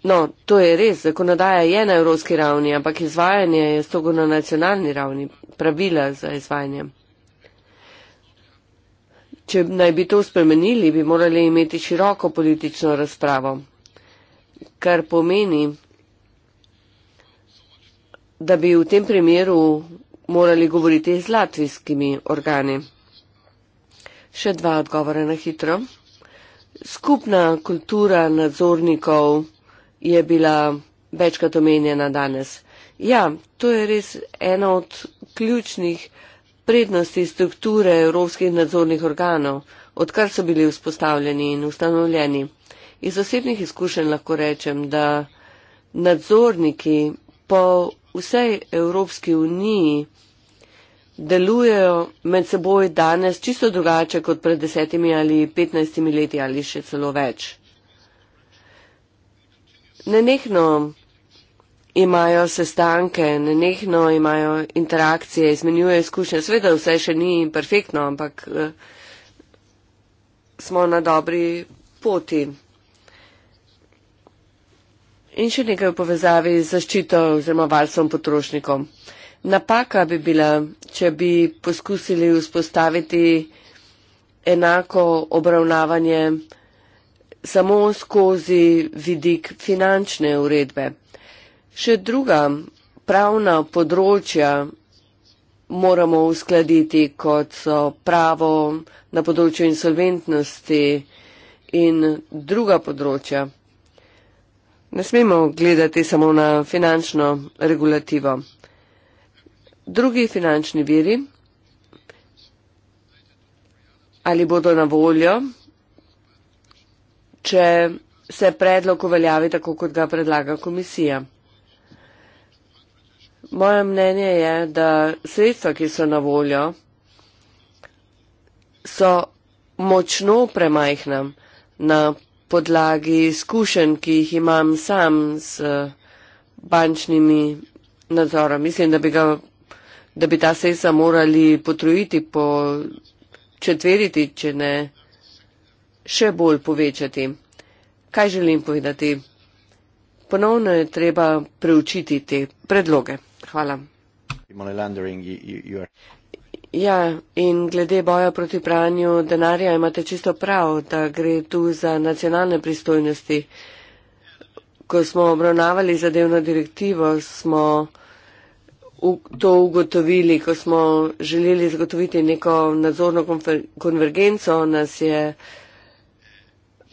No, to je res, zakonodaja je na evropski ravni, ampak izvajanje je stogo na nacionalni ravni, pravila za izvajanje. Če naj bi to spremenili, bi morali imeti široko politično razpravo, kar pomeni, da bi v tem primeru morali govoriti z latvijskimi organi. Še dva odgovore na hitro. Skupna kultura nadzornikov je bila večkrat omenjena danes. Ja, to je res ena od ključnih prednosti strukture evropskih nadzornih organov, odkar so bili vzpostavljeni in ustanovljeni. Iz osebnih izkušenj lahko rečem, da nadzorniki po vsej Evropski uniji delujejo med seboj danes čisto drugače kot pred desetimi ali petnajstimi leti ali še celo več nenehno imajo sestanke, nenehno imajo interakcije, izmenjujejo izkušnje. Sveda vse še ni perfektno, ampak uh, smo na dobri poti. In še nekaj v povezavi z zaščito oziroma varstvom potrošnikom. Napaka bi bila, če bi poskusili vzpostaviti enako obravnavanje samo skozi vidik finančne uredbe. Še druga pravna področja moramo uskladiti, kot so pravo na področju insolventnosti in druga področja. Ne smemo gledati samo na finančno regulativo. Drugi finančni viri ali bodo na voljo če se predlog uveljavi tako, kot ga predlaga komisija. Moje mnenje je, da sredstva, ki so na voljo, so močno premajhna na podlagi izkušenj, ki jih imam sam s eh, bančnimi nadzorom. Mislim, da bi, ga, da bi ta sredstva morali potrojiti, po četveriti, če ne še bolj povečati. Kaj želim povedati? Ponovno je treba preučiti te predloge. Hvala. Ja, in glede boja proti pranju denarja imate čisto prav, da gre tu za nacionalne pristojnosti. Ko smo obravnavali zadevno direktivo, smo to ugotovili, ko smo želeli zagotoviti neko nadzorno konvergenco, nas je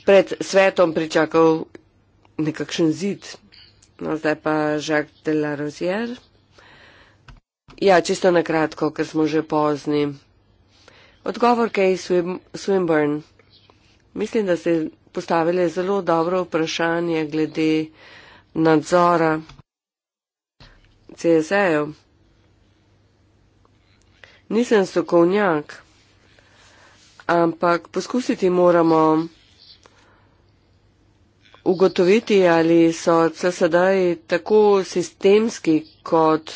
pred svetom pričakal nekakšen zid. No, zdaj pa Jacques de la Rosière. Ja, čisto na kratko, ker smo že pozni. Odgovor Kay Swim Swinburne. Mislim, da ste postavili zelo dobro vprašanje glede nadzora CSE-jev. Nisem strokovnjak, ampak poskusiti moramo ugotoviti, ali so CSD-ji tako sistemski kot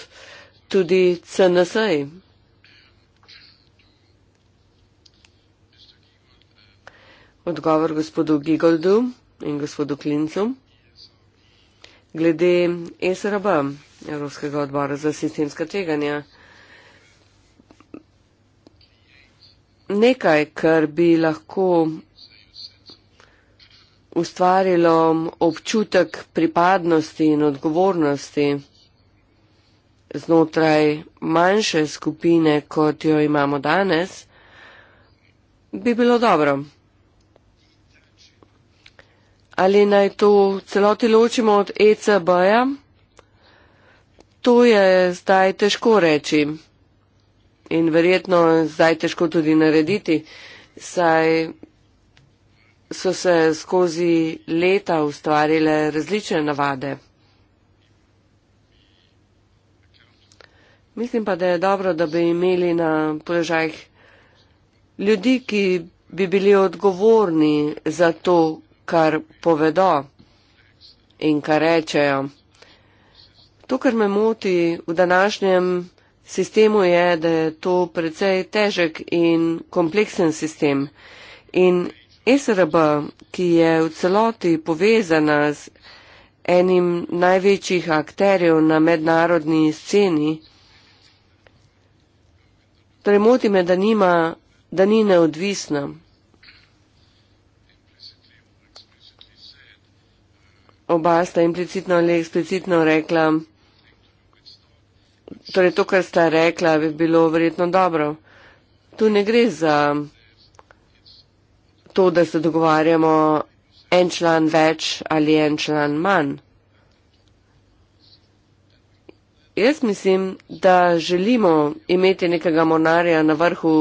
tudi CNS-ji. Odgovor gospodu Gigoldu in gospodu Klincu. Glede e SRB, Evropskega odbora za sistemska tveganja, nekaj, kar bi lahko ustvarilo občutek pripadnosti in odgovornosti znotraj manjše skupine, kot jo imamo danes, bi bilo dobro. Ali naj to celoti ločimo od ECB-ja? To je zdaj težko reči in verjetno zdaj težko tudi narediti, saj so se skozi leta ustvarile različne navade. Mislim pa, da je dobro, da bi imeli na položajih ljudi, ki bi bili odgovorni za to, kar povedo in kar rečejo. To, kar me moti v današnjem sistemu, je, da je to precej težek in kompleksen sistem. In SRB, ki je v celoti povezana z enim največjih akterjev na mednarodni sceni, torej moti me, da, nima, da ni neodvisna. Oba sta implicitno ali eksplicitno rekla, torej to, kar sta rekla, bi bilo verjetno dobro. Tu ne gre za to, da se dogovarjamo en član več ali en član manj. Jaz mislim, da želimo imeti nekega monarja na vrhu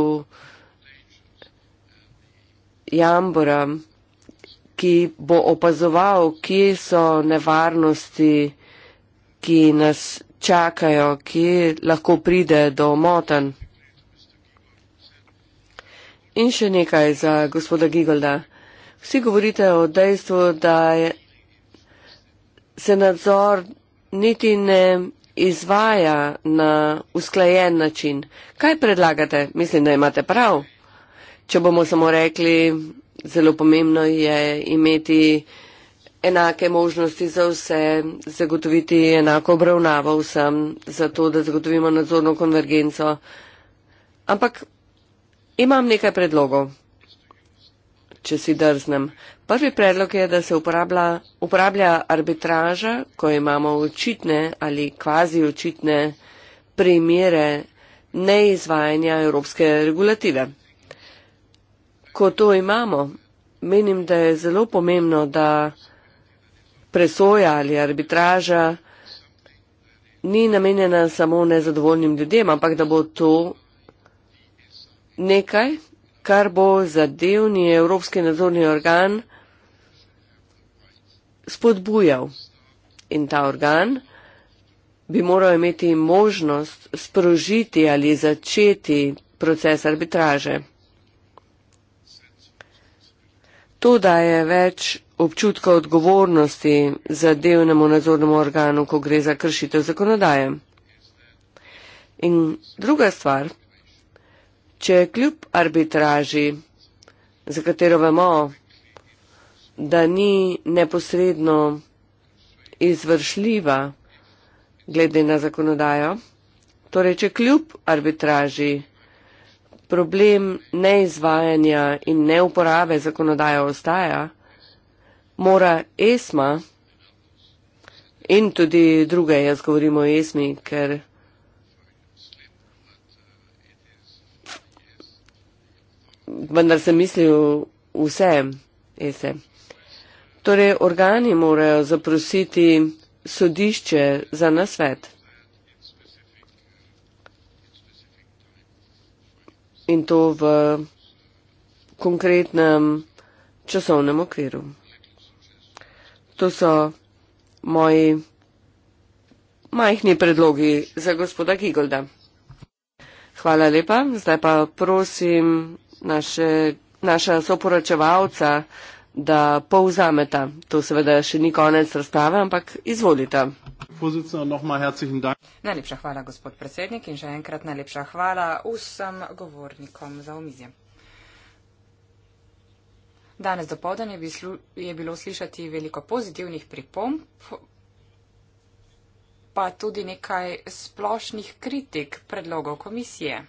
Jambora, ki bo opazoval, kje so nevarnosti, ki nas čakajo, kje lahko pride do motanj. In še nekaj za gospoda Gigolda. Vsi govorite o dejstvu, da je, se nadzor niti ne izvaja na usklajen način. Kaj predlagate? Mislim, da imate prav. Če bomo samo rekli, zelo pomembno je imeti enake možnosti za vse, zagotoviti enako obravnavo vsem, zato da zagotovimo nadzorno konvergenco. Ampak Imam nekaj predlogov, če si drznem. Prvi predlog je, da se uporablja, uporablja arbitraža, ko imamo očitne ali kvazi očitne primere neizvajanja evropske regulative. Ko to imamo, menim, da je zelo pomembno, da presoja ali arbitraža ni namenjena samo nezadovoljnim ljudem, ampak da bo to nekaj, kar bo zadevni Evropski nadzorni organ spodbujal. In ta organ bi moral imeti možnost sprožiti ali začeti proces arbitraže. To daje več občutka odgovornosti zadevnemu nadzornemu organu, ko gre za kršitev zakonodaje. In druga stvar, če kljub arbitraži, za katero vemo, da ni neposredno izvršljiva glede na zakonodajo, torej če kljub arbitraži problem neizvajanja in neuporabe zakonodaje ostaja, mora ESMA in tudi druge, jaz govorim o ESMI, ker. vendar sem mislil vse, veste. Torej, organi morajo zaprositi sodišče za nasvet. In to v konkretnem časovnem okviru. To so moji majhni predlogi za gospoda Gigolda. Hvala lepa. Zdaj pa prosim naše, naša soporočevalca, da povzameta. To seveda še ni konec razprave, ampak izvolite. Najlepša hvala, gospod predsednik, in še enkrat najlepša hvala vsem govornikom za omizje. Danes dopoledne je bilo slišati veliko pozitivnih pripomb, pa tudi nekaj splošnih kritik predlogov komisije.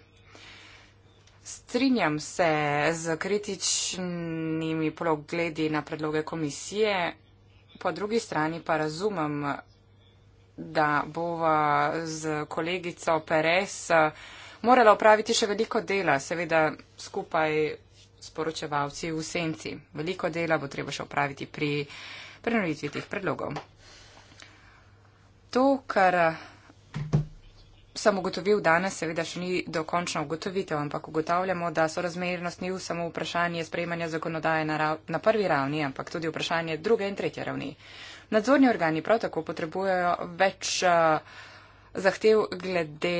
Strinjam se z kritičnimi pogledi na predloge komisije, po drugi strani pa razumem, da bova z kolegico Peres morala opraviti še veliko dela, seveda skupaj s poročevalci v senci. Veliko dela bo treba še opraviti pri prenovitvi teh predlogov. To, kar sem ugotovil danes, seveda še ni dokončna ugotovitev, ampak ugotavljamo, da sorazmernost ni samo vprašanje sprejmanja zakonodaje na, rav, na prvi ravni, ampak tudi vprašanje druge in tretje ravni. Nadzorni organi prav tako potrebujejo več uh, zahtev glede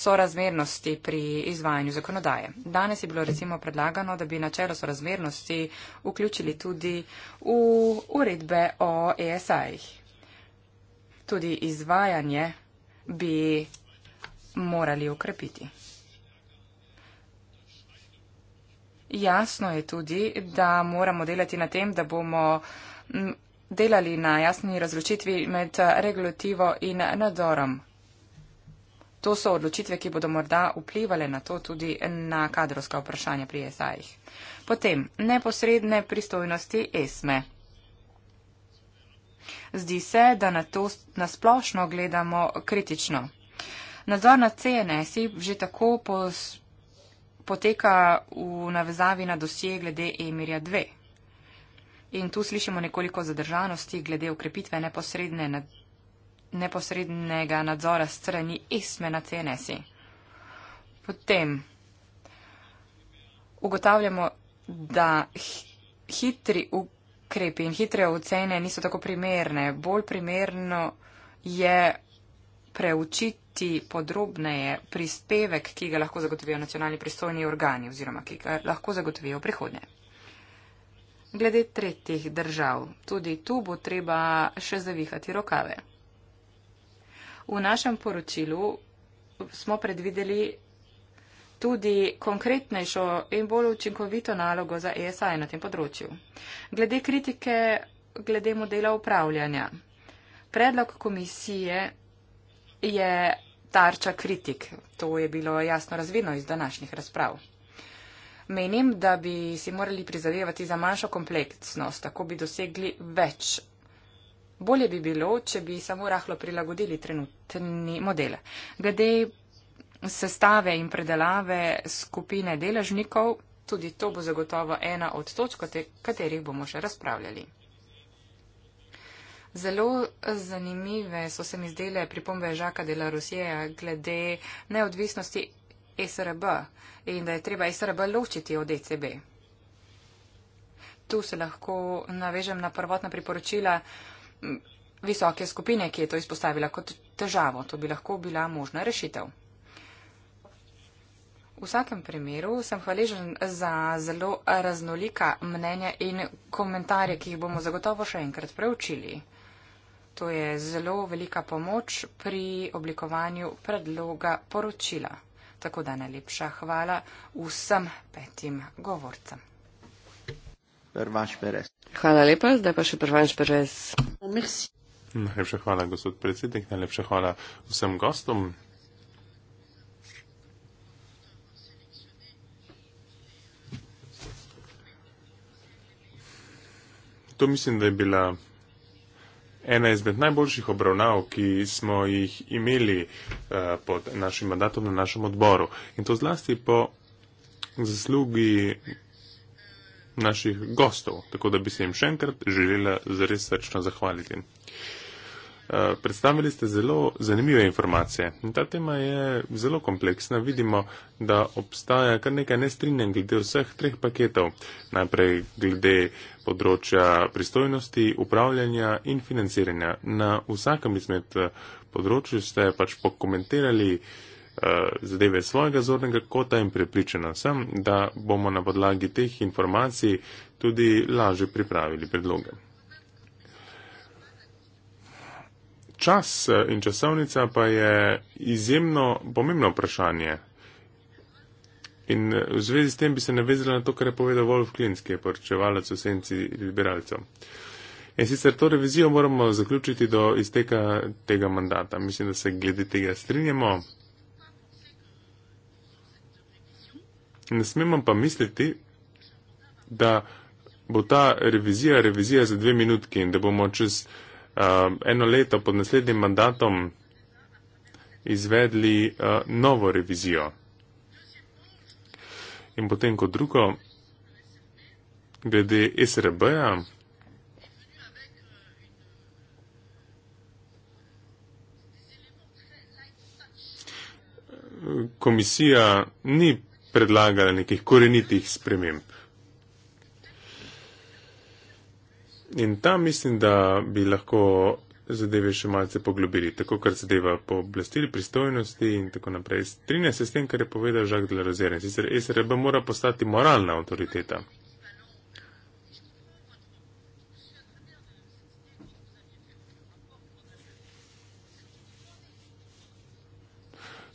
sorazmernosti pri izvajanju zakonodaje. Danes je bilo recimo predlagano, da bi načelo sorazmernosti vključili tudi v uredbe o ESI-jih. Tudi izvajanje bi morali ukrepiti. Jasno je tudi, da moramo delati na tem, da bomo delali na jasni razločitvi med regulativo in nadzorom. To so odločitve, ki bodo morda vplivali na to tudi na kadrovska vprašanja pri SA-jih. Potem neposredne pristojnosti ESME. Zdi se, da na to nasplošno gledamo kritično. Nadzor nad CNS-i že tako pos, poteka v navezavi na dosje glede Emirja 2. In tu slišimo nekoliko zadržanosti glede ukrepitve neposredne nad, neposrednega nadzora strani ISME na CNS-i. Potem ugotavljamo, da hitri ukrepitve ukrepi in hitre ocene niso tako primerne. Bolj primerno je preučiti podrobneje prispevek, ki ga lahko zagotovijo nacionalni pristojni organi oziroma ki ga lahko zagotovijo v prihodnje. Glede tretjih držav, tudi tu bo treba še zavihati rokave. V našem poročilu smo predvideli tudi konkretnejšo in bolj učinkovito nalogo za ESI na tem področju. Glede kritike, glede modela upravljanja. Predlog komisije je tarča kritik. To je bilo jasno razvidno iz današnjih razprav. Menim, da bi si morali prizadevati za manjšo kompleksnost, tako bi dosegli več. Bolje bi bilo, če bi samo rahlo prilagodili trenutni model. Glede sestave in predelave skupine deležnikov, tudi to bo zagotovo ena od točk, o katerih bomo še razpravljali. Zelo zanimive so se mi zdele pripombe Žaka de la Rusija glede neodvisnosti SRB in da je treba SRB ločiti od ECB. Tu se lahko navežem na prvotna priporočila visoke skupine, ki je to izpostavila kot težavo. To bi lahko bila možna rešitev. V vsakem primeru sem hvaležen za zelo raznolika mnenja in komentarje, ki jih bomo zagotovo še enkrat preučili. To je zelo velika pomoč pri oblikovanju predloga poročila. Tako da najlepša hvala vsem petim govorcem. Hvala lepa, zdaj pa še prvanš perez. Najlepša hvala, gospod predsednik, najlepša hvala vsem gostom. to mislim, da je bila ena izmed najboljših obravnav, ki smo jih imeli eh, pod našim mandatom na našem odboru. In to zlasti po zaslugi naših gostov, tako da bi se jim še enkrat želela zres srčno zahvaliti. Eh, predstavili ste zelo zanimive informacije. In ta tema je zelo kompleksna. Vidimo, da obstaja kar nekaj nestrinjen glede vseh treh paketov. Najprej glede področja pristojnosti, upravljanja in financiranja. Na vsakem izmed eh, področju ste pač pokomentirali eh, zadeve svojega zornega kota in prepričana sem, da bomo na podlagi teh informacij tudi lažje pripravili predloge. čas eh, in časovnica pa je izjemno pomembno vprašanje. In eh, v zvezi s tem bi se navezala na to, kar je povedal Wolf Klinsk, ki je poročevalec v senci liberalcev. In sicer to revizijo moramo zaključiti do izteka tega mandata. Mislim, da se glede tega strinjamo. Ne smemo pa misliti, da bo ta revizija revizija za dve minutke in da bomo čez Um, eno leto pod naslednjim mandatom izvedli uh, novo revizijo. In potem kot drugo, glede SRB-ja. Komisija ni predlagala nekih korenitih sprememb. In tam mislim, da bi lahko zadeve še malce poglobili, tako kar zadeva po oblastili, pristojnosti in tako naprej. Strinja se s tem, kar je povedal Žak de la Rozier, in sicer SRB mora postati moralna avtoriteta.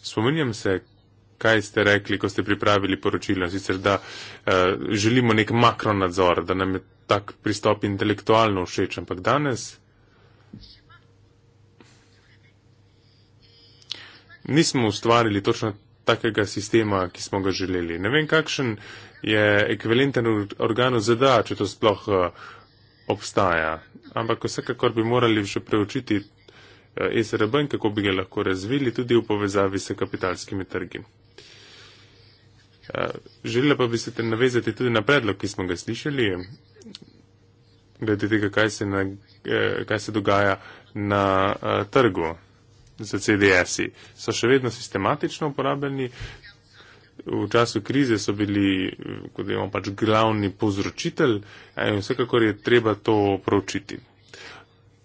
Spominjam se, kaj ste rekli, ko ste pripravili poročilo, sicer da uh, želimo nek makronadzor, da nam je tak pristop intelektualno všeč, ampak danes nismo ustvarili točno takega sistema, ki smo ga želeli. Ne vem, kakšen je ekvivalenten organ v ZDA, če to sploh eh, obstaja, ampak vsekakor bi morali še preučiti eh, e SRB in kako bi ga lahko razvili tudi v povezavi s kapitalskimi trgi. Eh, želela pa bi se te navezati tudi na predlog, ki smo ga slišali, glede tega, kaj se, na, eh, kaj se dogaja na eh, trgu za CDS-i. So še vedno sistematično uporabljeni. V času krize so bili, kot vemo, pač glavni povzročitelj in vsekakor je treba to pravčiti.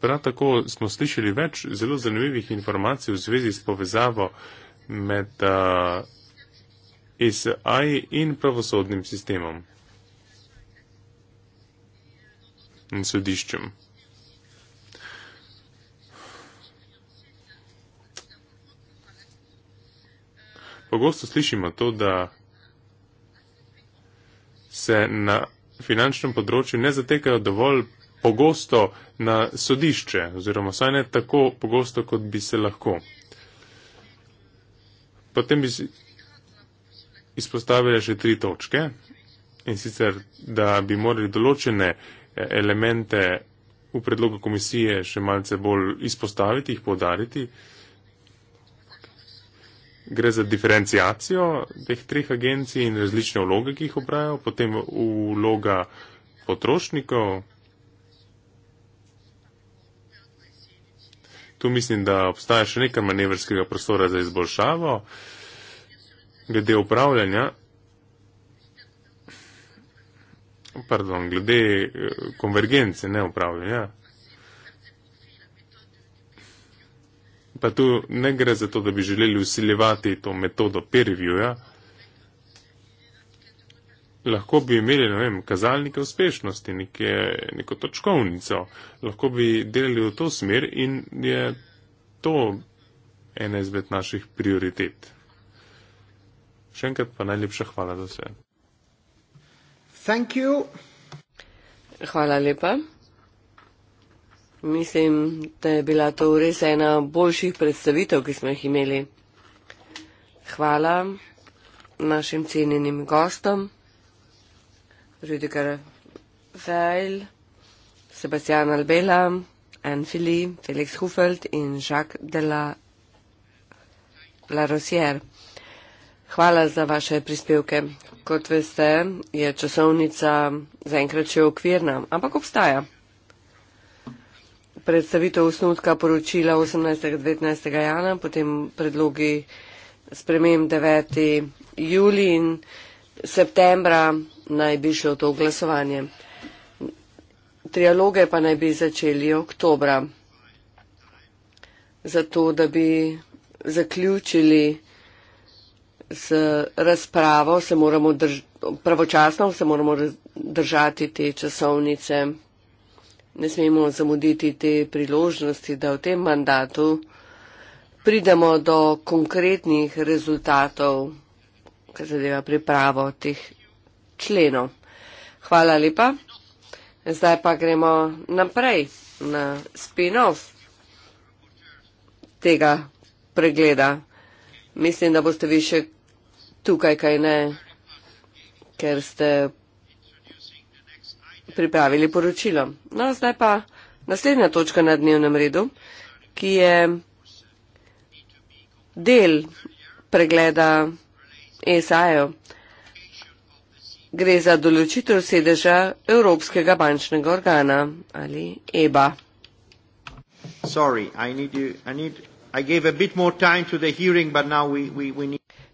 Prav tako smo slišali več zelo zanimivih informacij v zvezi s povezavo med. Uh, iz AI in pravosodnim sistemom in sodiščem. Pogosto slišimo to, da se na finančnem področju ne zatekajo dovolj pogosto na sodišče, oziroma saj ne tako pogosto, kot bi se lahko. Potem bi izpostavile še tri točke in sicer, da bi morali določene eh, elemente v predlogu komisije še malce bolj izpostaviti, jih podariti. Gre za diferencijacijo teh treh agencij in različne vloge, ki jih opravijo, potem vloga potrošnikov. Tu mislim, da obstaja še nekaj manevrskega prostora za izboljšavo glede upravljanja, pardon, glede eh, konvergence, ne upravljanja, pa tu ne gre za to, da bi želeli usiljevati to metodo peer reviewja, lahko bi imeli, ne vem, kazalnike uspešnosti, neke, neko točkovnico, lahko bi delali v to smer in je to ena izmed naših prioritet. Še enkrat pa najlepša hvala za vse. Hvala lepa. Mislim, da je bila to res ena boljših predstavitev, ki smo jih imeli. Hvala našim cenjenim gostom, Rüdiger Feil, Sebastian Albela, Anne Fili, Felix Hufeld in Jacques de la, la Rosière. Hvala za vaše prispevke. Kot veste, je časovnica zaenkrat še okvirna, ampak obstaja. Predstavitev osnutka poročila 18. 19. jana, potem predlogi spremem 9. juli in septembra naj bi šlo to glasovanje. Trialoge pa naj bi začeli oktobra, zato da bi zaključili s razpravo se moramo drž, pravočasno se moramo držati te časovnice. Ne smemo zamuditi te priložnosti, da v tem mandatu pridemo do konkretnih rezultatov, kar zadeva pripravo teh členov. Hvala lepa. Zdaj pa gremo naprej na spin-off tega pregleda. Mislim, da boste vi še tukaj, kaj ne, ker ste pripravili poročilo. No, zdaj pa naslednja točka na dnevnem redu, ki je del pregleda ESA-jo. Gre za določitev sedeža Evropskega bančnega organa ali EBA. Sorry, I need you, I need, I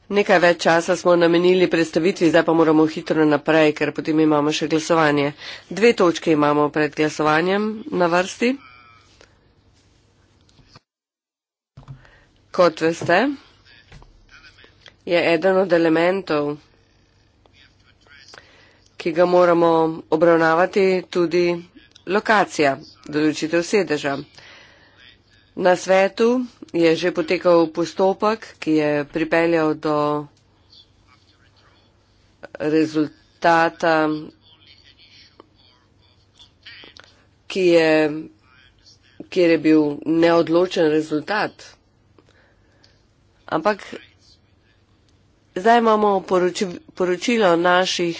Nekaj več časa smo namenili predstavitvi, zdaj pa moramo hitro naprej, ker potem imamo še glasovanje. Dve točke imamo pred glasovanjem na vrsti. Kot veste, je eden od elementov, ki ga moramo obravnavati, tudi lokacija, določitev sedeža. Na svetu je že potekal postopek, ki je pripeljal do rezultata, ki je, kjer je bil neodločen rezultat. Ampak zdaj imamo poroči, poročilo naših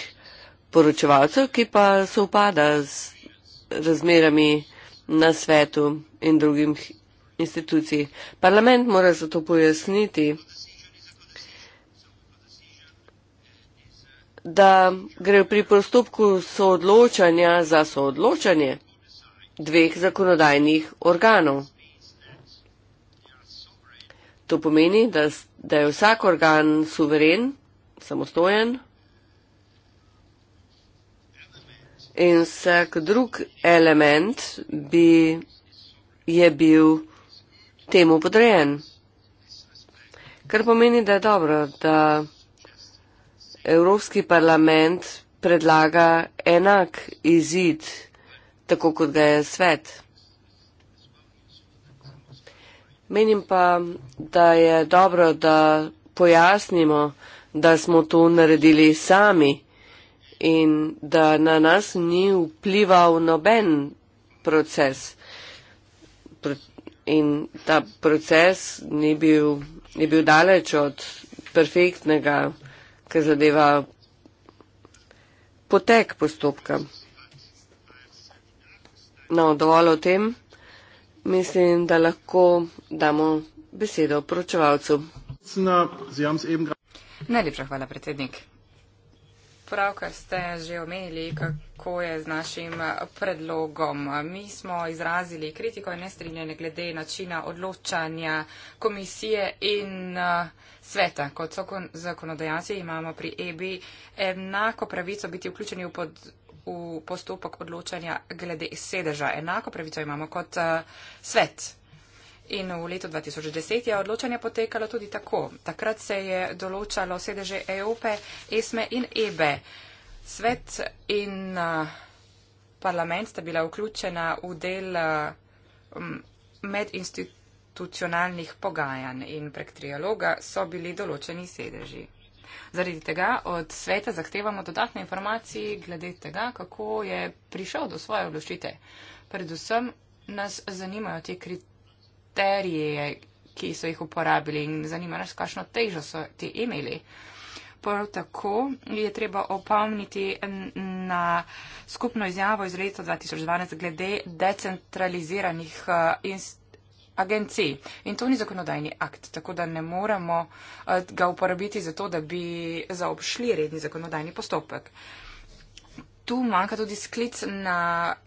poročevalcev, ki pa se upada z razmerami na svetu in drugih institucij. Parlament mora zato pojasniti, da gre pri postopku soodločanja za soodločanje dveh zakonodajnih organov. To pomeni, da, da je vsak organ suveren, samostojen in vsak drug element bi je bil temu podrejen. Kar pomeni, da je dobro, da Evropski parlament predlaga enak izid, tako kot ga je svet. Menim pa, da je dobro, da pojasnimo, da smo to naredili sami in da na nas ni vplival noben proces. Pro in ta proces ni bil, ni bil daleč od perfektnega, kar zadeva potek postopka. No, dovolj o tem. Mislim, da lahko damo besedo poročevalcu. Najlepša hvala, predsednik pravkar ste že omenili, kako je z našim predlogom. Mi smo izrazili kritiko in nestrinjene glede načina odločanja komisije in eh, sveta. Kot zakonodajalci imamo pri EBI enako pravico biti vključeni v, pod, v postopek odločanja glede sedeža. Enako pravico imamo kot eh, svet. In v letu 2010 je odločanje potekalo tudi tako. Takrat se je določalo sedeže EOPE, ESME in EBE. Svet in parlament sta bila vključena v del medinstitucionalnih pogajanj in prek trialoga so bili določeni sedeži. Zaradi tega od sveta zahtevamo dodatne informacije glede tega, kako je prišel do svoje odločitve. Predvsem nas zanimajo te kriterije kriterije, ki so jih uporabili in zanima nas, kakšno težo so ti imeli. Prav tako je treba opomniti na skupno izjavo iz leta 2012 glede decentraliziranih eh, agencij. In to ni zakonodajni akt, tako da ne moramo eh, ga uporabiti za to, da bi zaobšli redni zakonodajni postopek tu manjka tudi sklic na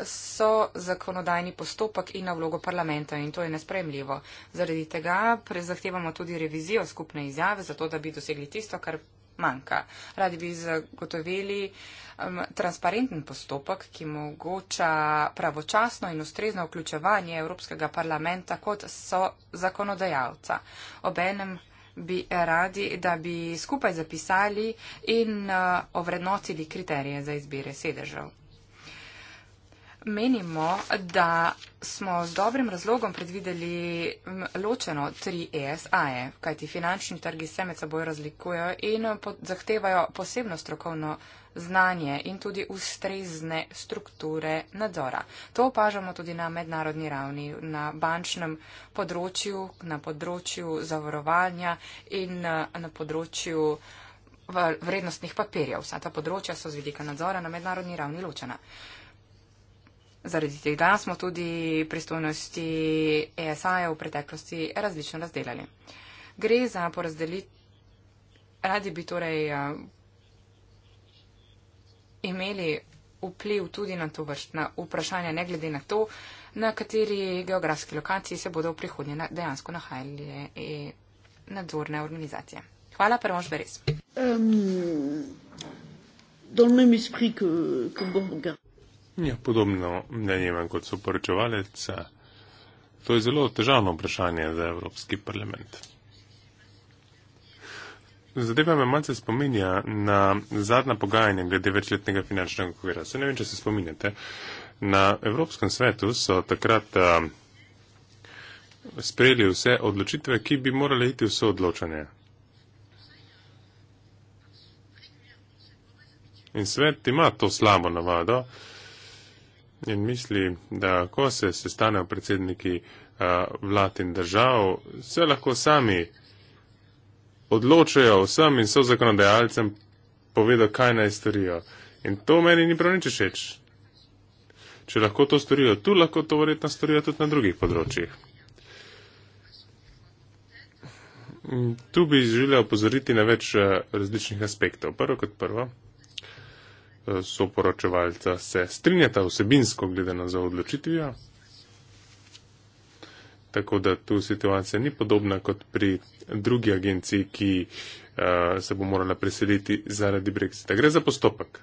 so zakonodajni postopek in na vlogo parlamenta in to je nespremljivo. Zaradi tega prezahtevamo tudi revizijo skupne izjave, zato da bi dosegli tisto, kar manjka. Radi bi zagotovili um, transparenten postopek, ki mogoča pravočasno in ustrezno vključevanje Evropskega parlamenta kot so zakonodajalca. Obenem bi radi, da bi skupaj zapisali in uh, ovrednotili kriterije za izbire sedežev. Menimo, da smo z dobrim razlogom predvideli ločeno tri ESA-je, kajti finančni trgi se med seboj razlikujejo in uh, po zahtevajo posebno strokovno znanje in tudi ustrezne strukture nadzora. To opažamo tudi na mednarodni ravni, na bančnem področju, na področju zavarovanja in eh, na področju vrednostnih papirjev. Vsa ta področja so z vidika nadzora na mednarodni ravni ločena. Zaradi tega smo tudi pristojnosti ESA-ja v preteklosti različno razdelali. Gre za porazdelitev. Radi bi torej eh, imeli vpliv tudi na to vrstna vprašanja, ne glede na to, na kateri geografski lokaciji se bodo v prihodnje dejansko nahajali eh, nadzorne organizacije. Hvala, Primož Beres. Um, ja, podobno mnenje imam kot soporočevalec. To je zelo težavno vprašanje za Evropski parlament. Zadeva me malce spominja na zadnja pogajanja glede večletnega finančnega okvira. Se ne vem, če se spominjate. Na Evropskem svetu so takrat uh, sprejeli vse odločitve, ki bi morale iti v soodločanje. In svet ima to slabo navado in misli, da ko se sestanejo predsedniki uh, vlad in držav, se lahko sami odločajo vsem in so zakonodajalcem povedali, kaj naj storijo. In to meni ni prav nič všeč. Če lahko to storijo tu, lahko to verjetno storijo tudi na drugih področjih. Tu bi želela opozoriti na več eh, različnih aspektov. Prvo kot prvo, eh, soporočevalca se strinjata vsebinsko gledano za odločitvijo, Tako da tu situacija ni podobna kot pri drugi agenciji, ki uh, se bo morala preseliti zaradi brexita. Gre za postopek.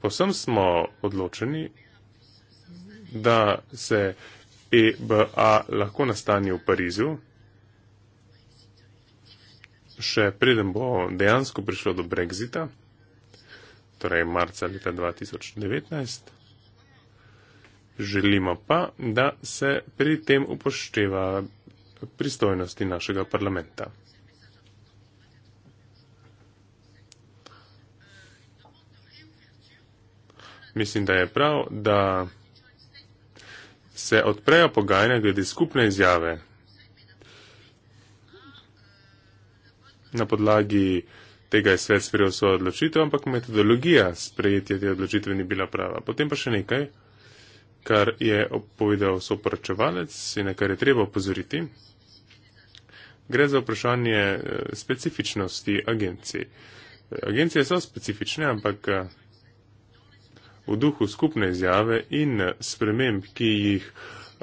Posem smo odločeni, da se EBA lahko nastani v Parizu, še preden bo dejansko prišlo do brexita, torej marca leta 2019. Želimo pa, da se pri tem upošteva pristojnosti našega parlamenta. Mislim, da je prav, da se odprejo pogajanja glede skupne izjave na podlagi tega je svet sprejel svojo odločitev, ampak metodologija sprejetja te odločitve ni bila prava. Potem pa še nekaj kar je povedal soporočevalec in na kar je treba opozoriti. Gre za vprašanje eh, specifičnosti agencij. Agencije so specifične, ampak eh, v duhu skupne izjave in eh, sprememb, ki jih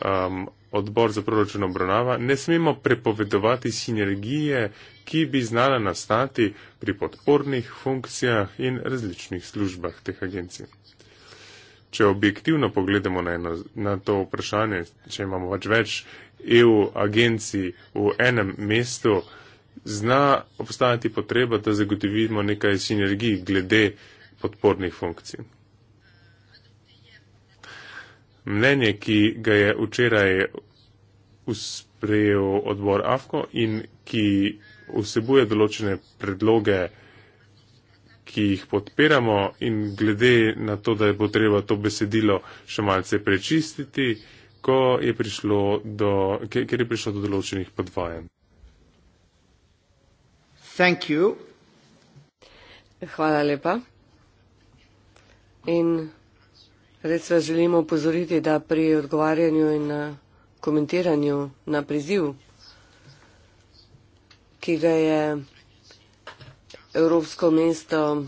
um, odbor za proračun obravnava, ne smemo prepovedovati sinergije, ki bi znala nastati pri podpornih funkcijah in različnih službah teh agencij če objektivno pogledamo na, eno, na to vprašanje, če imamo pač več EU agencij v enem mestu, zna obstajati potreba, da zagotovimo nekaj sinergij glede podpornih funkcij. Mnenje, ki ga je včeraj usprejel odbor AFKO in ki vsebuje določene predloge, ki jih podpiramo in glede na to, da bo treba to besedilo še malce prečistiti, je do, ker je prišlo do določenih podvajanj. Thank you. Hvala lepa. In res vas želimo upozoriti, da pri odgovarjanju in eh, komentiranju na priziv, ki ga je evropsko mesto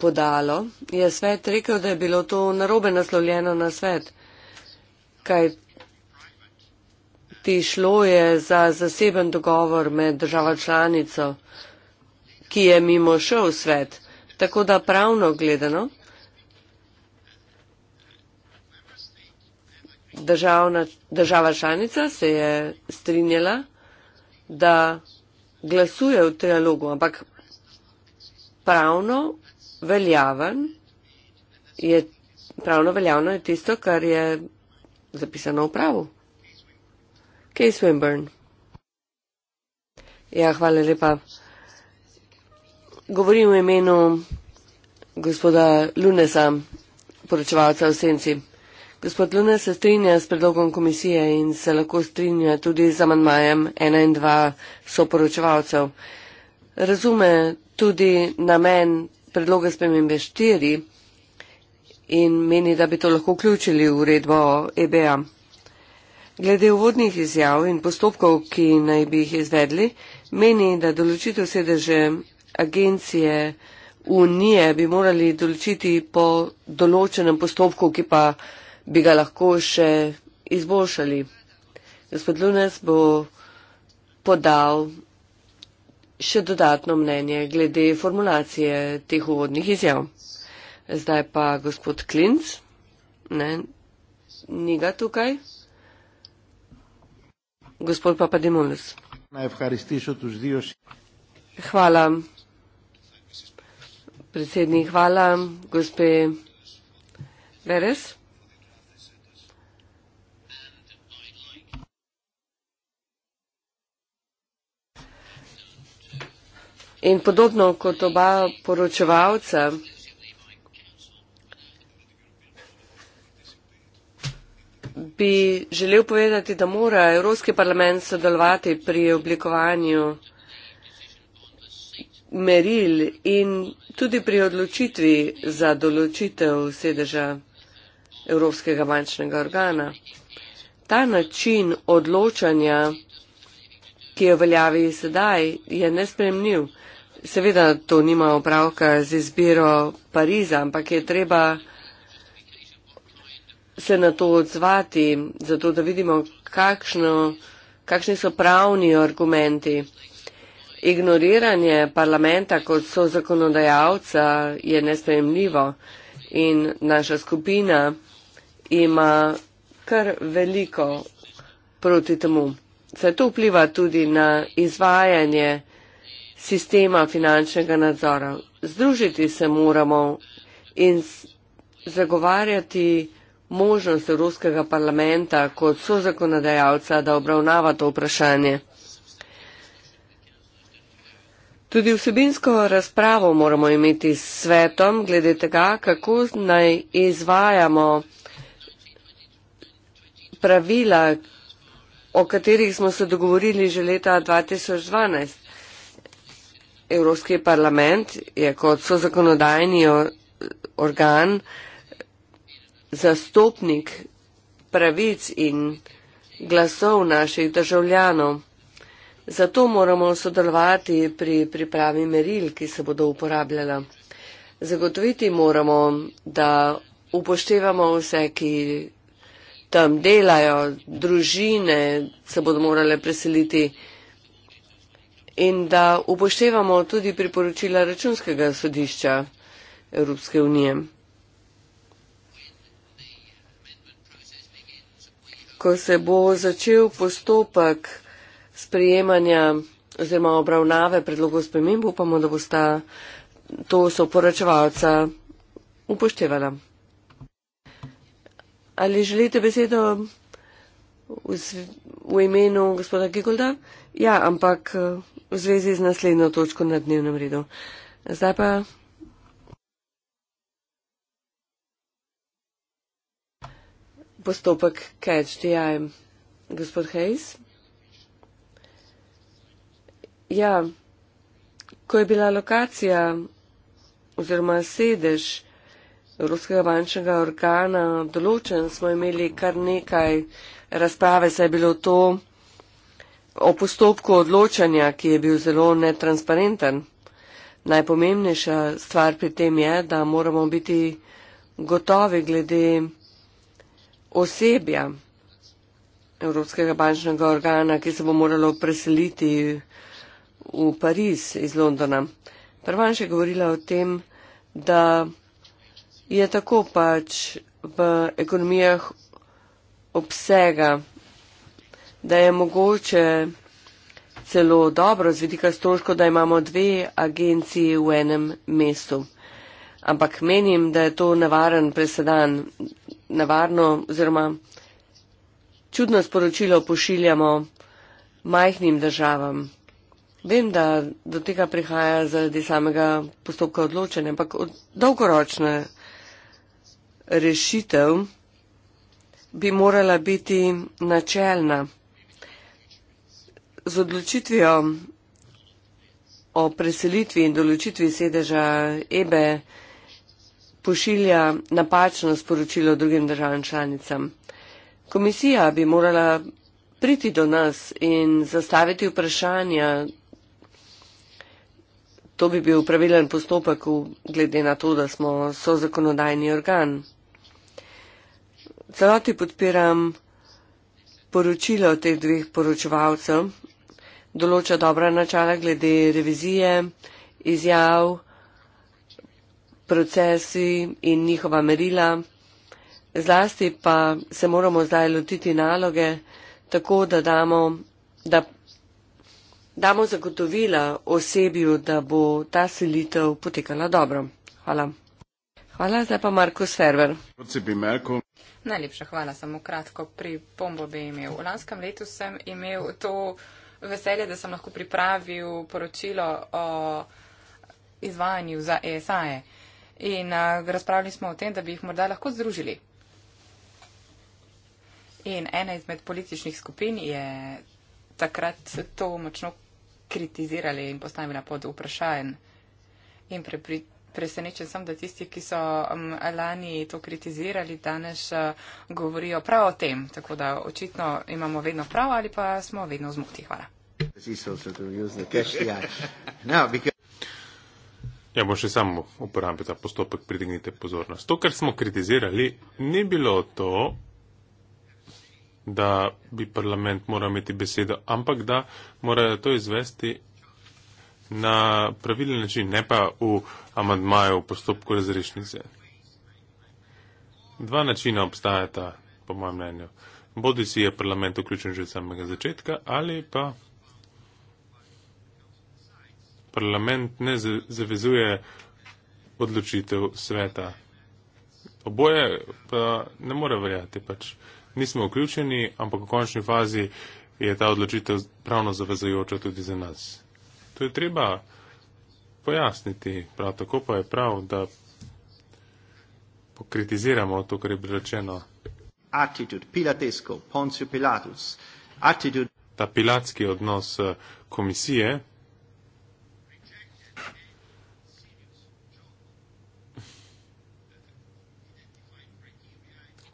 podalo, je svet rekel, da je bilo to narobe naslovljeno na svet, kaj ti šlo je za zaseben dogovor med država članico, ki je mimo šel svet. Tako da pravno gledano, državna, država članica se je strinjala, da glasuje v trialogu, ampak pravno veljaven je, pravno veljavno je tisto, kar je zapisano v pravu. Kej Swinburn. Ja, hvala lepa. Govorim v imenu gospoda Lunesa, poročevalca v Senci. Gospod Luna se strinja s predlogom komisije in se lahko strinja tudi z amantmajem 1 in 2 soporočevalcev. Razume tudi namen predloga spremembe 4 in meni, da bi to lahko vključili v uredbo EBA. Glede uvodnih izjav in postopkov, ki naj bi jih izvedli, meni, da določitev sedeže agencije Unije bi morali določiti po določenem postopku, ki pa bi ga lahko še izboljšali. Gospod Lunes bo podal še dodatno mnenje glede formulacije teh uvodnih izjav. Zdaj pa gospod Klinc, ne, ni ga tukaj. Gospod Papademulis. Hvala. Predsednik, hvala. Gospe Beres. In podobno kot oba poročevalca, bi želel povedati, da mora Evropski parlament sodelovati pri oblikovanju meril in tudi pri odločitvi za določitev sedeža Evropskega bančnega organa. Ta način odločanja, ki je v veljavi sedaj, je nespremljiv. Seveda to nima opravka z izbiro Pariza, ampak je treba se na to odzvati, zato da vidimo, kakšno, kakšni so pravni argumenti. Ignoriranje parlamenta kot so zakonodajalca je nespremljivo in naša skupina ima kar veliko proti temu. Se to vpliva tudi na izvajanje sistema finančnega nadzora. Združiti se moramo in zagovarjati možnost Evropskega parlamenta kot sozakonodajalca, da obravnava to vprašanje. Tudi vsebinsko razpravo moramo imeti s svetom glede tega, kako naj izvajamo pravila, o katerih smo se dogovorili že leta 2012. Evropski parlament je kot so zakonodajni organ zastopnik pravic in glasov naših državljanov. Zato moramo sodelovati pri pripravi meril, ki se bodo uporabljala. Zagotoviti moramo, da upoštevamo vse, ki tam delajo, družine se bodo morale preseliti in da upoštevamo tudi priporočila računskega sodišča Evropske unije. Ko se bo začel postopek sprejemanja oziroma obravnave predlogov spremembo, upamo, da boste to soporočevalca upoštevala. Ali želite besedo v, v imenu gospoda Gigolda? Ja, ampak v zvezi z naslednjo točko na dnevnem redu. Zdaj pa. Postopek CATCH-TI, gospod Hayes. Ja, ko je bila lokacija oziroma sedež Evropskega bančnega organa določen, smo imeli kar nekaj razprave, saj je bilo to o postopku odločanja, ki je bil zelo netransparenten. Najpomembnejša stvar pri tem je, da moramo biti gotovi glede osebja Evropskega bančnega organa, ki se bo moralo preseliti v Pariz iz Londona. Prvan še govorila o tem, da je tako pač v ekonomijah obsega da je mogoče celo dobro z vidika stroško, da imamo dve agenciji v enem mestu. Ampak menim, da je to nevaren presedan, nevarno oziroma čudno sporočilo pošiljamo majhnim državam. Vem, da do tega prihaja zaradi samega postopka odločanja, ampak od dolgoročne rešitev bi morala biti načelna z odločitvijo o preselitvi in določitvi sedeža EBE pošilja napačno sporočilo drugim državam članicam. Komisija bi morala priti do nas in zastaviti vprašanja. To bi bil pravilen postopek, glede na to, da smo so zakonodajni organ. Celoti podpiram poročilo teh dveh poročevalcev določa dobra načala glede revizije, izjav, procesi in njihova merila. Zlasti pa se moramo zdaj lotiti naloge tako, da damo, da damo zagotovila osebju, da bo ta selitev potekala dobro. Hvala. Hvala, zdaj pa Marko Sferver. Najlepša hvala, samo kratko pri pombo bi imel. V lanskem letu sem imel to veselje, da sem lahko pripravil poročilo o izvajanju za ESA-je. In a, razpravljali smo o tem, da bi jih morda lahko združili. In ena izmed političnih skupin je takrat to močno kritizirali in postavila pod vprašajen. In prepri, presenečen sem, da tisti, ki so um, lani to kritizirali, danes uh, govorijo prav o tem. Tako da očitno imamo vedno prav ali pa smo vedno v zmoti. Hvala because he's also to use the cash the arch. Now, because Ja, bom še samo uporabil ta postopek, pridignite pozornost. To, kar smo kritizirali, ni bilo to, da bi parlament moral imeti besedo, ampak da mora to izvesti na pravilen način, ne pa v amadmaju v postopku razrešnice. Dva načina obstajata, po mojem mnenju. Bodi si je parlament vključen že od samega začetka ali pa parlament ne zavezuje odločitev sveta. Oboje pa ne more verjati, pač nismo vključeni, ampak v končni fazi je ta odločitev pravno zavezajoča tudi za nas. To je treba pojasniti, prav tako pa je prav, da pokritiziramo to, kar je bilo rečeno. Ta pilatski odnos eh, komisije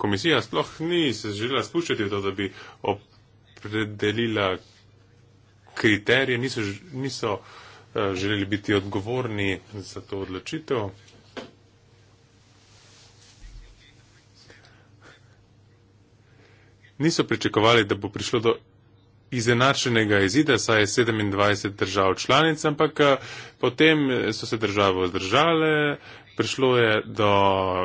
komisija sploh ni se želela spuščati v to, da bi opredelila kriterije, niso, niso eh, želeli biti odgovorni za to odločitev. Niso pričakovali, da bo prišlo do izenačenega izida, saj je 27 držav članic, ampak eh, potem eh, so se države vzdržale, prišlo je do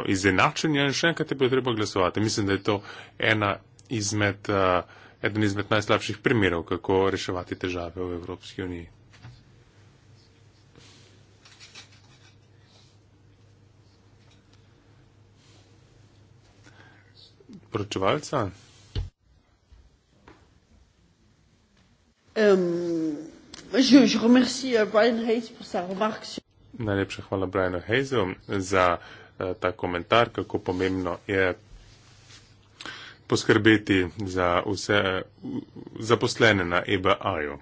izenačenja in še enkrat je bilo treba glasovati. Mislim, da je to ena izmed, uh, eden izmed najslabših primerov, kako reševati težave v Evropski uniji. Poročevalca? Um, je, je remercie euh, Brian Hayes pour sa remarque. Najlepša hvala Brianu Hazu za eh, ta komentar, kako pomembno je poskrbeti za vse zaposlene na EBA-ju.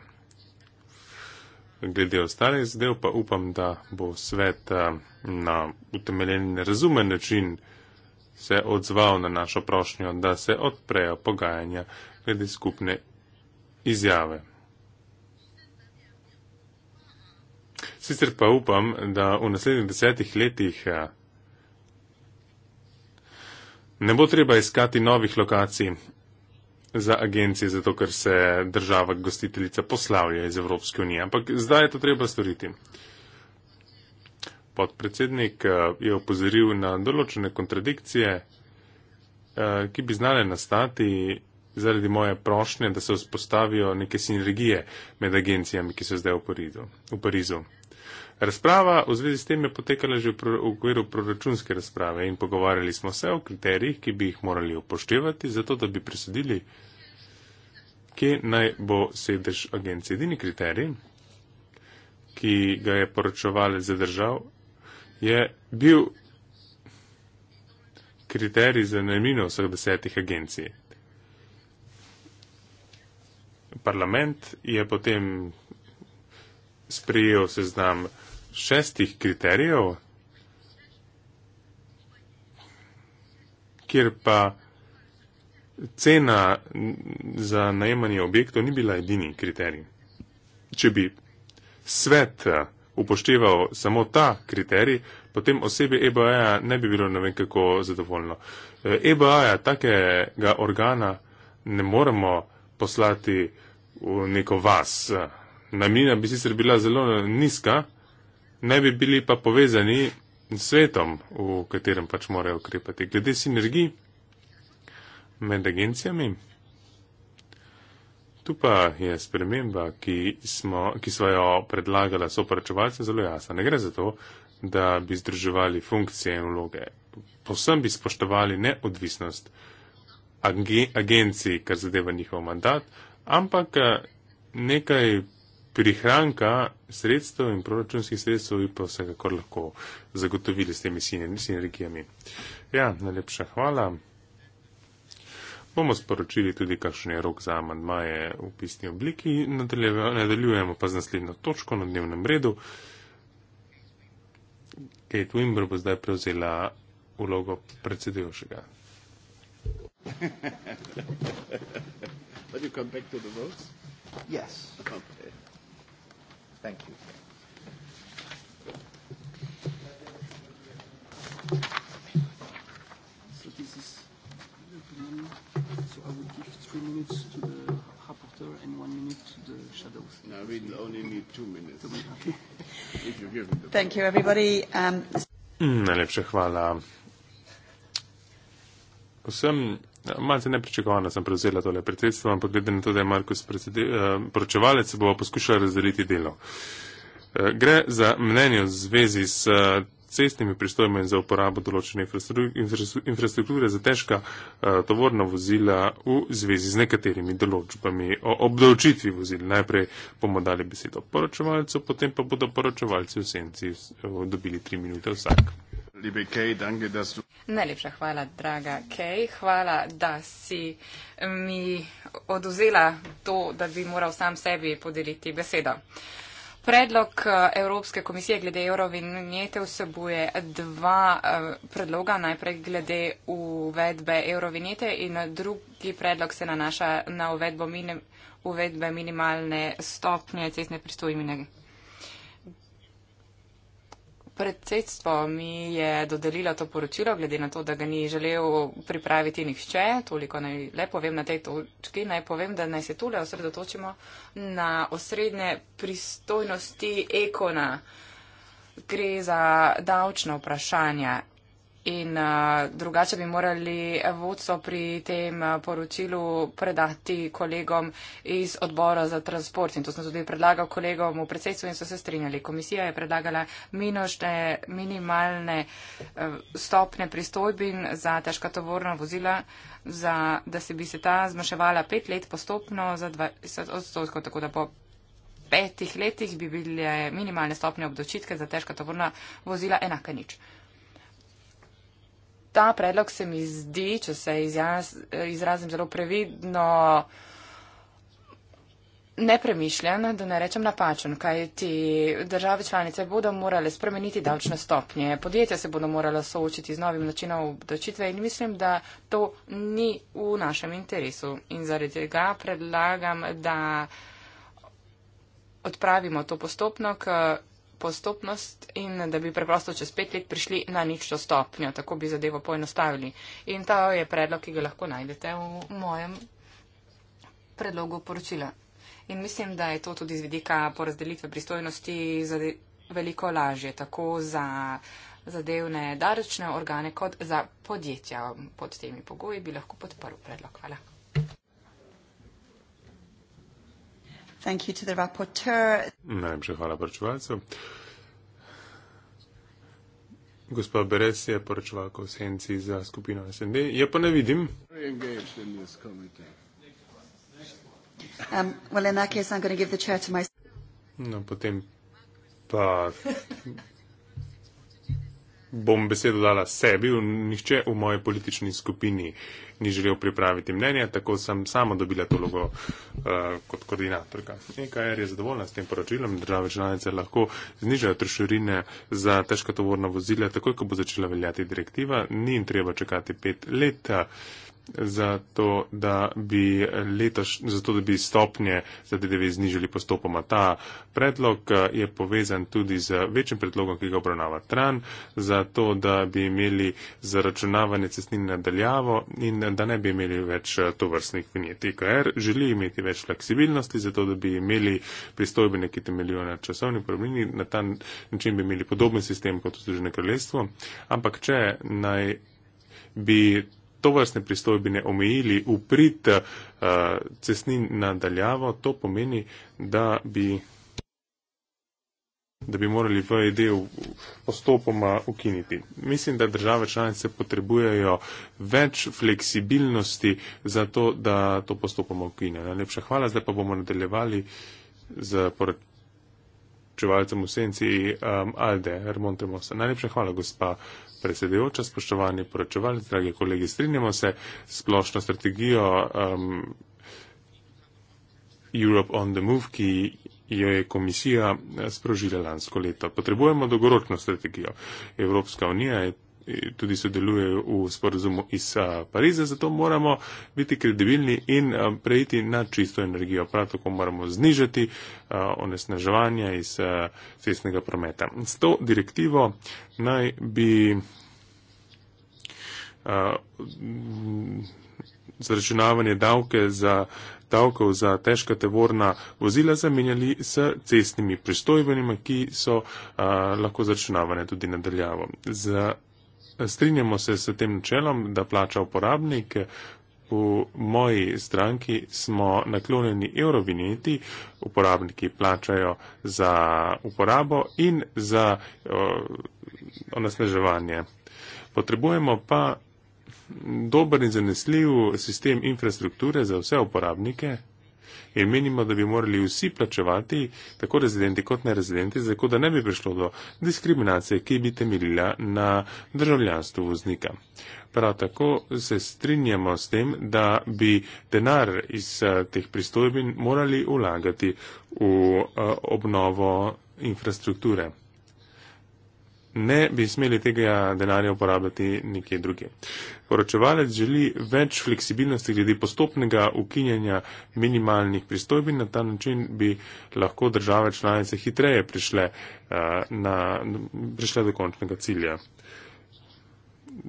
Glede ostalih zadev pa upam, da bo svet eh, na utemeljen in razumen način se odzval na našo prošnjo, da se odprejo pogajanja glede skupne izjave. Sicer pa upam, da v naslednjih desetih letih eh, ne bo treba iskati novih lokacij za agencije, zato ker se država gostiteljica poslavlja iz Evropske unije. Ampak zdaj je to treba storiti. Podpredsednik eh, je opozoril na določene kontradikcije, eh, ki bi znale nastati zaradi moje prošnje, da se vzpostavijo neke sinergije med agencijami, ki so zdaj v Parizu. Razprava v zvezi s tem je potekala že v okviru proračunske razprave in pogovarjali smo se o kriterijih, ki bi jih morali upoštevati, zato da bi presodili, kje naj bo sedež agencije. Edini kriterij, ki ga je poročevalec zadržal, je bil kriterij za najmino vseh desetih agencij. Parlament je potem sprejel seznam šestih kriterijev, kjer pa cena za najemanje objektov ni bila edini kriterij. Če bi svet eh, upošteval samo ta kriterij, potem osebi EBA-ja ne bi bilo ne vem kako zadovoljno. EBA-ja, eh, e takega organa, ne moremo poslati v neko vas. Eh, Najmina bi sicer bila zelo nizka, ne bi bili pa povezani s svetom, v katerem pač morajo ukrepati. Glede sinergij med agencijami, tu pa je sprememba, ki, smo, ki so jo predlagala soporočevalce, zelo jasna. Ne gre za to, da bi združevali funkcije in vloge. Posem bi spoštovali neodvisnost agencij, kar zadeva njihov mandat, ampak eh, nekaj prihranka sredstev in proračunskih sredstev bi pa vsekakor lahko zagotovili s temi sinergijami. Ja, najlepša hvala. Bomo sporočili tudi, kakšen je rok za amandmaje v pisni obliki. Nadaljujemo pa z naslednjo točko na dnevnem redu. Kate Wimber bo zdaj prevzela ulogo predsedujočega. But you come back to the votes? Yes. Okay. Thank you. This is the opening. I will give three minutes to the rapporteur and one minute to the shadows. No, we'll only need two minutes. Two minutes. Okay. If you give me the- Thank you, everybody. Um, Najlepša hvala vsem Ja, malce nepričakovano sem prevzela tole predsedstvo, ampak glede na to, da je Markus eh, poročevalec, uh, bomo poskušali razdeliti delo. Uh, gre za mnenje v zvezi s uh, cestnimi pristojmi za uporabo določene infrastru infrastrukture za težka uh, tovorna vozila v zvezi z nekaterimi določbami o obdavčitvi vozil. Najprej bomo dali besedo poročevalcu, potem pa bodo poročevalci v senci dobili tri minute vsak liebe Kay, danke, dass du. Najlepša hvala, draga Kay. Hvala, da si mi oduzela to, da bi moral sam sebi podeliti besedo. Predlog eh, Evropske komisije glede eurovinjete vsebuje dva eh, predloga. Najprej glede uvedbe eurovinjete in drugi predlog se nanaša na uvedbo, minim, uvedbe minimalne stopnje cestne pristojbine predsedstvo mi je dodelilo to poročilo, glede na to, da ga ni želel pripraviti nihče. Toliko naj le povem na tej točki. Naj povem, da naj se tule osredotočimo na osrednje pristojnosti ekona. Gre za davčno vprašanje In uh, drugače bi morali vodstvo pri tem uh, poročilu predati kolegom iz odbora za transport. In to sem tudi predlagal kolegom v predsedstvu in so se strinjali. Komisija je predlagala minošne minimalne uh, stopne pristojbin za težka tovorna vozila, za, da se bi se ta zmaševala pet let postopno za 20 odstotkov. Tako da po petih letih bi bile minimalne stopne obdočitke za težka tovorna vozila enake nič ta predlog se mi zdi, če se izjaz, izrazim zelo previdno, nepremišljen, da ne rečem napačen, kaj ti države članice bodo morale spremeniti davčne stopnje, podjetja se bodo morala soočiti z novim načinom obdočitve in mislim, da to ni v našem interesu. In zaradi tega predlagam, da odpravimo to postopno, ker postopnost in da bi preprosto čez pet let prišli na ničto stopnjo, tako bi zadevo poenostavili. In ta je predlog, ki ga lahko najdete v mojem predlogu poročila. In mislim, da je to tudi z vidika porazdelitve pristojnosti veliko lažje, tako za zadevne darčne organe kot za podjetja. Pod temi pogoji bi lahko podprl predlog. Hvala. Thank you to the rapporteur. Najlepša hvala poročevalcu. Gospa Beres je poročevalka v senci za skupino SND. Je pa ne vidim. Um, well, no, potem pa bom besedo dala sebi, nihče v moji politični skupini ni želel pripraviti mnenja, tako sem sama dobila to logo uh, kot koordinatorka. NKR e je zadovoljna s tem poročilom, države članice lahko znižajo trošurine za težka tovorna vozila, takoj ko bo začela veljati direktiva, ni jim treba čakati pet leta. Uh, za to, da bi, letoš, zato, da bi stopnje za DDV znižili postopoma. Ta predlog eh, je povezan tudi z večjim predlogom, ki ga obravnava Tran, za to, da bi imeli zaračunavanje cestnine nadaljavo in eh, da ne bi imeli več eh, tovrstnih vinjet. TKR e želi imeti več fleksibilnosti, zato, da bi imeli pristojbene, ki temeljijo na časovni promeni, na ta način bi imeli podoben sistem kot v Združenem kraljestvu, ampak če naj bi to vrstne pristojbine omejili v prid uh, eh, cestni nadaljavo, to pomeni, da bi, da bi morali VED postopoma ukiniti. Mislim, da države članice potrebujejo več fleksibilnosti za to, da to postopoma ukinjajo. Najlepša hvala, zdaj pa bomo nadaljevali z poročilom poročevalcem v senci um, Alde Hermontemosa. Najlepša hvala, gospa predsedujoča, spoštovani poročevalci, dragi kolegi. Strinjamo se s splošno strategijo um, Europe on the Move, ki jo je komisija sprožila lansko leto. Potrebujemo dogoročno strategijo. Evropska unija je tudi sodelujejo v sporozumu iz Pariza, zato moramo biti kredibilni in eh, preiti na čisto energijo. Prav tako moramo znižati eh, onesnaževanja iz eh, cestnega prometa. S to direktivo naj bi zračunavanje davke za davkov za težka tevorna vozila zamenjali s cestnimi pristojbenima, ki so a, lahko zračunavane tudi nadaljavo. Za strinjamo se s tem načelom, da plača uporabnik. V moji stranki smo naklonjeni eurovinjeti, uporabniki plačajo za uporabo in za uh, onasneževanje. Potrebujemo pa dober in zanesljiv sistem infrastrukture za vse uporabnike, in menimo, da bi morali vsi plačevati, tako rezidenti kot nerezidenti, tako da ne bi prišlo do diskriminacije, ki bi temeljila na državljanstvu voznika. Prav tako se strinjamo s tem, da bi denar iz eh, teh pristojbin morali ulagati v eh, obnovo infrastrukture ne bi smeli tega denarja uporabljati nekje druge. Poročevalec želi več fleksibilnosti glede postopnega ukinjanja minimalnih pristojbi, na ta način bi lahko države članice hitreje prišle, uh, na, prišle do končnega cilja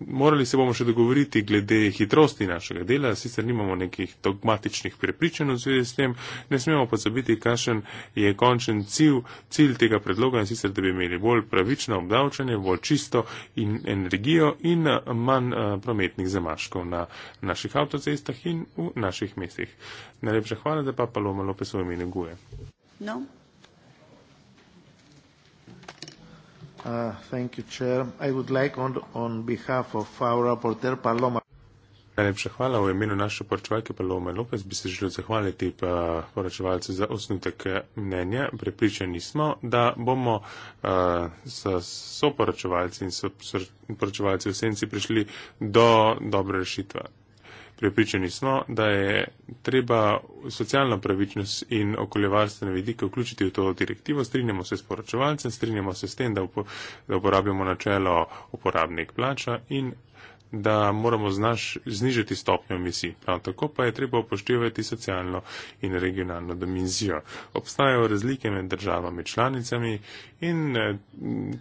morali se bomo še dogovoriti glede hitrosti našega dela, sicer nimamo nekih dogmatičnih prepričanj v zvezi s tem, ne smemo pa zabiti, kakšen je končen cilj, cilj tega predloga in sicer, da bi imeli bolj pravično obdavčanje, bolj čisto in energijo in eh, manj eh, prometnih zamaškov na naših avtocestah in v naših mestih. Najlepša hvala, da pa Paloma Lopesov imenuje. No. Uh, thank you, Chair. I would like on, on behalf of our reporter Paloma. Najlepša hvala v imenu naše poročevalke Paloma Lopez bi se želel zahvaliti pa poročevalce za osnutek mnenja. Prepričani smo, da bomo uh, s soporočevalci in soporočevalci v senci prišli do dobre rešitve. Prepričani smo, da je treba socialno pravičnost in okoljevarstvene vidike vključiti v to direktivo. Strinjamo se s poročevalcem, strinjamo se s tem, da uporabljamo načelo uporabnik plača in da moramo znaš znižati stopnjo emisij. Prav tako pa je treba upoštevati socialno in regionalno dimenzijo. Obstajajo razlike med državami članicami in eh,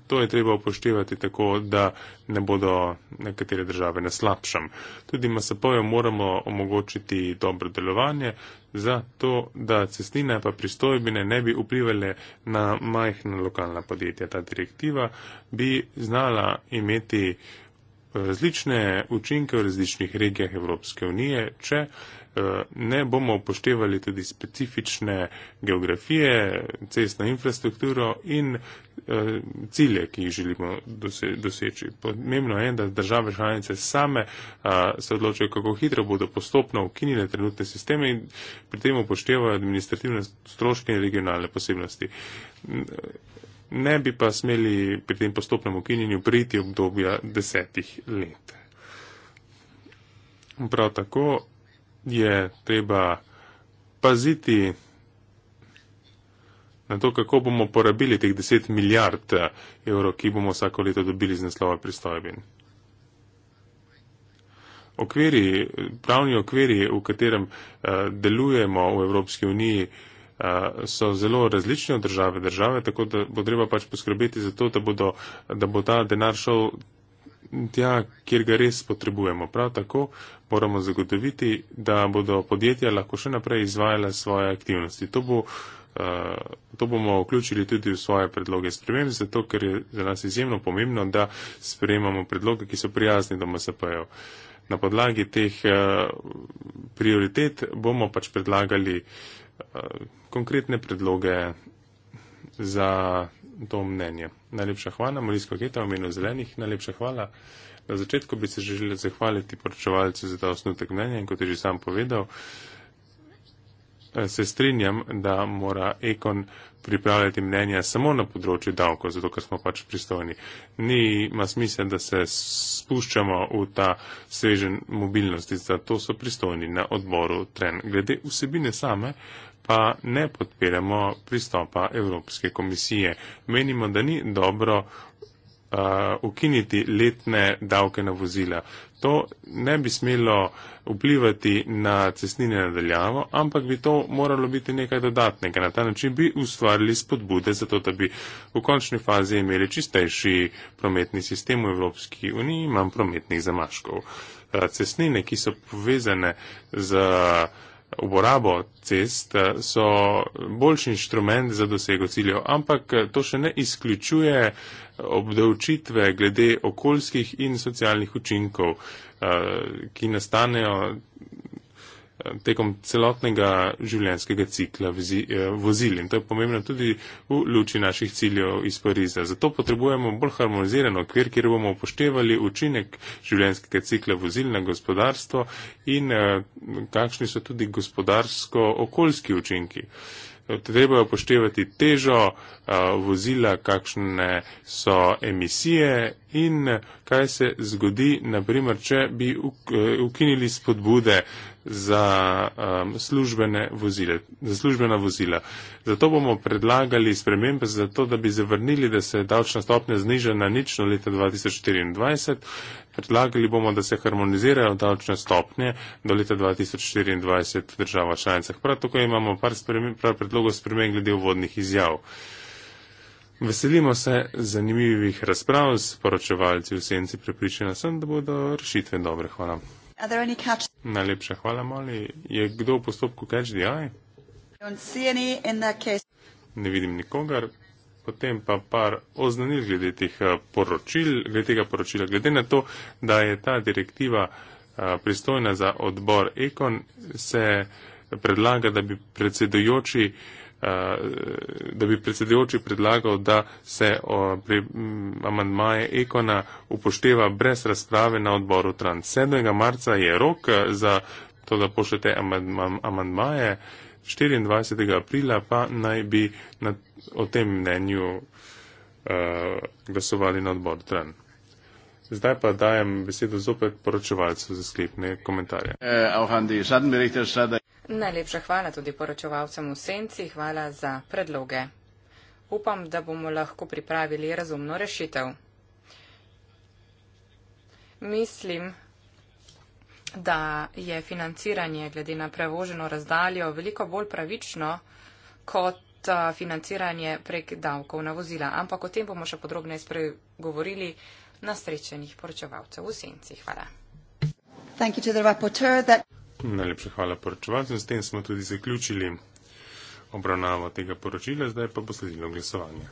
to je treba upoštevati tako, da ne bodo nekatere države na slabšem. Tudi MSP-jo moramo omogočiti dobro delovanje, zato da cestnine pa pristojbine ne bi vplivali na majhna lokalna podjetja. Ta direktiva bi znala imeti uh, različne učinke v različnih regijah Evropske unije, če eh, ne bomo upoštevali tudi specifične geografije, cestno infrastrukturo in eh, cilje, ki jih želimo doseči. Pomembno je, da države članice same eh, se odločijo, kako hitro bodo postopno ukinile trenutne sisteme in pri tem upoštevajo administrativne stroške in regionalne posebnosti ne bi pa smeli pri tem postopnem ukinjenju priti obdobja desetih let. Prav tako je treba paziti na to, kako bomo porabili teh 10 milijard evrov, ki bomo vsako leto dobili z naslova pristojbin. Okviri, pravni okviri, v katerem eh, delujemo v Evropski uniji, so zelo različne od države države, tako da bo treba pač poskrbeti za to, da, bodo, da bo ta denar šel tja, kjer ga res potrebujemo. Prav tako moramo zagotoviti, da bodo podjetja lahko še naprej izvajala svoje aktivnosti. To, bo, to bomo vključili tudi v svoje predloge sprememb, zato ker je za nas izjemno pomembno, da sprejemamo predloge, ki so prijazni do MSP-jev. Na podlagi teh prioritet bomo pač predlagali uh, Eh, konkretne predloge za to mnenje. Najlepša hvala, Morisko Keta, v imenu zelenih, najlepša hvala. Na začetku bi se želeli zahvaliti poročevalcu za ta osnutek mnenja in kot je že sam povedal, eh, se strinjam, da mora Ekon pripravljati mnenja samo na področju davkov, zato ker smo pač pristojni. Ni ima smisel, da se spuščamo v ta svežen mobilnosti, zato so pristojni na odboru tren. Glede vsebine same pa ne podpiramo pristopa Evropske komisije. Menimo, da ni dobro uh, ukiniti letne davke na vozila. To ne bi smelo vplivati na cestnine nadaljavo, ampak bi to moralo biti nekaj dodatnega. Na ta način bi ustvarili spodbude za to, da bi v končni fazi imeli čistejši prometni sistem v Evropski uniji in manj prometnih zamaškov. Uh, cestnine, ki so povezane z. Uh, uporabo cest eh, so boljši inštrument za dosego ciljev, ampak eh, to še ne izključuje eh, obdavčitve glede okoljskih in socialnih učinkov, ki nastanejo tekom celotnega življenjskega cikla eh, vozil. In to je pomembno tudi v luči naših ciljev iz Pariza. Zato potrebujemo bolj harmoniziran okvir, kjer bomo upoštevali učinek življenjskega cikla vozil na gospodarstvo in eh, kakšni so tudi gospodarsko-okoljski učinki. Treba je upoštevati težo eh, vozila, kakšne so emisije in kaj se zgodi, naprimer, če bi ukinili spodbude za, um, službene vozile, za službena vozila. Zato bomo predlagali spremembe, zato da bi zavrnili, da se davčna stopnja zniža na nično leta 2024. Predlagali bomo, da se harmonizirajo davčne stopnje do leta 2024 v državah članicah. Prav tako imamo par, par predlogov spremen glede uvodnih izjav. Veselimo se zanimivih razprav s poročevalci v senci. Pripričana sem, da bodo rešitve dobre. Hvala. Are there any catch Najlepša hvala, Molly. Je kdo v postopku catch the eye? Don't see any in that case. Ne vidim nikogar. Potem pa par oznanil glede tih eh, poročil, glede tega poročila. Glede na to, da je ta direktiva eh, pristojna za odbor Ekon, se predlaga, da bi predsedojoči uh, Eh, da bi predsedujoči predlagal, da se pri mm, amandmaje Ekona upošteva brez razprave na odboru Trans. 7. marca je rok eh, za to, da pošljete amandmaje, 24. aprila pa naj bi na, o tem mnenju eh, glasovali na odboru Trans. Zdaj pa dajem besedo zopet poročevalcu za sklepne komentarje. Eh, auch an die Najlepša hvala tudi poročevalcem v senci, hvala za predloge. Upam, da bomo lahko pripravili razumno rešitev. Mislim, da je financiranje glede na prevoženo razdaljo veliko bolj pravično kot financiranje prek davkov na vozila, ampak o tem bomo še podrobneje spregovorili na srečenih poročevalcev v senci. Hvala. Thank you to the rapporteur that Najlepša hvala poročevalcem. S tem smo tudi zaključili obravnavo tega poročila, zdaj pa bo sledilo glasovanje.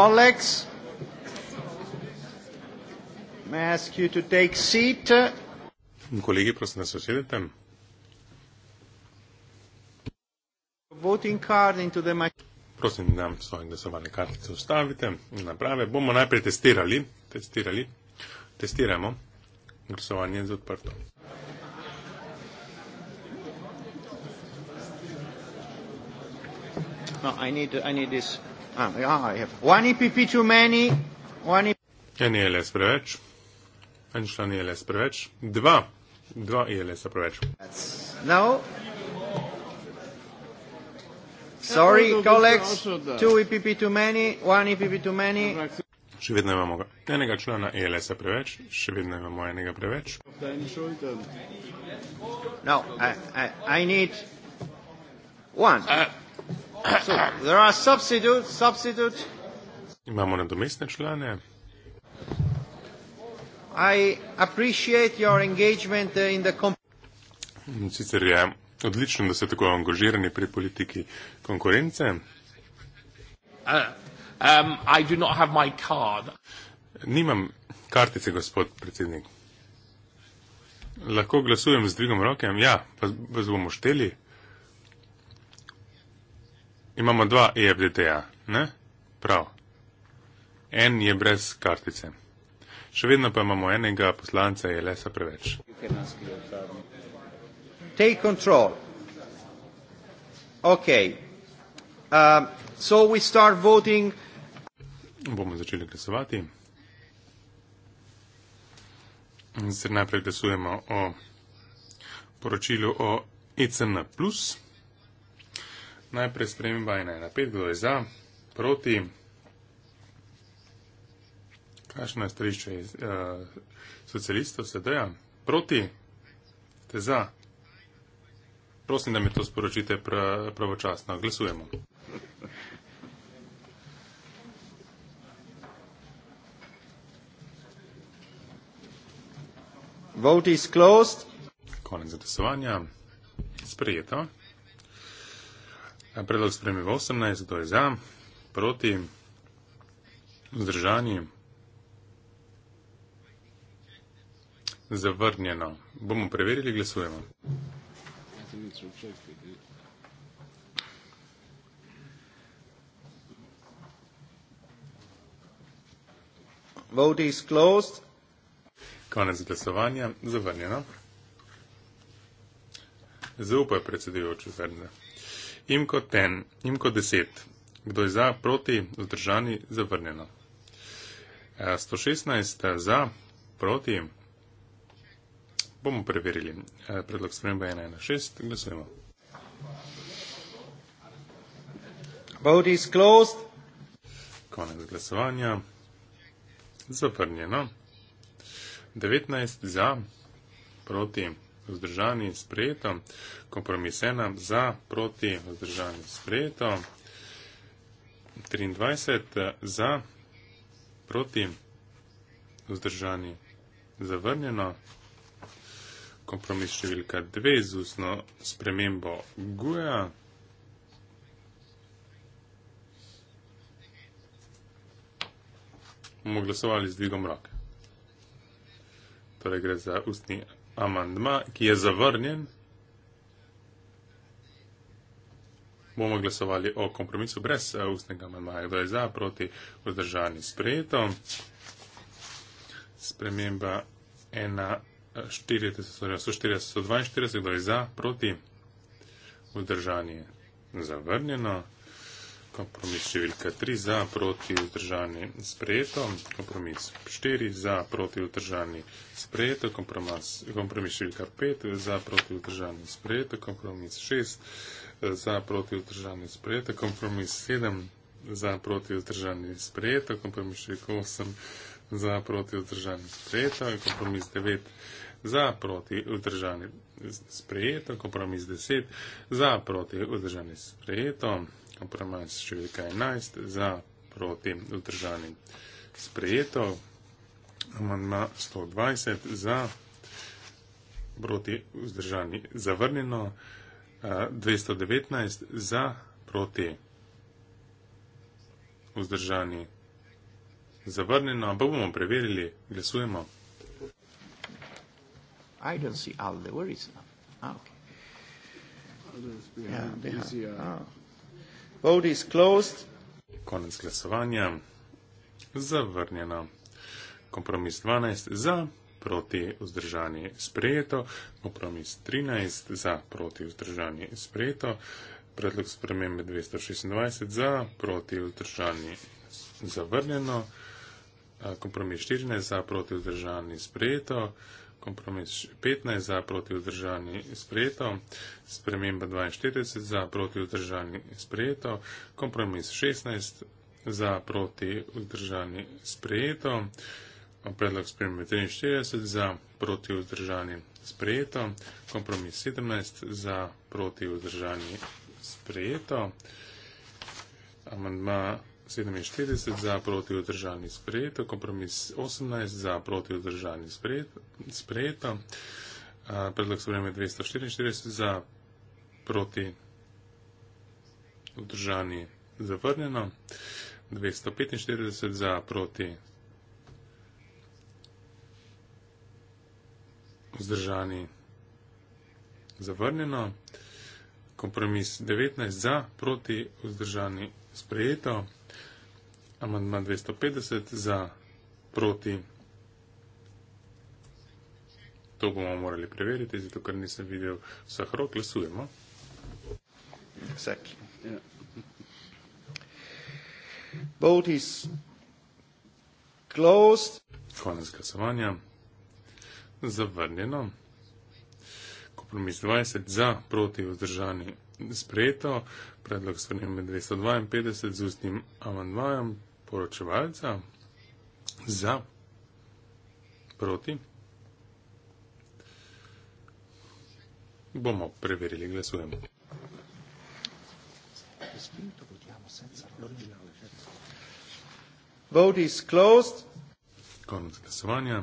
colleagues, may I ask you to take seat? Colleghi, prosim, da se usedete. Prosim, da nam svoje glasovalne kartice ustavite in naprave. Bomo najprej testirali, testirali, testiramo glasovanje za odprto. No, I need, I need this. En ILS preveč, en član ILS preveč, dva, dva ILS preveč. No. Sorry, colleagues, two EPP too many, one EPP too many. Še vedno imamo enega člana ELS preveč, še vedno imamo enega preveč. No, I, I, I need one. Uh, uh, so substitute, substitute. Imamo nadomestne člane. Uh, sicer je odlično, da ste tako angažirani pri politiki konkurence. Uh, um, card. Nimam kartice, gospod predsednik. Lahko glasujem z dvigom roke. Ja, pa bomo šteli imamo dva EFDT-ja, ne? Prav. En je brez kartice. Še vedno pa imamo enega poslanca ELS-a preveč. Take control. Ok. Uh, so we start voting. Bomo začeli glasovati. Zdaj najprej glasujemo o poročilu o ECN. Najprej sprememba 1 na 5, kdo je za, proti, kakšno je strišče iz uh, socialistov, se dejam, proti, te za. Prosim, da mi to sporočite pra, pravočasno. Glasujemo. Vote is closed. Konec zatesovanja. Sprejeto. Predlog spremi 18, kdo je za, proti, vzdržani, zavrnjeno. Bomo preverili, glasujemo. Vote is closed. Konec glasovanja, zavrnjeno. Zaupaj predsedujoči Ferdinand. Imko ten, imko deset. Kdo je za, proti, vzdržani, zavrnjeno. 116 eh, eh, za, proti, bomo preverili. Eh, predlog sprememba 116, glasujemo. Vote is closed. Konec glasovanja. Zavrnjeno. 19 za, proti, vzdržani vzdržani in sprejeto, kompromisena za, proti, vzdržani in sprejeto, 23 za, proti, vzdržani, zavrnjeno, kompromis številka 2 z ustno spremembo guja. bomo glasovali z dvigom roke. Torej gre za ustni amandma, ki je zavrnjen, bomo glasovali o kompromisu brez eh, ustnega amandmaja. Kdo je za, proti, vzdržani, sprejeto. Sprememba 142, eh, torej kdo je za, proti, vzdržani, zavrnjeno kompromis številka 3 za proti vzdržani sprejeto, kompromis 4 za proti vzdržani sprejeto, kompromis, kompromis številka 5 za proti vzdržani sprejeto, kompromis 6 za proti vzdržani sprejeto, kompromis 7 za proti vzdržani sprejeto, kompromis številka 8 za proti vzdržani sprejeto, kompromis 9 za proti vzdržani sprejeto, kompromis 10 za proti vzdržani sprejeto. Kompromis številka 11 za proti vzdržani sprejeto. Amandma 120 za proti vzdržani zavrnjeno. 219 za proti vzdržani zavrnjeno. Ampak bomo preverili, glasujemo. I don't see all the worries now. Ah, okay. Yeah, they are. Oh. Vote is closed. Konec glasovanja. Zavrnjeno. Kompromis 12 za, proti vzdržanje sprejeto. Kompromis 13 za, proti vzdržanje sprejeto. Predlog spremembe 226 za, proti vzdržanje zavrnjeno. Kompromis 14 za, proti vzdržanje sprejeto kompromis 15 za proti vzdržani sprejeto, sprememba 42 za proti vzdržani sprejeto, kompromis 16 za proti vzdržani sprejeto, predlog sprememba 43 za proti vzdržani sprejeto, kompromis 17 za proti vzdržani sprejeto, amandma 47 za proti vzdržani sprejeto, kompromis 18 za proti vzdržani sprejeto, predlog spremembe 244 za proti vzdržani zavrnjeno, 245 za proti vzdržani zavrnjeno, kompromis 19 za proti vzdržani sprejeto. Amandma 250 za proti. To bomo morali preveriti, zato ker nisem videl vseh rok. Glasujemo. Vsak. Vote is closed. Konec glasovanja. Zavrnjeno. Kompromis 20 za proti vzdržani sprejeto predlog spremembe 252 z ustnim amandvajem poročevalca za proti. Bomo preverili, glasujemo. Vote is closed. Konec glasovanja.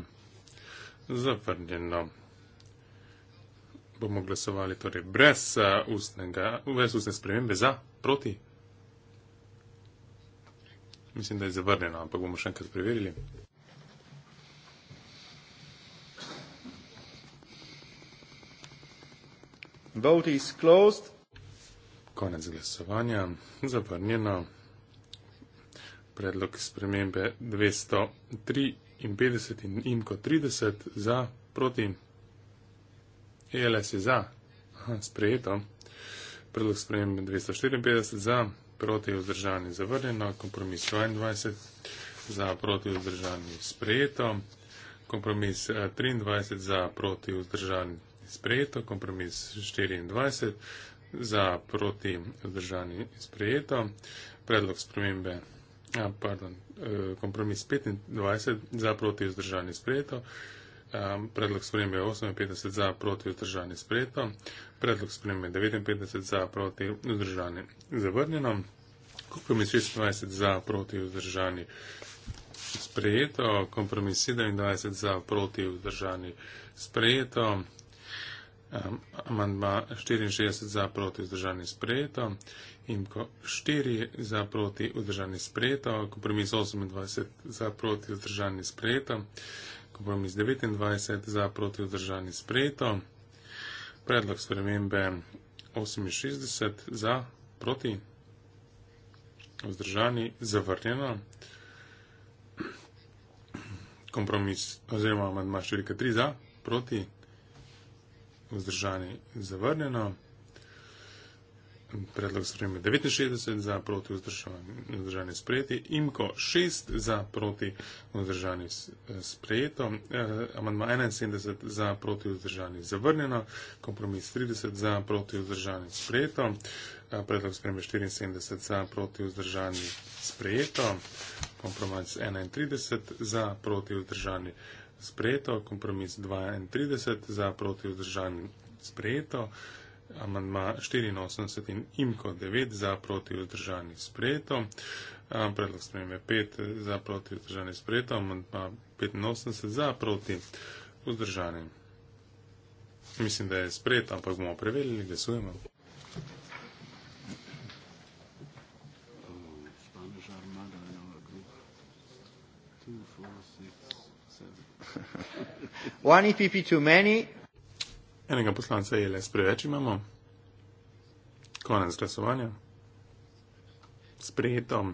Zavrnjeno bomo glasovali torej brez uh, ustnega, brez ustne spremembe za, proti. Mislim, da je zavrnjeno, ampak bomo še enkrat preverili. Vote is closed. Konec glasovanja. Zavrnjeno. Predlog spremembe 253 in, in ko 30 za, proti. ELS je za, Aha, sprejeto. Predlog sprejem 254 za, proti vzdržani zavrnjeno, kompromis 22 za, proti vzdržani sprejeto, kompromis 23 eh, za, proti vzdržani sprejeto, kompromis 24 za, proti vzdržani sprejeto, predlog spremembe, a, pardon, eh, kompromis 25 za, proti vzdržani sprejeto, Um, predlog spremembe 58 za proti vzdržanje sprejeto, predlog spremembe 59 za proti vzdržanje zavrnjeno, kompromis 26 za proti vzdržanje sprejeto, kompromis 27 za proti vzdržanje sprejeto, um, amandma 64 za proti vzdržanje sprejeto in ko 4 za proti vzdržanje sprejeto, kompromis 28 za proti vzdržanje sprejeto vam iz 29 za proti vzdržani sprejeto. Predlog spremembe 68 za proti vzdržani zavrnjeno. Kompromis oziroma amandma številka 3 za proti vzdržani zavrnjeno predlog spremembe 69 za proti vzdržanje sprejeti, IMKO 6 za proti vzdržanje sprejeto, eh, amandma 71 za proti vzdržanje zavrnjeno, kompromis 30 za proti vzdržanje sprejeto, eh, predlog spremembe 74 za proti vzdržanje sprejeto, kompromis 31 za proti vzdržanje sprejeto, kompromis 32 za proti vzdržanje sprejeto. Eh, amantma 84 in imko 9 za proti vzdržani sprejeto, predlog spremembe 5 za proti vzdržani sprejeto, amantma 85 za proti vzdržani. Mislim, da je sprejeto, ampak bomo preverili, glasujemo. One EPP too many, Enega poslanca je le spreveč imamo. Konec glasovanja. Sprejeto.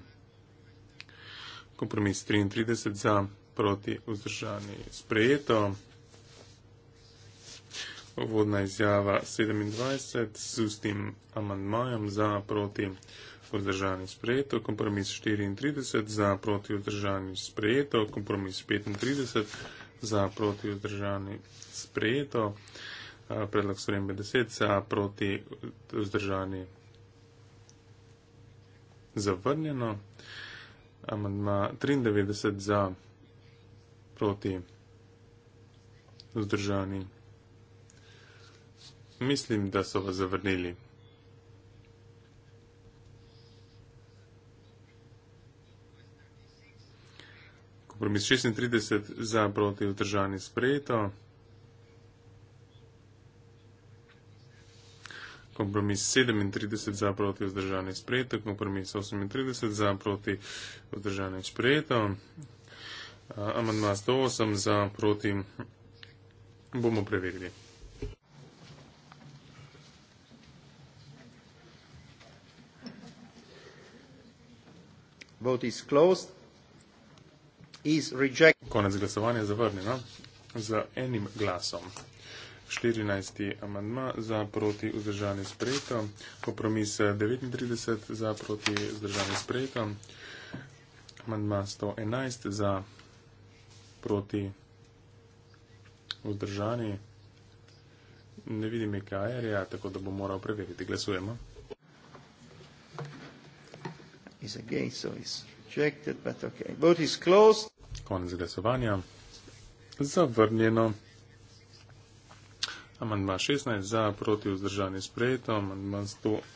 Kompromis 33 za proti vzdržani sprejeto. Uvodna izjava 27 z ustim amandmajem za proti vzdržani sprejeto. Kompromis 34 za proti vzdržani sprejeto. Kompromis 35 za proti vzdržani sprejeto predlog spremembe 10 za proti vzdržani zavrnjeno, amandma 93 za proti vzdržani. Mislim, da so vas zavrnili. Kompromis 36 za proti vzdržani sprejeto. kompromis 37 za proti vzdržanje sprejeto, kompromis 38 za proti vzdržanje sprejeto, amandma 108 za proti bomo preverili. Vote is closed. Is reject. Konec glasovanja zavrnjeno z enim glasom. 14. amandma za proti vzdržanje sprejeto, kompromis 39 za proti vzdržanje sprejeto, amandma 111 za proti vzdržanje. Ne vidim ekajerja, tako da bom moral preveriti. Glasujemo. Rejected, okay. Konec glasovanja. Zavrnjeno. Amandma 16 za proti vzdržani sprejeto, amandma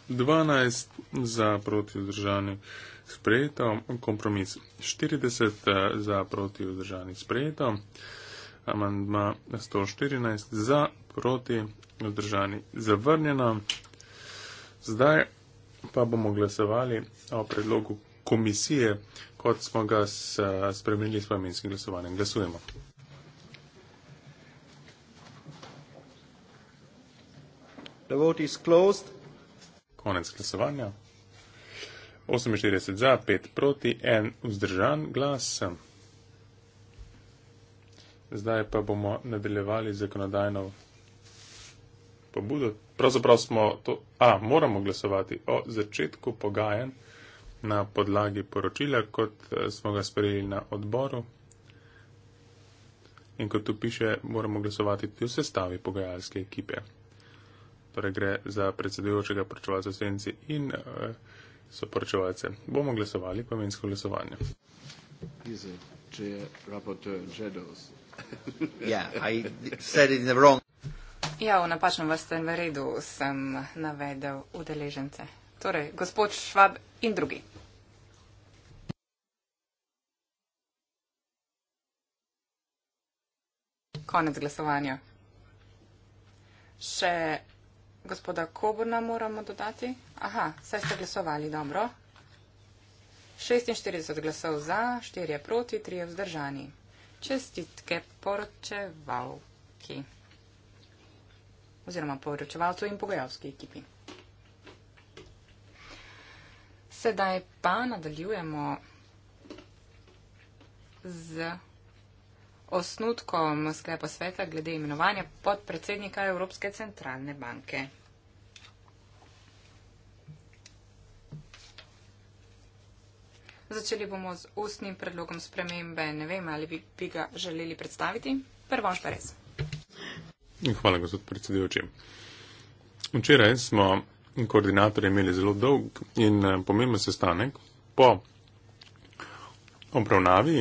112 za proti vzdržani sprejeto, kompromis 40 eh, za proti vzdržani sprejeto, amandma 114 za proti vzdržani zavrnjeno. Zdaj pa bomo glasovali o predlogu komisije, kot smo ga eh, spremenili s pomenskim glasovanjem. Glasujemo. The vote is closed. Konec glasovanja. 48 za, 5 proti, 1 vzdržan glas. Zdaj pa bomo nadaljevali zakonodajno pobudo. Pravzaprav smo to, a moramo glasovati o začetku pogajen na podlagi poročila, kot eh, smo ga sprejeli na odboru. In kot tu piše, moramo glasovati tudi v sestavi pogajalske ekipe torej gre za predsedujočega poročevalca senci in uh, soporočevalce. Bomo glasovali po imensko glasovanje. Ja, ja, v napačnem vrstnem redu sem navedel udeležence. Torej, gospod Švab in drugi. Konec glasovanja. Še Gospoda Koburna moramo dodati. Aha, saj ste glasovali dobro. 46 glasov za, 4 proti, 3 vzdržani. Čestitke poročevalki. Oziroma poročevalcu in pogajalski ekipi. Sedaj pa nadaljujemo z osnutkom sklepa sveta glede imenovanja podpredsednika Evropske centralne banke. Začeli bomo z ustnim predlogom spremembe. Ne vem, ali bi, bi ga želeli predstaviti. Prvo, šta res. Hvala, gospod predsedujoči. Včeraj smo koordinatorje imeli zelo dolg in eh, pomemben sestanek po obravnavi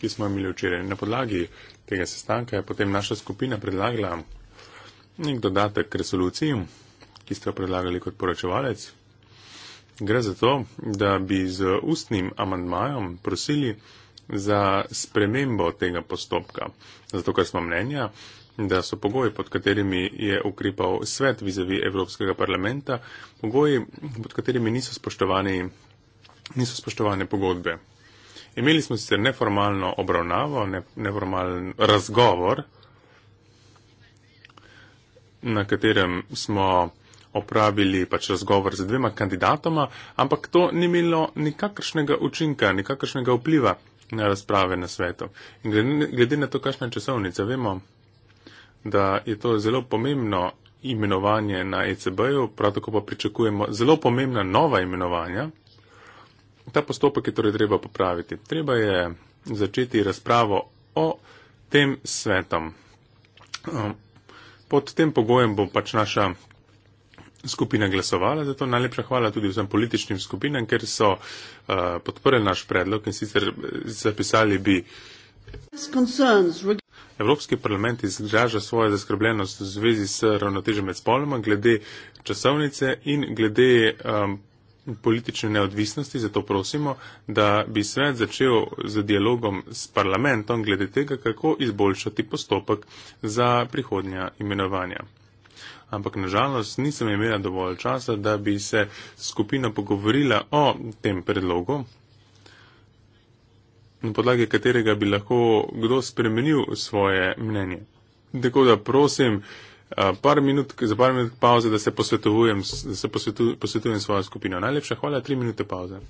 ki smo jo imeli včeraj. Na podlagi tega sestanka je potem naša skupina predlagala nek dodatek k resoluciji, ki ste jo predlagali kot poročevalec. Gre za to, da bi z ustnim amandmajem prosili za spremembo tega postopka, zato ker smo mnenja, da so pogoji, pod katerimi je ukripal svet vizavi Evropskega parlamenta, pogoji, pod katerimi niso spoštovane pogodbe. Imeli smo sicer neformalno obravnavo, ne, neformalen razgovor, na katerem smo opravili pač razgovor z dvema kandidatoma, ampak to ni imelo nikakršnega učinka, nikakršnega vpliva na razprave na svetu. In glede, glede na to, kakšna je časovnica, vemo, da je to zelo pomembno imenovanje na ECB-ju, prav tako pa pričakujemo zelo pomembna nova imenovanja Ta postopek je torej treba popraviti. Treba je začeti razpravo o tem svetom. Ehm, pod tem pogojem bo pač naša skupina glasovala, zato najlepša hvala tudi vsem političnim skupinam, ker so eh, podprli naš predlog in sicer eh, zapisali bi. Evropski parlament izraža svojo zaskrbljenost v zvezi s ravnotežjem med spoloma glede časovnice in glede um, politične neodvisnosti, zato prosimo, da bi svet začel z dialogom s parlamentom glede tega, kako izboljšati postopek za prihodnja imenovanja. Ampak nažalost nisem imela dovolj časa, da bi se skupina pogovorila o tem predlogu, na podlagi katerega bi lahko kdo spremenil svoje mnenje. Tako da prosim, Eh, par minut, za par minut pauze, da se posvetujem, da se posvetujem svojo skupino. Najlepša hvala, tri minute pauze.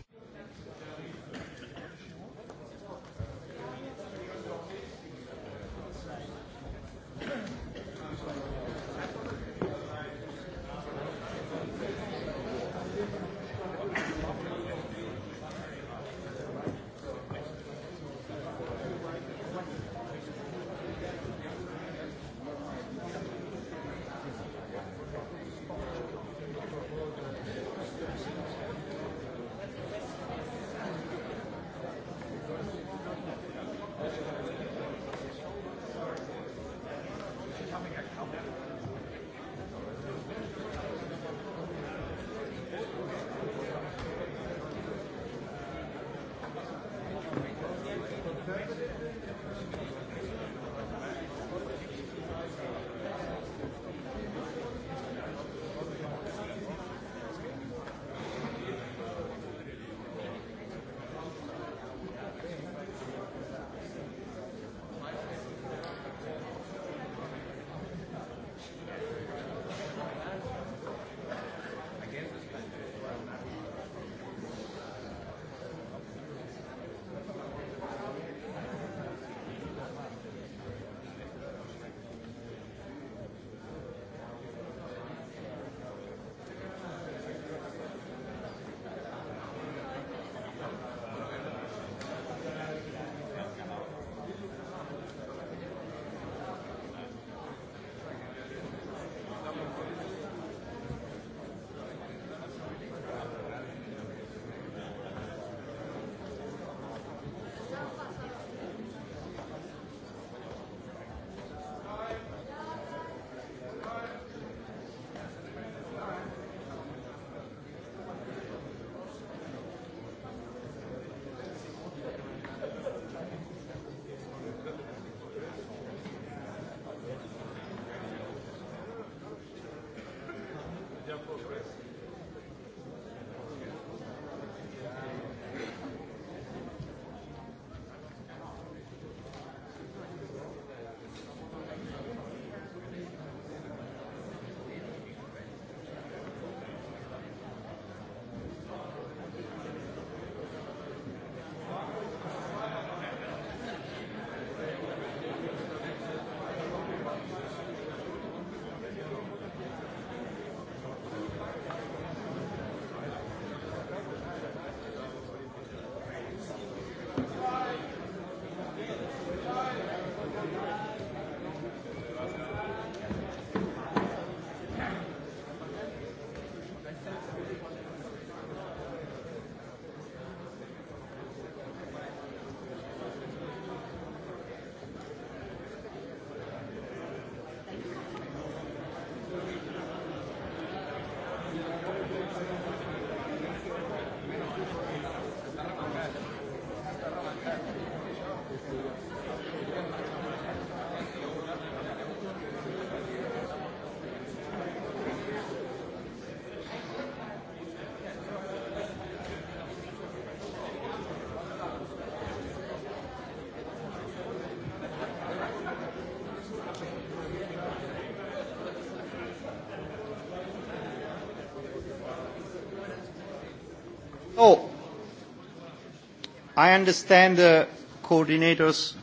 i understand the coordinators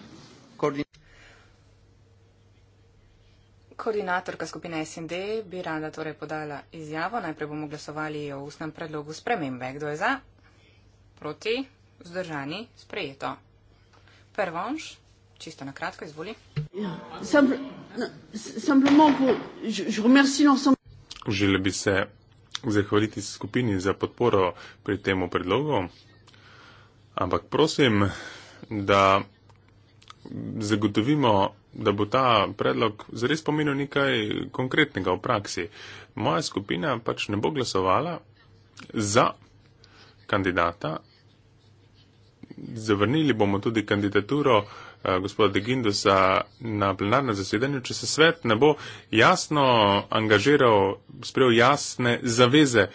Koordinatorka skupine SND bi rada torej podala izjavo. Najprej bomo glasovali o ustnem predlogu spremembe. Kdo je za? Proti? Zdržani? Sprejeto. Prvonš, čisto na kratko, izvoli. No, Želel bi se zahvaliti skupini za podporo pri temu predlogu. Ampak prosim, da zagotovimo, da bo ta predlog zares pomenil nekaj konkretnega v praksi. Moja skupina pač ne bo glasovala za kandidata. Zavrnili bomo tudi kandidaturo eh, gospoda Degindusa na plenarnem zasedanju, če se svet ne bo jasno angažiral, sprejel jasne zaveze uh,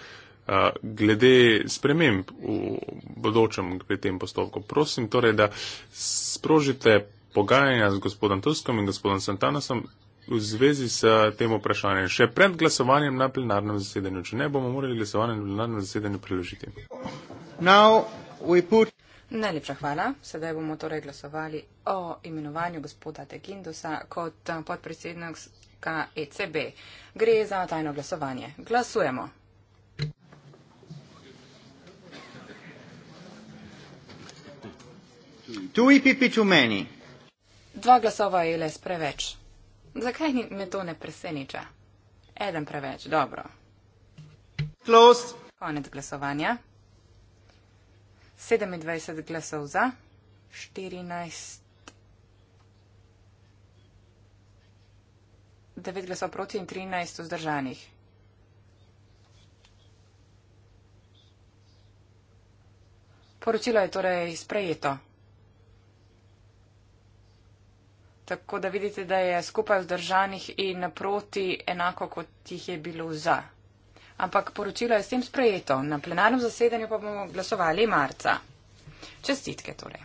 glede sprememb v bodočem pri tem postopku. Prosim torej, da sprožite pogajanja z gospodom Tuskom in gospodom Santanosom v zvezi s tem vprašanjem. Še pred glasovanjem na plenarnem zasedanju, če ne bomo morali glasovanje na plenarnem zasedanju preložiti. Put... Najlepša hvala. Sedaj bomo torej glasovali o imenovanju gospoda Tegindusa kot podpredsednika ECB. Gre za tajno glasovanje. Glasujemo. Dva glasova je les preveč. Zakaj me to ne preseneča? Eden preveč, dobro. Closed. Konec glasovanja. 27 glasov za, 14. 9 glasov proti in 13 vzdržanih. Poročilo je torej sprejeto. tako da vidite, da je skupaj vzdržanih in naproti enako, kot jih je bilo za. Ampak poročilo je s tem sprejeto. Na plenarnem zasedanju pa bomo glasovali marca. Čestitke torej.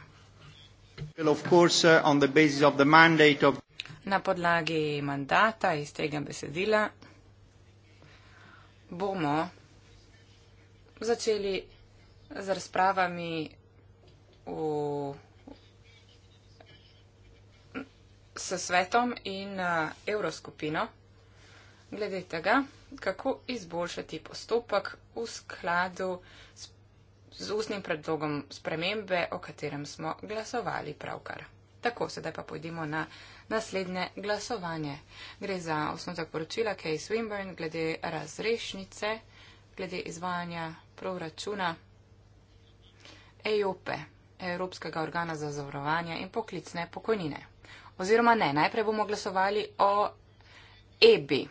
Uh, Na podlagi mandata iz tega besedila bomo začeli z razpravami v s svetom in uh, evroskupino glede tega, kako izboljšati postopek v skladu s, z ustnim predlogom spremembe, o katerem smo glasovali pravkar. Tako, sedaj pa pojdimo na naslednje glasovanje. Gre za osnovno poročila Kay Swinburne glede razrešnice, glede izvajanja proračuna EOP, Evropskega organa za zavarovanje in poklicne pokojnine. Oziroma ne, najprej bomo glasovali o EBI.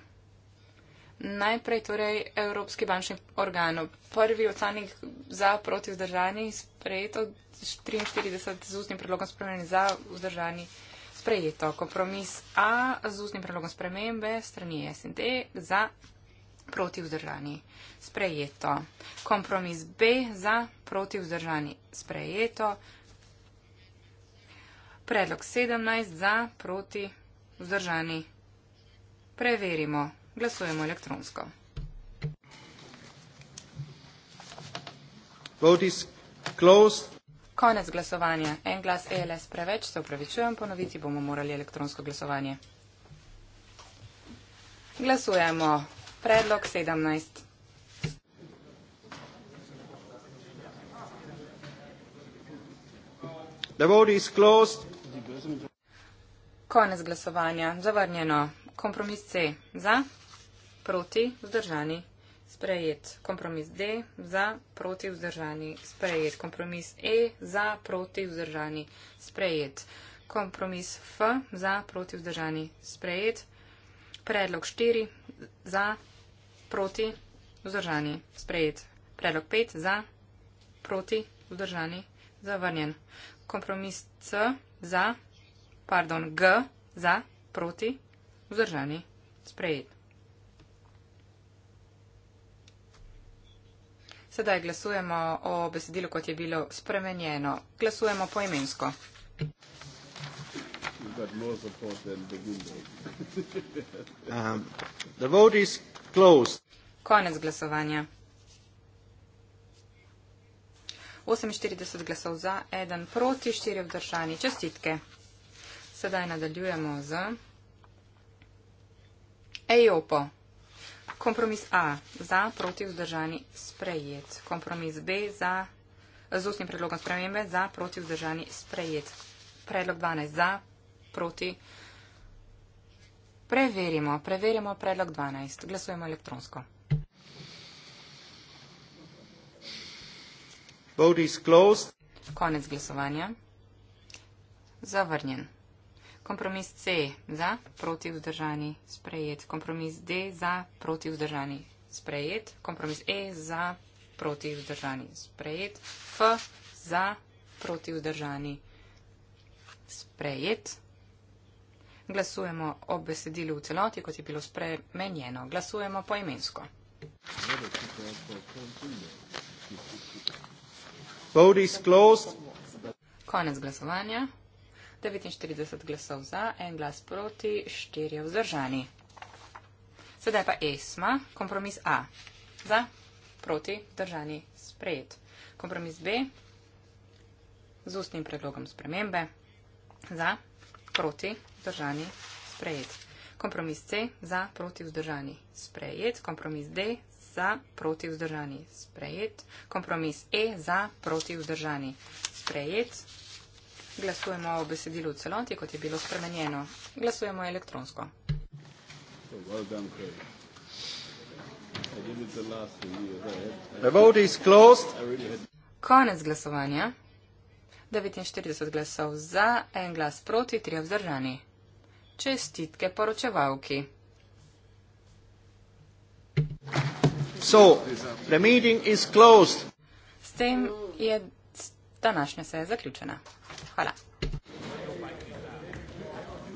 Najprej torej Evropski bančni organ. Prvi ocanik za proti vzdržani sprejeto, 43 z ustnim predlogom spremenjen za vzdržani sprejeto. Kompromis A z ustnim predlogom spremembe strani SND za proti vzdržani sprejeto. Kompromis B za proti vzdržani sprejeto. Predlog 17 za, proti, vzdržani. Preverimo. Glasujemo elektronsko. Konec glasovanja. En glas ELS preveč, se upravičujem, ponoviti bomo morali elektronsko glasovanje. Glasujemo. Predlog 17. The vote is closed. Konec glasovanja. Zavrnjeno. Kompromis C. Za. Proti. Vzdržani. Sprejet. Kompromis D. Za. Proti. Vzdržani. Sprejet. Kompromis E. Za. Proti. Vzdržani. Sprejet. Kompromis F. Za. Proti. Vzdržani. Sprejet. Predlog 4. Za. Proti. Vzdržani. Sprejet. Predlog 5. Za. Proti. Vzdržani. Zavrnjen kompromis C za, pardon, G za, proti, vzdržani, sprejet. Sedaj glasujemo o besedilu, kot je bilo spremenjeno. Glasujemo poimensko. Um, Konec glasovanja. 48 glasov za, eden proti, štiri vzdržani. Čestitke. Sedaj nadaljujemo z EIOPO. Kompromis A. Za, proti, vzdržani, sprejet. Kompromis B. Za, z ustnim predlogom spremembe. Za, proti, vzdržani, sprejet. Predlog 12. Za, proti. Preverimo. Preverimo predlog 12. Glasujemo elektronsko. Konec glasovanja. Zavrnjen. Kompromis C za, proti vzdržani, sprejet. Kompromis D za, proti vzdržani, sprejet. Kompromis E za, proti vzdržani, sprejet. F za, proti vzdržani, sprejet. Glasujemo o besedilu v celoti, kot je bilo spremenjeno. Glasujemo poimensko. Vote is closed. Konec glasovanja. 49 glasov za, en glas proti, štirje vzdržani. Sedaj pa ESMA, kompromis A. Za, proti, vzdržani, sprejet. Kompromis B, z ustnim predlogom spremembe. Za, proti, vzdržani, sprejet. Kompromis C, za, proti, vzdržani, sprejet. Kompromis D, za, proti vzdržani, sprejet. Kompromis E za, proti vzdržani, sprejet. Glasujemo o besedilu v celoti, kot je bilo spremenjeno. Glasujemo elektronsko. Konec glasovanja. 49 glasov za, en glas proti, tri vzdržani. Čestitke poročevalki. So, the meeting is closed. S tem je današnja seja zaključena. Hvala.